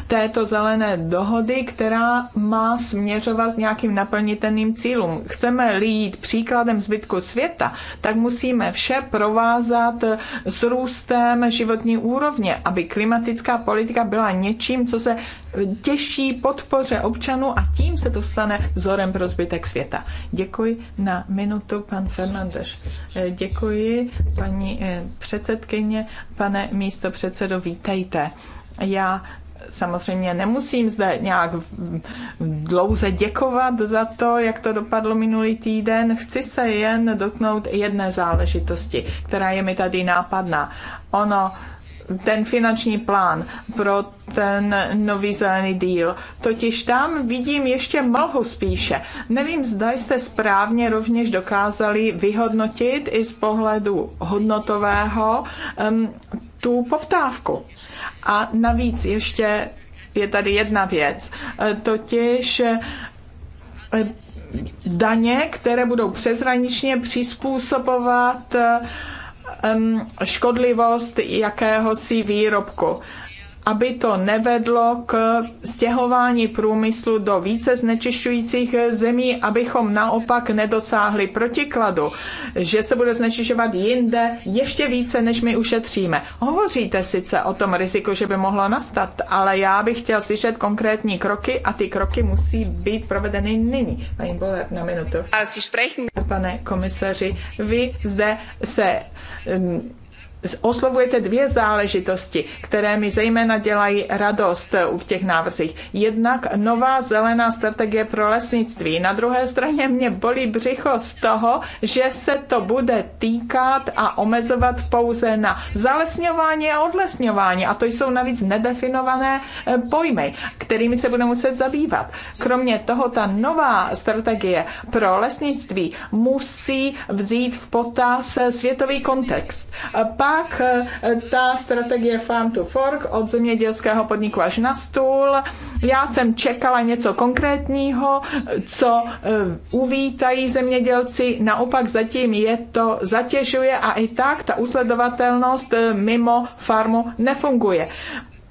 této zelené dohody, která má směřovat k nějakým naplnitelným cílům. Chceme-li jít příkladem zbytku světa, tak musíme vše provázat s růstem životní úrovně, aby klimatická politika byla něčím, co se těší podpoře občanů a tím se to stane vzorem pro zbytek světa. Děkuji na minutu, pan Fernandeš. Děkuji, paní eh, předsedkyně, pane místo předsedo, vítejte. Já samozřejmě nemusím zde nějak dlouze děkovat za to, jak to dopadlo minulý týden. Chci se jen dotknout jedné záležitosti, která je mi tady nápadná. Ono, ten finanční plán pro ten nový zelený díl. Totiž tam vidím ještě mlhu spíše. Nevím, zda jste správně rovněž dokázali vyhodnotit i z pohledu hodnotového um, tu poptávku. A navíc ještě je tady jedna věc, e, totiž e, daně, které budou přezraničně přizpůsobovat e, škodlivost jakéhosi výrobku aby to nevedlo k stěhování průmyslu do více znečišťujících zemí, abychom naopak nedosáhli protikladu, že se bude znečišťovat jinde ještě více, než my ušetříme. Hovoříte sice o tom riziku, že by mohlo nastat, ale já bych chtěl slyšet konkrétní kroky a ty kroky musí být provedeny nyní. Paní Boler, na minutu. Pane komisaři, vy zde se oslovujete dvě záležitosti, které mi zejména dělají radost v těch návrzích. Jednak nová zelená strategie pro lesnictví. Na druhé straně mě bolí břicho z toho, že se to bude týkat a omezovat pouze na zalesňování a odlesňování. A to jsou navíc nedefinované eh, pojmy, kterými se budeme muset zabývat. Kromě toho ta nová strategie pro lesnictví musí vzít v potaz světový kontext. Pak eh, pak e, ta strategie Farm to Fork od zemědělského podniku až na stůl. Já jsem čekala něco konkrétního, co e, uvítají zemědělci, naopak zatím je to zatěžuje a i tak ta usledovatelnost e, mimo farmu nefunguje.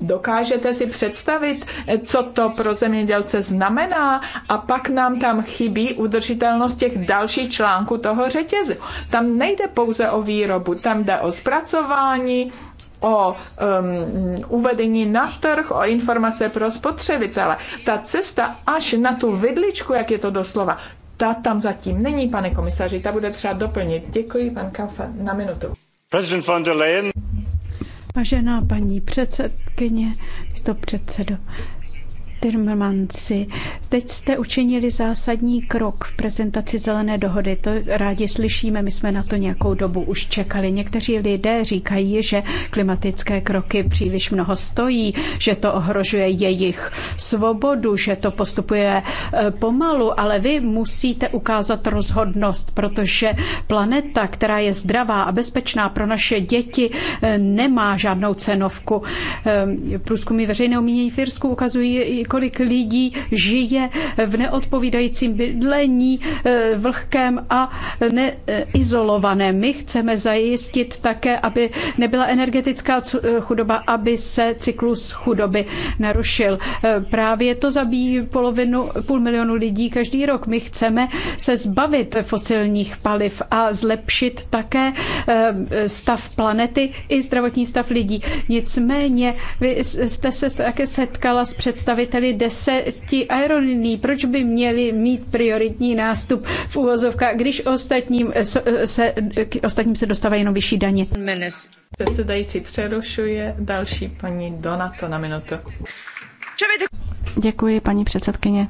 Dokážete si představit, eh, co to pro zemědělce znamená a pak nám tam chybí udržitelnost těch dalších článků toho řetězu. Tam nejde pouze o výrobu, tam jde o zpracování, o um, uvedení na trh, o informace pro spotřebitele. Ta cesta až na tu vidličku, jak je to doslova, ta tam zatím není, pane komisaři, ta bude třeba doplnit. Děkuji, pan Kaufa, na minutu. President von der Leyen. Vážená paní předsedkyně, místo předsedo, Timmermansi, teď jste učinili zásadní krok v prezentaci zelené dohody. To rádi slyšíme, my jsme na to nějakou dobu už čekali. Někteří lidé říkají, že klimatické kroky příliš mnoho stojí, že to ohrožuje jejich svobodu, že to postupuje eh, pomalu, ale vy musíte ukázat rozhodnost, protože planeta, která je zdravá a bezpečná pro naše děti, eh, nemá žádnou cenovku. Ehm, průzkumy veřejného mínění v Irsku ukazují, kolik lidí žije v neodpovídajícím bydlení, eh, vlhkém a neizolovaném. My chceme zajistit také, aby nebyla energetická eh, chudoba, aby se cyklus chudoby narušil. Eh, právě to zabíjí polovinu, půl milionu lidí každý rok. My chceme se zbavit fosilních paliv a zlepšit také stav planety i zdravotní stav lidí. Nicméně vy jste se také setkala s představiteli majiteli deseti aerolinií. Proč by měli mít prioritní nástup v uvozovkách, když ostatním eh, eh, se, eh, ostatním se dostávají jenom vyšší daně? Předsedající přerušuje další paní Donato na minutu. Děkuji, paní předsedkyně.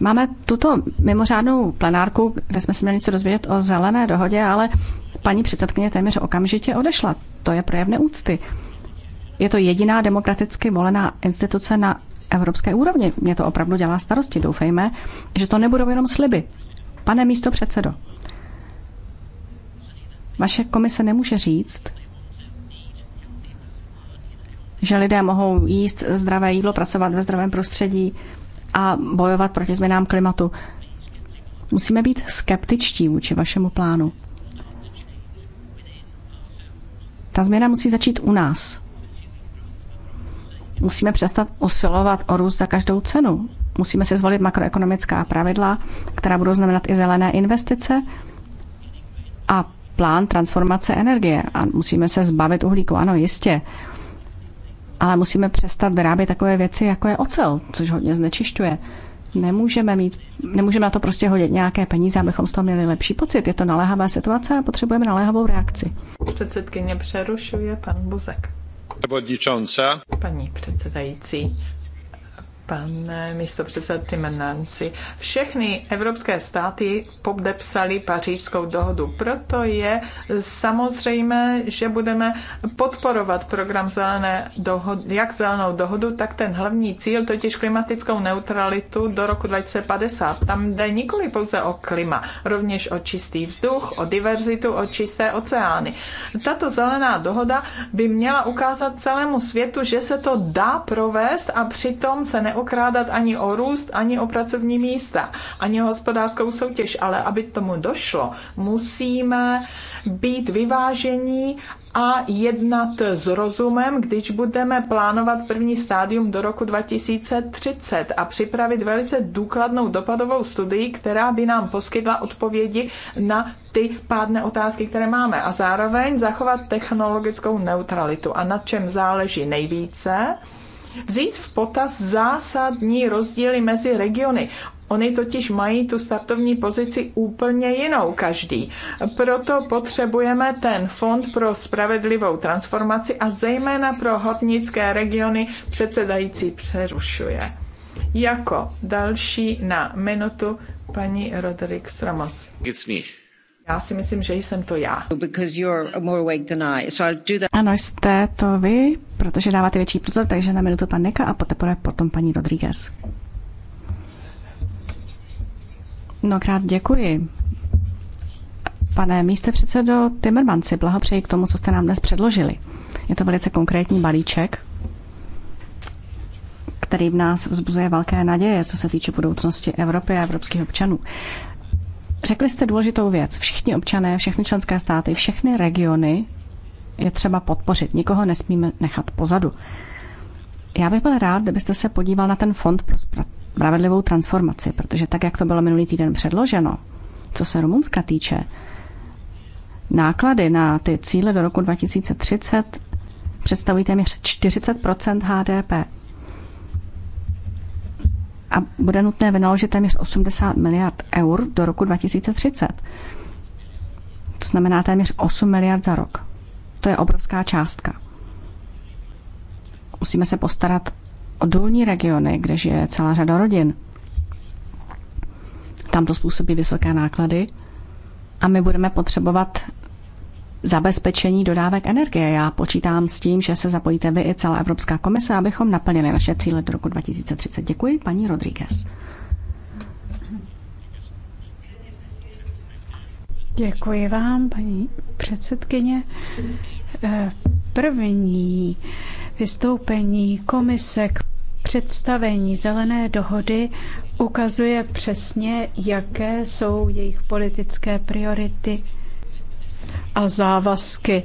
Máme tuto mimořádnou plenárku, kde jsme se měli něco dozvědět o zelené dohodě, ale paní předsedkyně téměř okamžitě odešla. To je projev neúcty. úcty. Je to jediná demokraticky volená instituce na evropské úrovni. Mě to opravdu dělá starosti. Doufejme, že to nebudou jenom sliby. Pane místo předsedo, vaše komise nemůže říct, že lidé mohou jíst zdravé jídlo, pracovat ve zdravém prostředí a bojovat proti změnám klimatu. Musíme být skeptičtí vůči vašemu plánu. Ta změna musí začít u nás, Musíme přestat usilovat o růst za každou cenu. Musíme si zvolit makroekonomická pravidla, která budou znamenat i zelené investice a plán transformace energie. A musíme se zbavit uhlíku, ano, jistě. Ale musíme přestat vyrábět takové věci, jako je ocel, což hodně znečišťuje. Nemůžeme, mít, nemůžeme na to prostě hodit nějaké peníze, abychom z toho měli lepší pocit. Je to naléhavá situace a potřebujeme naléhavou reakci. Předsedkyně přerušuje pan Buzek. Paní předsedající, Pane místo předseda Timenanci, všechny evropské státy podepsali pařížskou dohodu, proto je samozřejmé, že budeme podporovat program zelené dohod. jak zelenou dohodu, tak ten hlavní cíl, totiž klimatickou neutralitu do roku 2050. Tam jde nikoli pouze o klima, rovněž o čistý vzduch, o diverzitu, o čisté oceány. Tato zelená dohoda by měla ukázat celému světu, že se to dá provést a přitom se ne neokrádat ani o růst, ani o pracovní místa, ani o hospodářskou soutěž, ale aby tomu došlo, musíme být vyvážení a jednat s rozumem, když budeme plánovat první stádium do roku 2030 a připravit velice důkladnou dopadovou studii, která by nám poskytla odpovědi na ty pádné otázky, které máme a zároveň zachovat technologickou neutralitu. A na čem záleží nejvíce? vzít v potaz zásadní rozdíly mezi regiony. Oni totiž mají tu startovní pozici úplně jinou každý. Proto potřebujeme ten fond pro spravedlivou transformaci a zejména pro hornické regiony předsedající přerušuje. Jako další na minutu paní Roderick Stramos. It's me. Já si myslím, že jsem to já. Ano, jste to vy, protože dáváte větší pozor, takže na minutu pan Neka a poté potom paní Rodriguez. Mnohokrát děkuji. Pane místě předsedo Timmermansi, blahopřeji k tomu, co jste nám dnes předložili. Je to velice konkrétní balíček, který v nás vzbuzuje velké naděje, co se týče budoucnosti Evropy a evropských občanů. Řekli jste důležitou věc. Všichni občané, všechny členské státy, všechny regiony je třeba podpořit. Nikoho nesmíme nechat pozadu. Já bych byl rád, kdybyste se podíval na ten fond pro spravedlivou transformaci, protože tak, jak to bylo minulý týden předloženo, co se Rumunska týče, náklady na ty cíle do roku 2030 představují téměř 40 HDP a bude nutné vynaložit téměř 80 miliard eur do roku 2030. To znamená téměř 8 miliard za rok. To je obrovská částka. Musíme se postarat o důlní regiony, kde žije celá řada rodin. Tam to způsobí vysoké náklady a my budeme potřebovat zabezpečení dodávek energie. Já počítám s tím, že se zapojíte vy i celá Evropská komise, abychom naplnili naše cíle do roku 2030. Děkuji, paní Rodríguez. Děkuji vám, paní předsedkyně. Eh, první vystoupení komise k představení zelené dohody ukazuje přesně, jaké jsou jejich politické priority a závazky.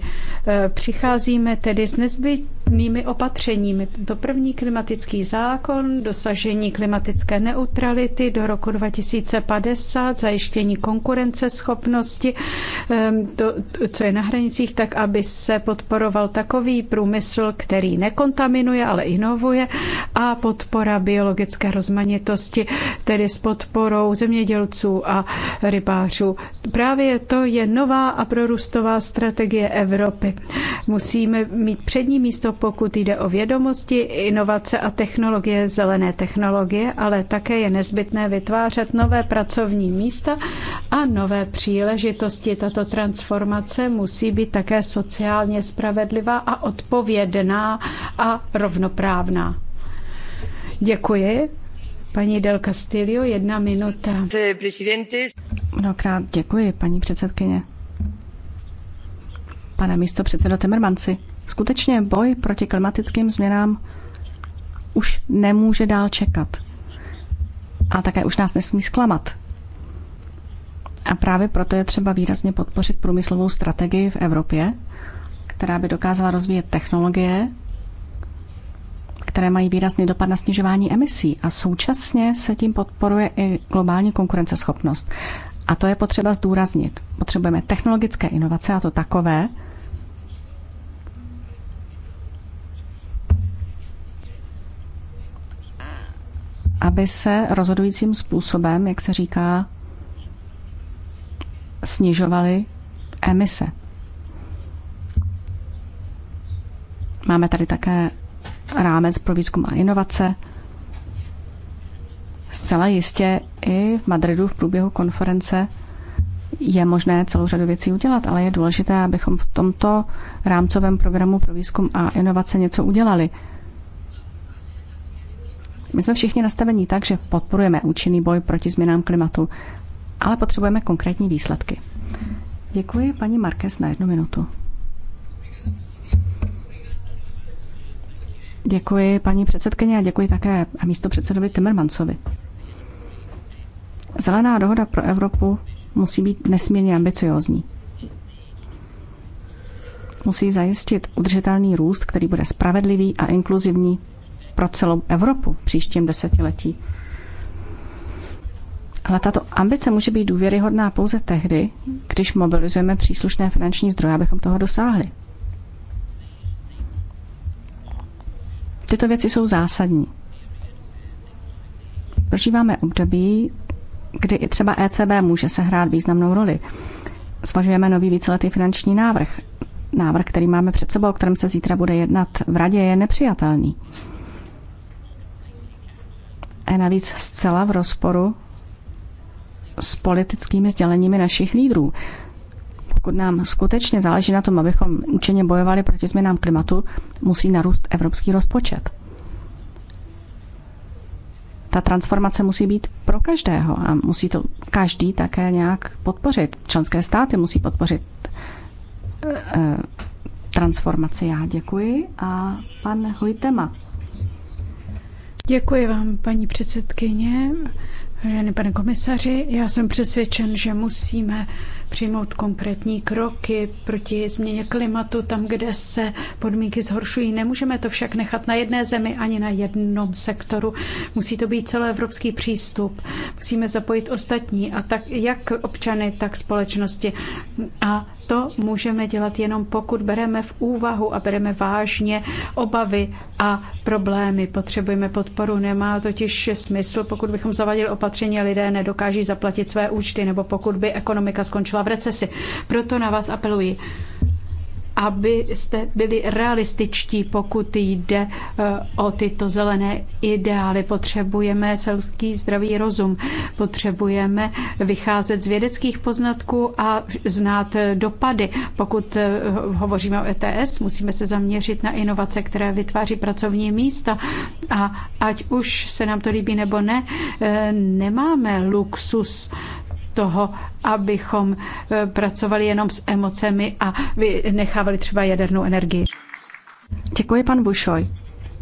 E, přicházíme tedy s nezbytným nutnými opatřeními. To první klimatický zákon, dosažení klimatické neutrality do roku 2050, zajištění konkurenceschopnosti, ehm, to, co je na hranicích, tak aby se podporoval takový průmysl, který nekontaminuje, ale inovuje a podpora biologické rozmanitosti, tedy s podporou zemědělců a rybářů. Právě to je nová a prorůstová strategie Evropy. Musíme mít přední místo pokud jde o vědomosti, inovace a technologie, zelené technologie, ale také je nezbytné vytvářet nové pracovní místa a nové příležitosti. Tato transformace musí být také sociálně spravedlivá a odpovědná a rovnoprávná. Děkuji. Paní Del Castillo, jedna minuta. Mnohokrát děkuji, paní předsedkyně. Pane místo předsedo Temermanci, Skutečně boj proti klimatickým změnám už nemůže dál čekat. A také už nás nesmí zklamat. A právě proto je třeba výrazně podpořit průmyslovou strategii v Evropě, která by dokázala rozvíjet technologie, které mají výrazný dopad na snižování emisí a současně se tím podporuje i globální konkurenceschopnost. A to je potřeba zdůraznit. Potřebujeme technologické inovace a to takové, aby se rozhodujícím způsobem, jak se říká, snižovaly emise. Máme tady také rámec pro výzkum a inovace. Zcela jistě i v Madridu v průběhu konference je možné celou řadu věcí udělat, ale je důležité, abychom v tomto rámcovém programu pro výzkum a inovace něco udělali. My jsme všichni nastavení tak, že podporujeme účinný boj proti změnám klimatu, ale potřebujeme konkrétní výsledky. Děkuji paní Marquez na jednu minutu. Děkuji paní předsedkyně a děkuji také a místo předsedovi Timmermansovi. Zelená dohoda pro Evropu musí být nesmírně ambiciozní. Musí zajistit udržitelný růst, který bude spravedlivý a inkluzivní pro celou Evropu v příštím desetiletí. Ale tato ambice může být důvěryhodná pouze tehdy, když mobilizujeme příslušné finanční zdroje, abychom toho dosáhli. Tyto věci jsou zásadní. Prožíváme období, kdy i třeba ECB může sehrát významnou roli. Svažujeme nový víceletý finanční návrh. Návrh, který máme před sebou, o kterém se zítra bude jednat v radě, je nepřijatelný a je navíc zcela v rozporu s politickými sděleními našich lídrů. Pokud nám skutečně záleží na tom, abychom účinně bojovali proti změnám klimatu, musí narůst evropský rozpočet. Ta transformace musí být pro každého a musí to každý také nějak podpořit. Členské státy musí podpořit eh, transformaci. Já děkuji. A pan Hojtema. Děkuji vám, paní předsedkyně. pane komisaři, já jsem přesvědčen, že musíme přijmout konkrétní kroky proti změně klimatu tam, kde se podmínky zhoršují. Nemůžeme to však nechat na jedné zemi ani na jednom sektoru. Musí to být celoevropský přístup. Musíme zapojit ostatní a tak jak občany, tak společnosti. A to můžeme dělat jenom pokud bereme v úvahu a bereme vážně obavy a problémy. Potřebujeme podporu. Nemá totiž smysl, pokud bychom zavadili opatření, lidé nedokáží zaplatit své účty, nebo pokud by ekonomika skončila v recesi. Proto na vás apeluji abyste byli realističtí, pokud jde eh, o tyto zelené ideály. Potřebujeme celský zdravý rozum, potřebujeme vycházet z vědeckých poznatků a znát eh, dopady. Pokud eh, hovoříme o ETS, musíme se zaměřit na inovace, které vytváří pracovní místa a ať už se nám to líbí nebo ne, nemáme luxus toho, abychom eh, pracovali jenom s emocemi a vynechávali třeba jadernou energii. Děkuji, pan Bušoj.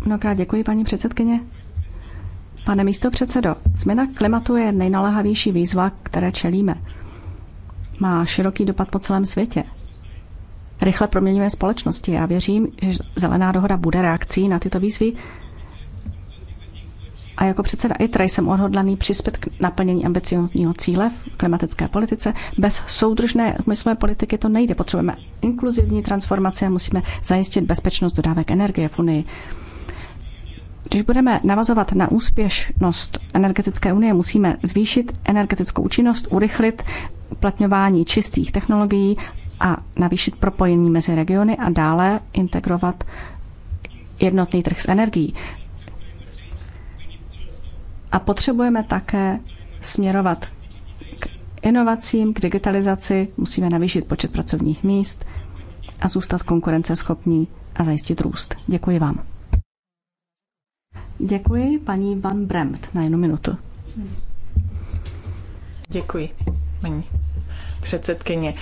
Mnohokrát děkuji, paní předsedkyně. Pane místo předsedo, změna klimatu je nejnaléhavější výzva, které čelíme. Má široký dopad po celém světě. Rychle proměňuje společnosti. Já věřím, že zelená dohoda bude reakcí na tyto výzvy a jako předseda ITRA jsem odhodlaný přispět k naplnění ambiciozního cíle v klimatické politice. Bez soudržné smyslové politiky to nejde. Potřebujeme inkluzivní transformaci a musíme zajistit bezpečnost dodávek energie v Unii. Když budeme navazovat na úspěšnost energetické unie, musíme zvýšit energetickou účinnost, urychlit uplatňování čistých technologií a navýšit propojení mezi regiony a dále integrovat jednotný trh s energií. A potřebujeme také směrovat k inovacím, k digitalizaci, musíme navýšit počet pracovních míst a zůstat konkurenceschopní a zajistit růst. Děkuji vám. Děkuji paní Van Bremt na jednu minutu. Děkuji, paní předsedkyně.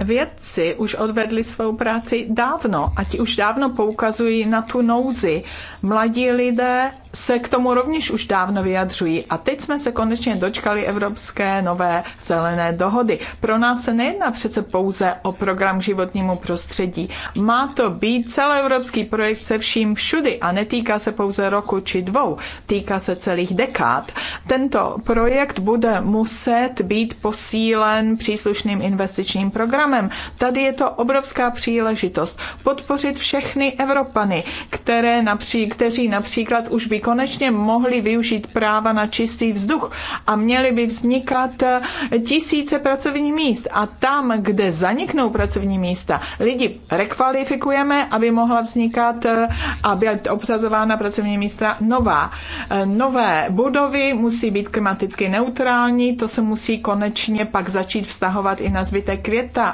Vědci už odvedli svou práci dávno a ti už dávno poukazují na tu nouzi. Mladí lidé se k tomu rovněž už dávno vyjadřují a teď jsme se konečně dočkali Evropské nové zelené dohody. Pro nás se nejedná přece pouze o program životnímu prostředí. Má to být celoevropský projekt se vším všudy a netýká se pouze roku či dvou, týká se celých dekád. Tento projekt bude muset být posílen příslušným investičním programem programem. Tady je to obrovská příležitost podpořit všechny Evropany, které napří, kteří například už by konečně mohli využít práva na čistý vzduch a měly by vznikat eh, tisíce pracovních míst. A tam, kde zaniknou pracovní místa, lidi rekvalifikujeme, aby mohla vznikat eh, a být obsazována pracovní místa nová. Eh, nové budovy musí být klimaticky neutrální, to se musí konečně pak začít vztahovat i na zbytek květa,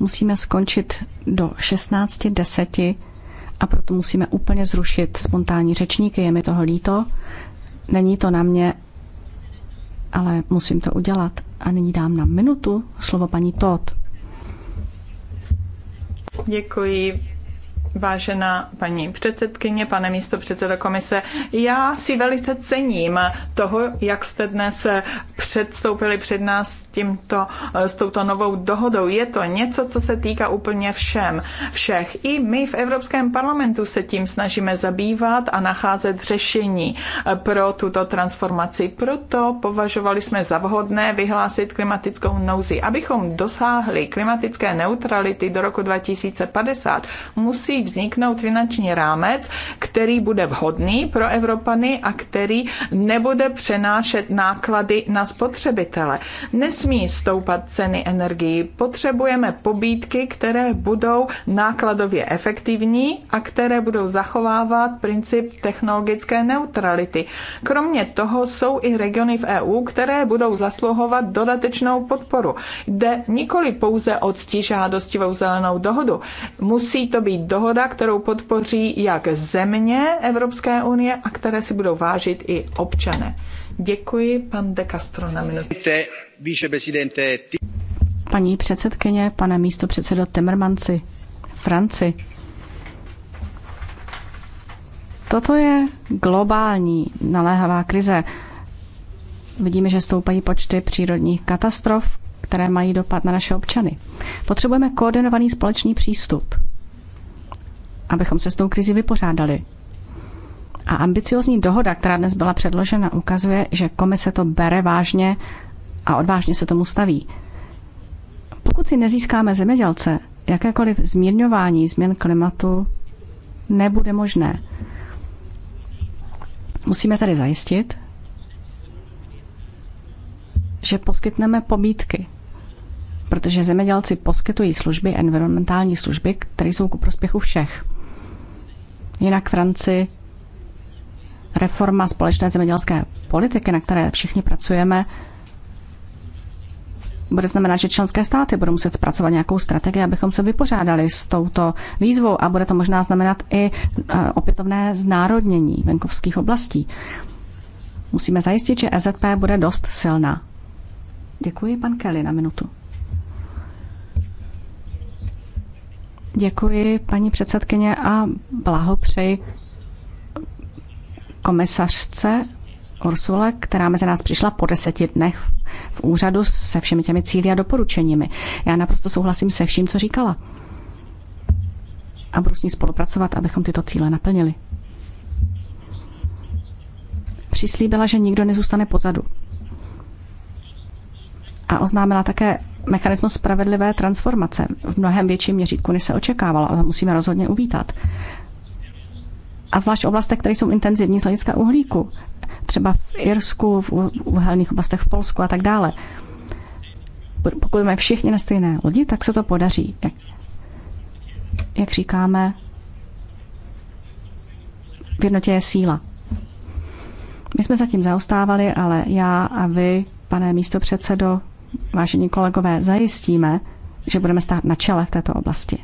musíme skončit do 16.10 a proto musíme úplně zrušit spontánní řečníky. Je mi toho líto, není to na mě, ale musím to udělat. A nyní dám na minutu slovo paní Todd. Děkuji. Vážená paní předsedkyně, pane místo komise, já si velice cením toho, jak jste dnes předstoupili před nás s, tímto, eh, s touto novou dohodou. Je to něco, co se týká úplně všem, všech. I my v Evropském parlamentu se tím snažíme zabývat a nacházet řešení eh, pro tuto transformaci. Proto považovali jsme za vhodné vyhlásit klimatickou nouzi. Abychom dosáhli klimatické neutrality do roku 2050, musí vzniknout finanční rámec, který bude vhodný pro Evropany a který nebude přenášet náklady na spotřebitele. Nesmí stoupat ceny energii. Potřebujeme pobídky, které budou nákladově efektivní a které budou zachovávat princip technologické neutrality. Kromě toho jsou i regiony v EU, které budou zasluhovat dodatečnou podporu. Jde nikoli pouze o ctižádostivou zelenou dohodu. Musí to být dohoda, dohoda, kterou podpoří jak země Evropské unie a které si budou vážit i občané. Děkuji, pan De Castro na minutu. Paní předsedkyně, pane místo předsedo Temermanci, Franci. Toto je globální naléhavá krize. Vidíme, že stoupají počty přírodních katastrof, které mají dopad na naše občany. Potřebujeme koordinovaný společný přístup abychom se s tou krizi vypořádali. A ambiciozní dohoda, která dnes byla předložena, ukazuje, že komise to bere vážně a odvážně se tomu staví. Pokud si nezískáme zemědělce, jakékoliv zmírňování změn klimatu nebude možné. Musíme tedy zajistit, že poskytneme pobídky, protože zemědělci poskytují služby, environmentální služby, které jsou ku prospěchu všech. Jinak Franci reforma společné zemědělské politiky, na které všichni pracujeme, bude znamenat, že členské státy budou muset zpracovat nějakou strategii, abychom se vypořádali s touto výzvou a bude to možná znamenat i e, opětovné znárodnění venkovských oblastí. Musíme zajistit, že EZP bude dost silná. Děkuji, pan Kelly, na minutu. Děkuji, paní předsedkyně, a blahopřeji komisařce Ursule, která mezi nás přišla po deseti dnech v úřadu se všemi těmi cíly a doporučeními. Já naprosto souhlasím se vším, co říkala. A budu s ní spolupracovat, abychom tyto cíle naplnili. Přislíbila, že nikdo nezůstane pozadu a oznámila také mechanismus spravedlivé transformace v mnohem větším měřítku, než se očekávalo a to musíme rozhodně uvítat. A zvlášť v oblastech, které jsou intenzivní z hlediska uhlíku, třeba v Irsku, v uhelných oblastech v Polsku a tak dále. Pokud jsme všichni na stejné lodi, tak se to podaří. Jak, jak říkáme, v jednotě je síla. My jsme zatím zaostávali, ale já a vy, pane místo předsedo, vážení kolegové, zajistíme, že budeme stát na čele v této oblasti.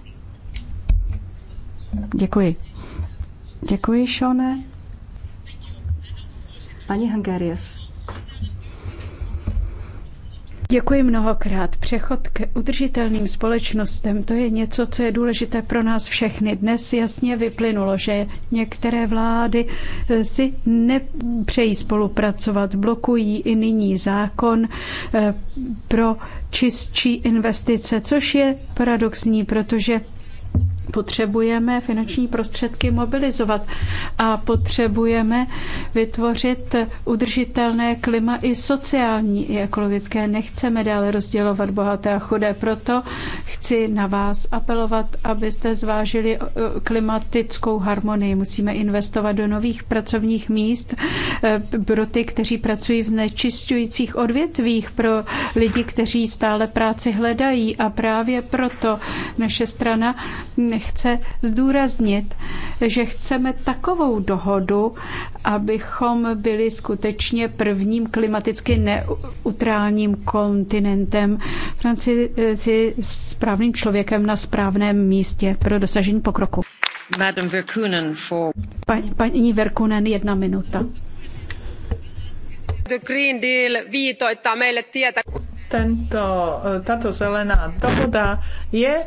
Děkuji. Děkuji, Šone. Paní Hungarius. Děkuji mnohokrát. Přechod k udržitelným společnostem, to je něco, co je důležité pro nás všechny. Dnes jasně vyplynulo, že některé vlády eh, si nepřejí spolupracovat, blokují i nyní zákon eh, pro čistší investice, což je paradoxní, protože potřebujeme finanční prostředky mobilizovat a potřebujeme vytvořit udržitelné klima i sociální, i ekologické. Nechceme dále rozdělovat bohaté a chudé, proto chci na vás apelovat, abyste zvážili eh, klimatickou harmonii. Musíme investovat do nových pracovních míst eh, pro ty, kteří pracují v nečistujících odvětvích, pro lidi, kteří stále práci hledají a právě proto naše strana chce zdůraznit, že chceme takovou dohodu, abychom byli skutečně prvním klimaticky neutrálním kontinentem. Francici správným člověkem na správném místě pro dosažení pokroku. Madam Verkunen for... pa, paní Verkunen, jedna minuta. The Green Deal Tento, tato zelená dohoda je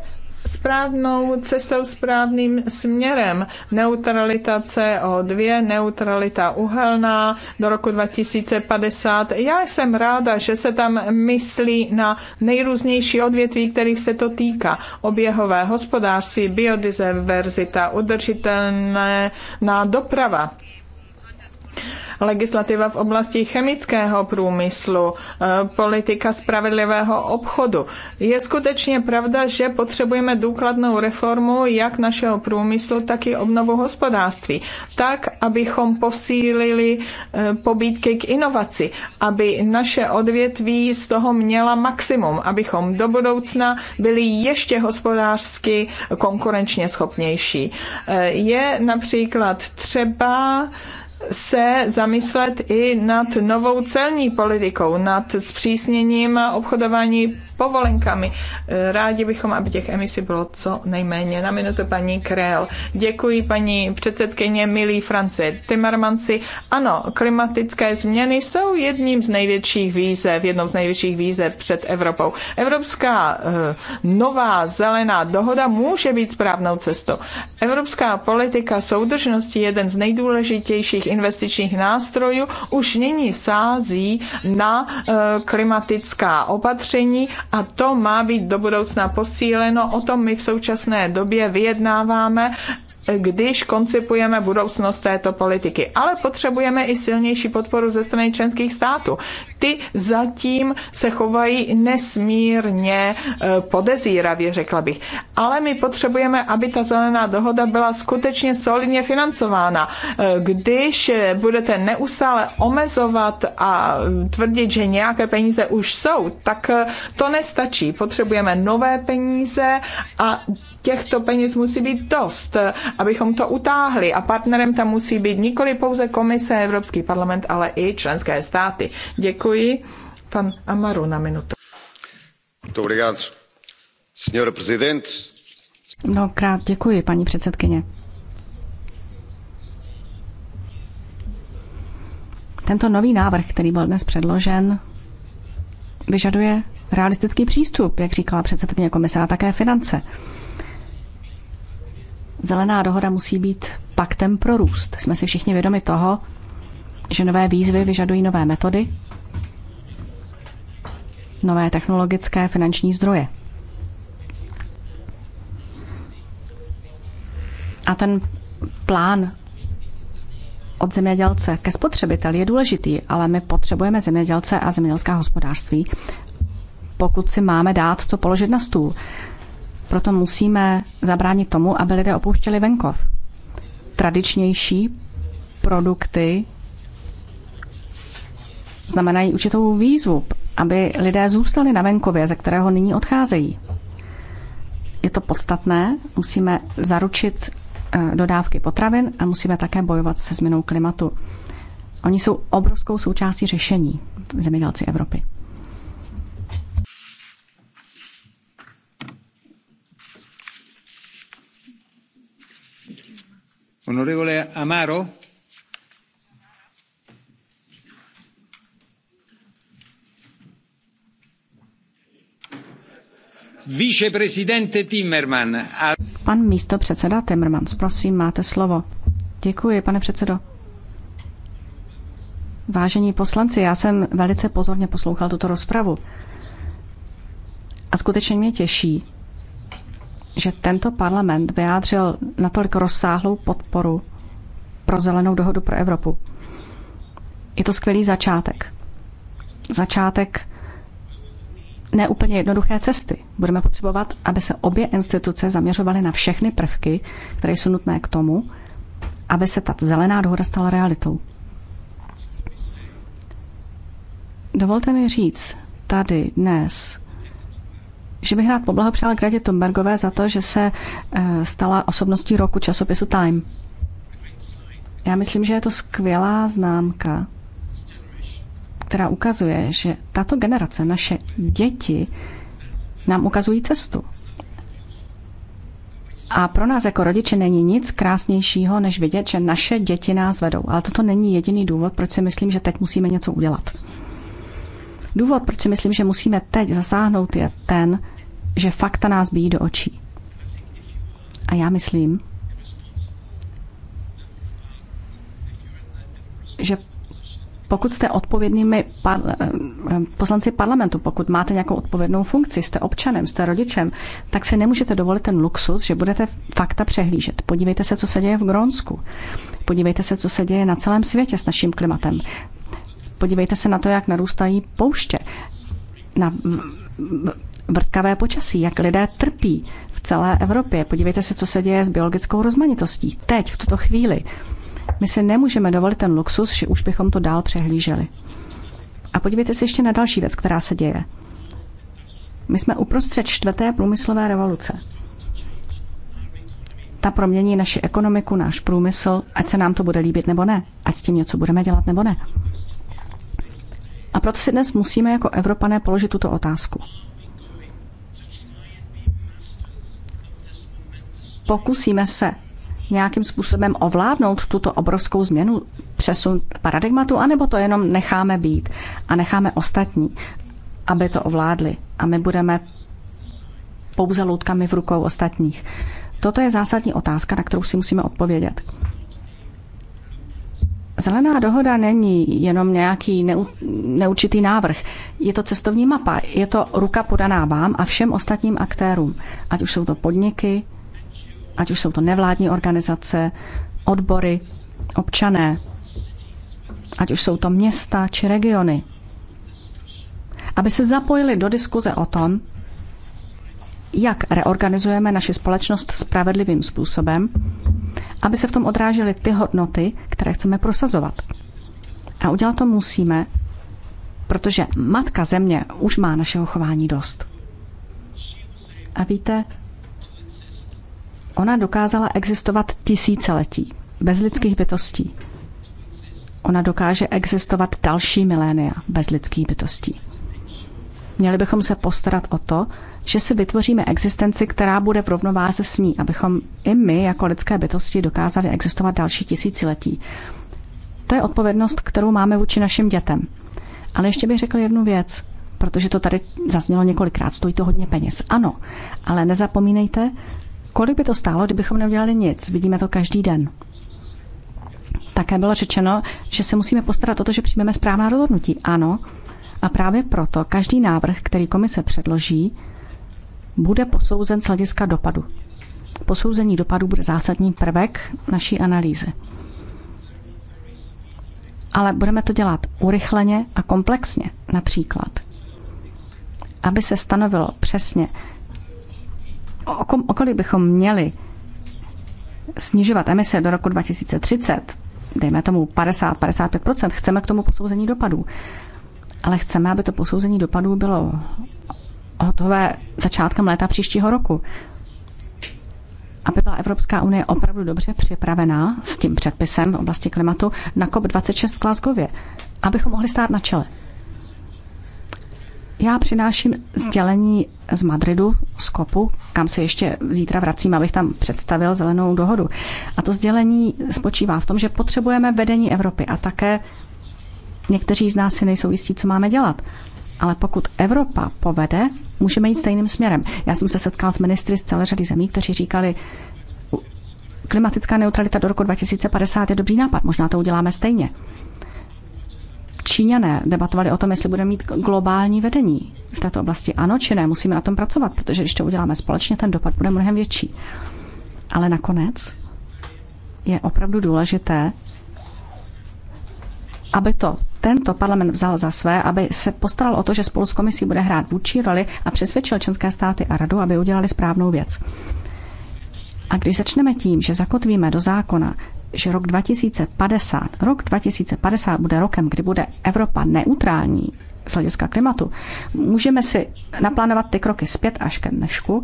správnou cestou, správným směrem. Neutralita CO2, neutralita uhelná do roku 2050. Já jsem ráda, že se tam myslí na nejrůznější odvětví, kterých se to týká. Oběhové hospodářství, biodiverzita, udržitelná doprava. Legislativa v oblasti chemického průmyslu, eh, politika spravedlivého obchodu. Je skutečně pravda, že potřebujeme důkladnou reformu jak našeho průmyslu, tak i obnovu hospodářství. Tak, abychom posílili eh, pobídky k inovaci, aby naše odvětví z toho měla maximum, abychom do budoucna byli ještě hospodářsky konkurenčně schopnější. Eh, je například třeba se zamyslet i nad novou celní politikou, nad zpřísněním obchodování povolenkami. Rádi bychom, aby těch emisí bylo co nejméně. Na minutu paní Krell. Děkuji paní předsedkyně milí Franci Timmermansi. Ano, klimatické změny jsou jedním z největších výzev, jednou z největších výzev před Evropou. Evropská eh, nová zelená dohoda může být správnou cestou. Evropská politika soudržnosti je jeden z nejdůležitějších investičních nástrojů už nyní sází na e, klimatická opatření a to má být do budoucna posíleno. O tom my v současné době vyjednáváme když koncipujeme budoucnost této politiky. Ale potřebujeme i silnější podporu ze strany členských států. Ty zatím se chovají nesmírně eh, podezíravě, řekla bych. Ale my potřebujeme, aby ta zelená dohoda byla skutečně solidně financována. Eh, když budete neustále omezovat a tvrdit, že nějaké peníze už jsou, tak eh, to nestačí. Potřebujeme nové peníze a těchto peněz musí být dost abychom to utáhli. A partnerem tam musí být nikoli pouze komise, Evropský parlament, ale i členské státy. Děkuji. Pan Amaru na minutu. Dobrý den. Mnohokrát děkuji, paní předsedkyně. Tento nový návrh, který byl dnes předložen, vyžaduje realistický přístup, jak říkala předsedkyně komise, a také finance. Zelená dohoda musí být paktem pro růst. Jsme si všichni vědomi toho, že nové výzvy vyžadují nové metody, nové technologické finanční zdroje. A ten plán od zemědělce ke spotřebiteli je důležitý, ale my potřebujeme zemědělce a zemědělská hospodářství, pokud si máme dát co položit na stůl. Proto musíme zabránit tomu, aby lidé opouštěli venkov. Tradičnější produkty znamenají určitou výzvu, aby lidé zůstali na venkově, ze kterého nyní odcházejí. Je to podstatné, musíme zaručit eh, dodávky potravin a musíme také bojovat se změnou klimatu. Oni jsou obrovskou součástí řešení zemědělci Evropy. Onorevole Amaro. Viceprezidente Timmerman. A... Pan místo předseda Timmermans, prosím, máte slovo. Děkuji, pane předsedo. Vážení poslanci, já jsem velice pozorně poslouchal tuto rozpravu. A skutečně mě těší, že tento parlament vyjádřil natolik rozsáhlou podporu pro zelenou dohodu pro Evropu. Je to skvělý začátek. Začátek neúplně jednoduché cesty. Budeme potřebovat, aby se obě instituce zaměřovaly na všechny prvky, které jsou nutné k tomu, aby se ta zelená dohoda stala realitou. Dovolte mi říct tady dnes, že bych rád poblahopřál Gradě Thunbergové za to, že se eh, stala osobností roku časopisu Time. Já myslím, že je to skvělá známka, která ukazuje, že tato generace, naše děti, nám ukazují cestu. A pro nás jako rodiče není nic krásnějšího, než vidět, že naše děti nás vedou. Ale toto není jediný důvod, proč si myslím, že teď musíme něco udělat. Důvod, proč si myslím, že musíme teď zasáhnout, je ten, že fakta nás bíjí do očí. A já myslím, že pokud jste odpovědnými par, eh, poslanci parlamentu, pokud máte nějakou odpovědnou funkci, jste občanem, jste rodičem, tak si nemůžete dovolit ten luxus, že budete fakta přehlížet. Podívejte se, co se děje v Grónsku. Podívejte se, co se děje na celém světě s naším klimatem. Podívejte se na to, jak narůstají pouště, na vrtkavé počasí, jak lidé trpí v celé Evropě. Podívejte se, co se děje s biologickou rozmanitostí teď, v tuto chvíli. My si nemůžeme dovolit ten luxus, že už bychom to dál přehlíželi. A podívejte se ještě na další věc, která se děje. My jsme uprostřed čtvrté průmyslové revoluce. Ta promění naši ekonomiku, náš průmysl, ať se nám to bude líbit nebo ne, ať s tím něco budeme dělat nebo ne. A proto si dnes musíme jako Evropané položit tuto otázku. Pokusíme se nějakým způsobem ovládnout tuto obrovskou změnu, přesun paradigmatu, anebo to jenom necháme být a necháme ostatní, aby to ovládli a my budeme pouze loutkami v rukou ostatních. Toto je zásadní otázka, na kterou si musíme odpovědět. Zelená dohoda není jenom nějaký neu, návrh. Je to cestovní mapa, je to ruka podaná vám a všem ostatním aktérům. Ať už jsou to podniky, ať už jsou to nevládní organizace, odbory, občané, ať už jsou to města či regiony. Aby se zapojili do diskuze o tom, jak reorganizujeme naši společnost spravedlivým způsobem aby se v tom odrážely ty hodnoty, které chceme prosazovat. A udělat to musíme, protože matka země už má našeho chování dost. A víte, ona dokázala existovat tisíciletí, bez lidských bytostí. Ona dokáže existovat další milénia bez lidských bytostí. Měli bychom se postarat o to, že si vytvoříme existenci, která bude v rovnováze s ní, abychom i my jako lidské bytosti dokázali existovat další tisíciletí. To je odpovědnost, kterou máme vůči našim dětem. Ale ještě bych řekl jednu věc, protože to tady zaznělo několikrát, stojí to hodně peněz. Ano, ale nezapomínejte, kolik by to stálo, kdybychom neudělali nic. Vidíme to každý den. Také bylo řečeno, že se musíme postarat o to, že přijmeme správná rozhodnutí. Ano, a právě proto každý návrh, který komise předloží, bude posouzen z hlediska dopadu. Posouzení dopadu bude zásadní prvek naší analýzy. Ale budeme to dělat urychleně a komplexně, například. Aby se stanovilo přesně, o, kolik bychom měli snižovat emise do roku 2030, dejme tomu 50-55%, chceme k tomu posouzení dopadů. Ale chceme, aby to posouzení dopadů bylo hotové začátkem léta příštího roku. Aby byla Evropská unie opravdu dobře připravená s tím předpisem v oblasti klimatu na COP26 v Glasgowě, abychom mohli stát na čele. Já přináším sdělení z Madridu, z Kopu, kam se ještě zítra vracím, abych tam představil zelenou dohodu. A to sdělení spočívá v tom, že potřebujeme vedení Evropy a také někteří z nás si nejsou jistí, co máme dělat. Ale pokud Evropa povede, můžeme jít stejným směrem. Já jsem se setkal s ministry z celé řady zemí, kteří říkali, klimatická neutralita do roku 2050 je dobrý nápad, možná to uděláme stejně. Číňané debatovali o tom, jestli budeme mít globální vedení v této oblasti. Ano či ne, musíme na tom pracovat, protože když to uděláme společně, ten dopad bude mnohem větší. Ale nakonec je opravdu důležité, aby to tento parlament vzal za své, aby se postaral o to, že spolu s komisí bude hrát vůči roli a přesvědčil členské státy a radu, aby udělali správnou věc. A když začneme tím, že zakotvíme do zákona, že rok 2050, rok 2050 bude rokem, kdy bude Evropa neutrální z hlediska klimatu, můžeme si naplánovat ty kroky zpět až ke dnešku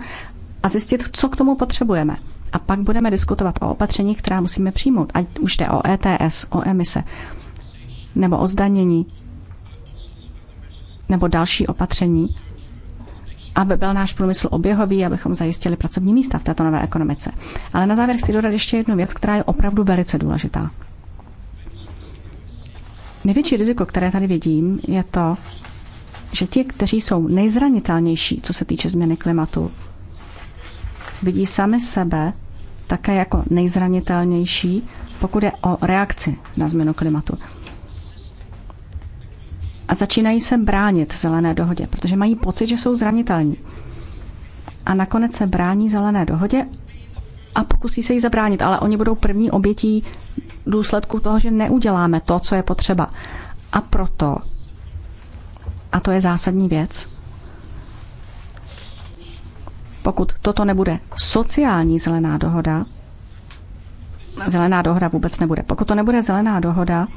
a zjistit, co k tomu potřebujeme. A pak budeme diskutovat o opatření, která musíme přijmout, ať už jde o ETS, o emise nebo o zdanění nebo další opatření, aby byl náš průmysl oběhový, abychom zajistili pracovní místa v této nové ekonomice. Ale na závěr chci dodat ještě jednu věc, která je opravdu velice důležitá. Největší riziko, které tady vidím, je to, že ti, kteří jsou nejzranitelnější, co se týče změny klimatu, vidí sami sebe také jako nejzranitelnější, pokud je o reakci na změnu klimatu a začínají se bránit zelené dohodě, protože mají pocit, že jsou zranitelní. A nakonec se brání zelené dohodě a pokusí se jí zabránit, ale oni budou první obětí důsledku toho, že neuděláme to, co je potřeba. A proto, a to je zásadní věc, pokud toto nebude sociální zelená dohoda, zelená dohoda vůbec nebude. Pokud to nebude zelená dohoda,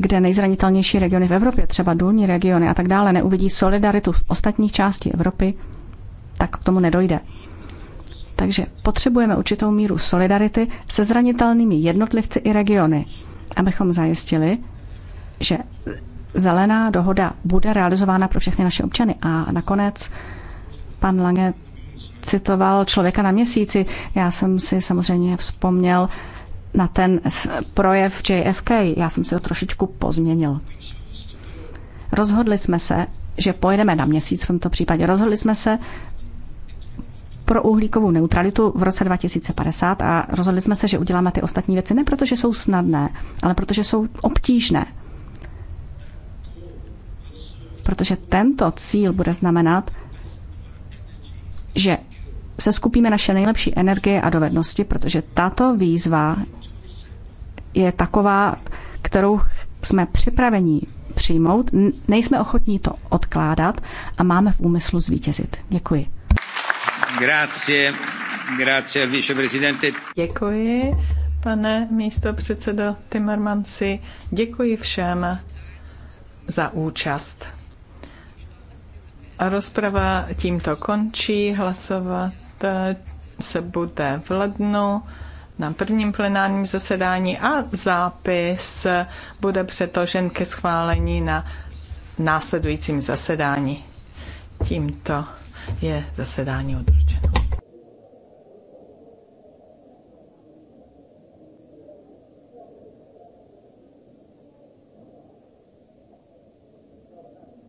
kde nejzranitelnější regiony v Evropě, třeba důlní regiony a tak dále, neuvidí solidaritu v ostatních částí Evropy, tak k tomu nedojde. Takže potřebujeme určitou míru solidarity se zranitelnými jednotlivci i regiony, abychom zajistili, že zelená dohoda bude realizována pro všechny naše občany. A nakonec pan Lange citoval člověka na měsíci. Já jsem si samozřejmě vzpomněl na ten projev JFK. Já jsem si ho trošičku pozměnil. Rozhodli jsme se, že pojedeme na měsíc v tomto případě. Rozhodli jsme se pro uhlíkovou neutralitu v roce 2050 a rozhodli jsme se, že uděláme ty ostatní věci ne protože jsou snadné, ale protože jsou obtížné. Protože tento cíl bude znamenat, že se skupíme naše nejlepší energie a dovednosti, protože tato výzva je taková, kterou jsme připraveni přijmout, nejsme ochotní to odkládat a máme v úmyslu zvítězit. Děkuji. Grazie. Grazie, viceprezidente. Děkuji, pane místo předsedo Timmermansi. Děkuji všem za účast. A rozprava tímto končí. Hlasovat Eh, se bude v lednu na prvním plenárním zasedání a zápis bude přetožen ke schválení na následujícím zasedání. Tímto je zasedání odročeno.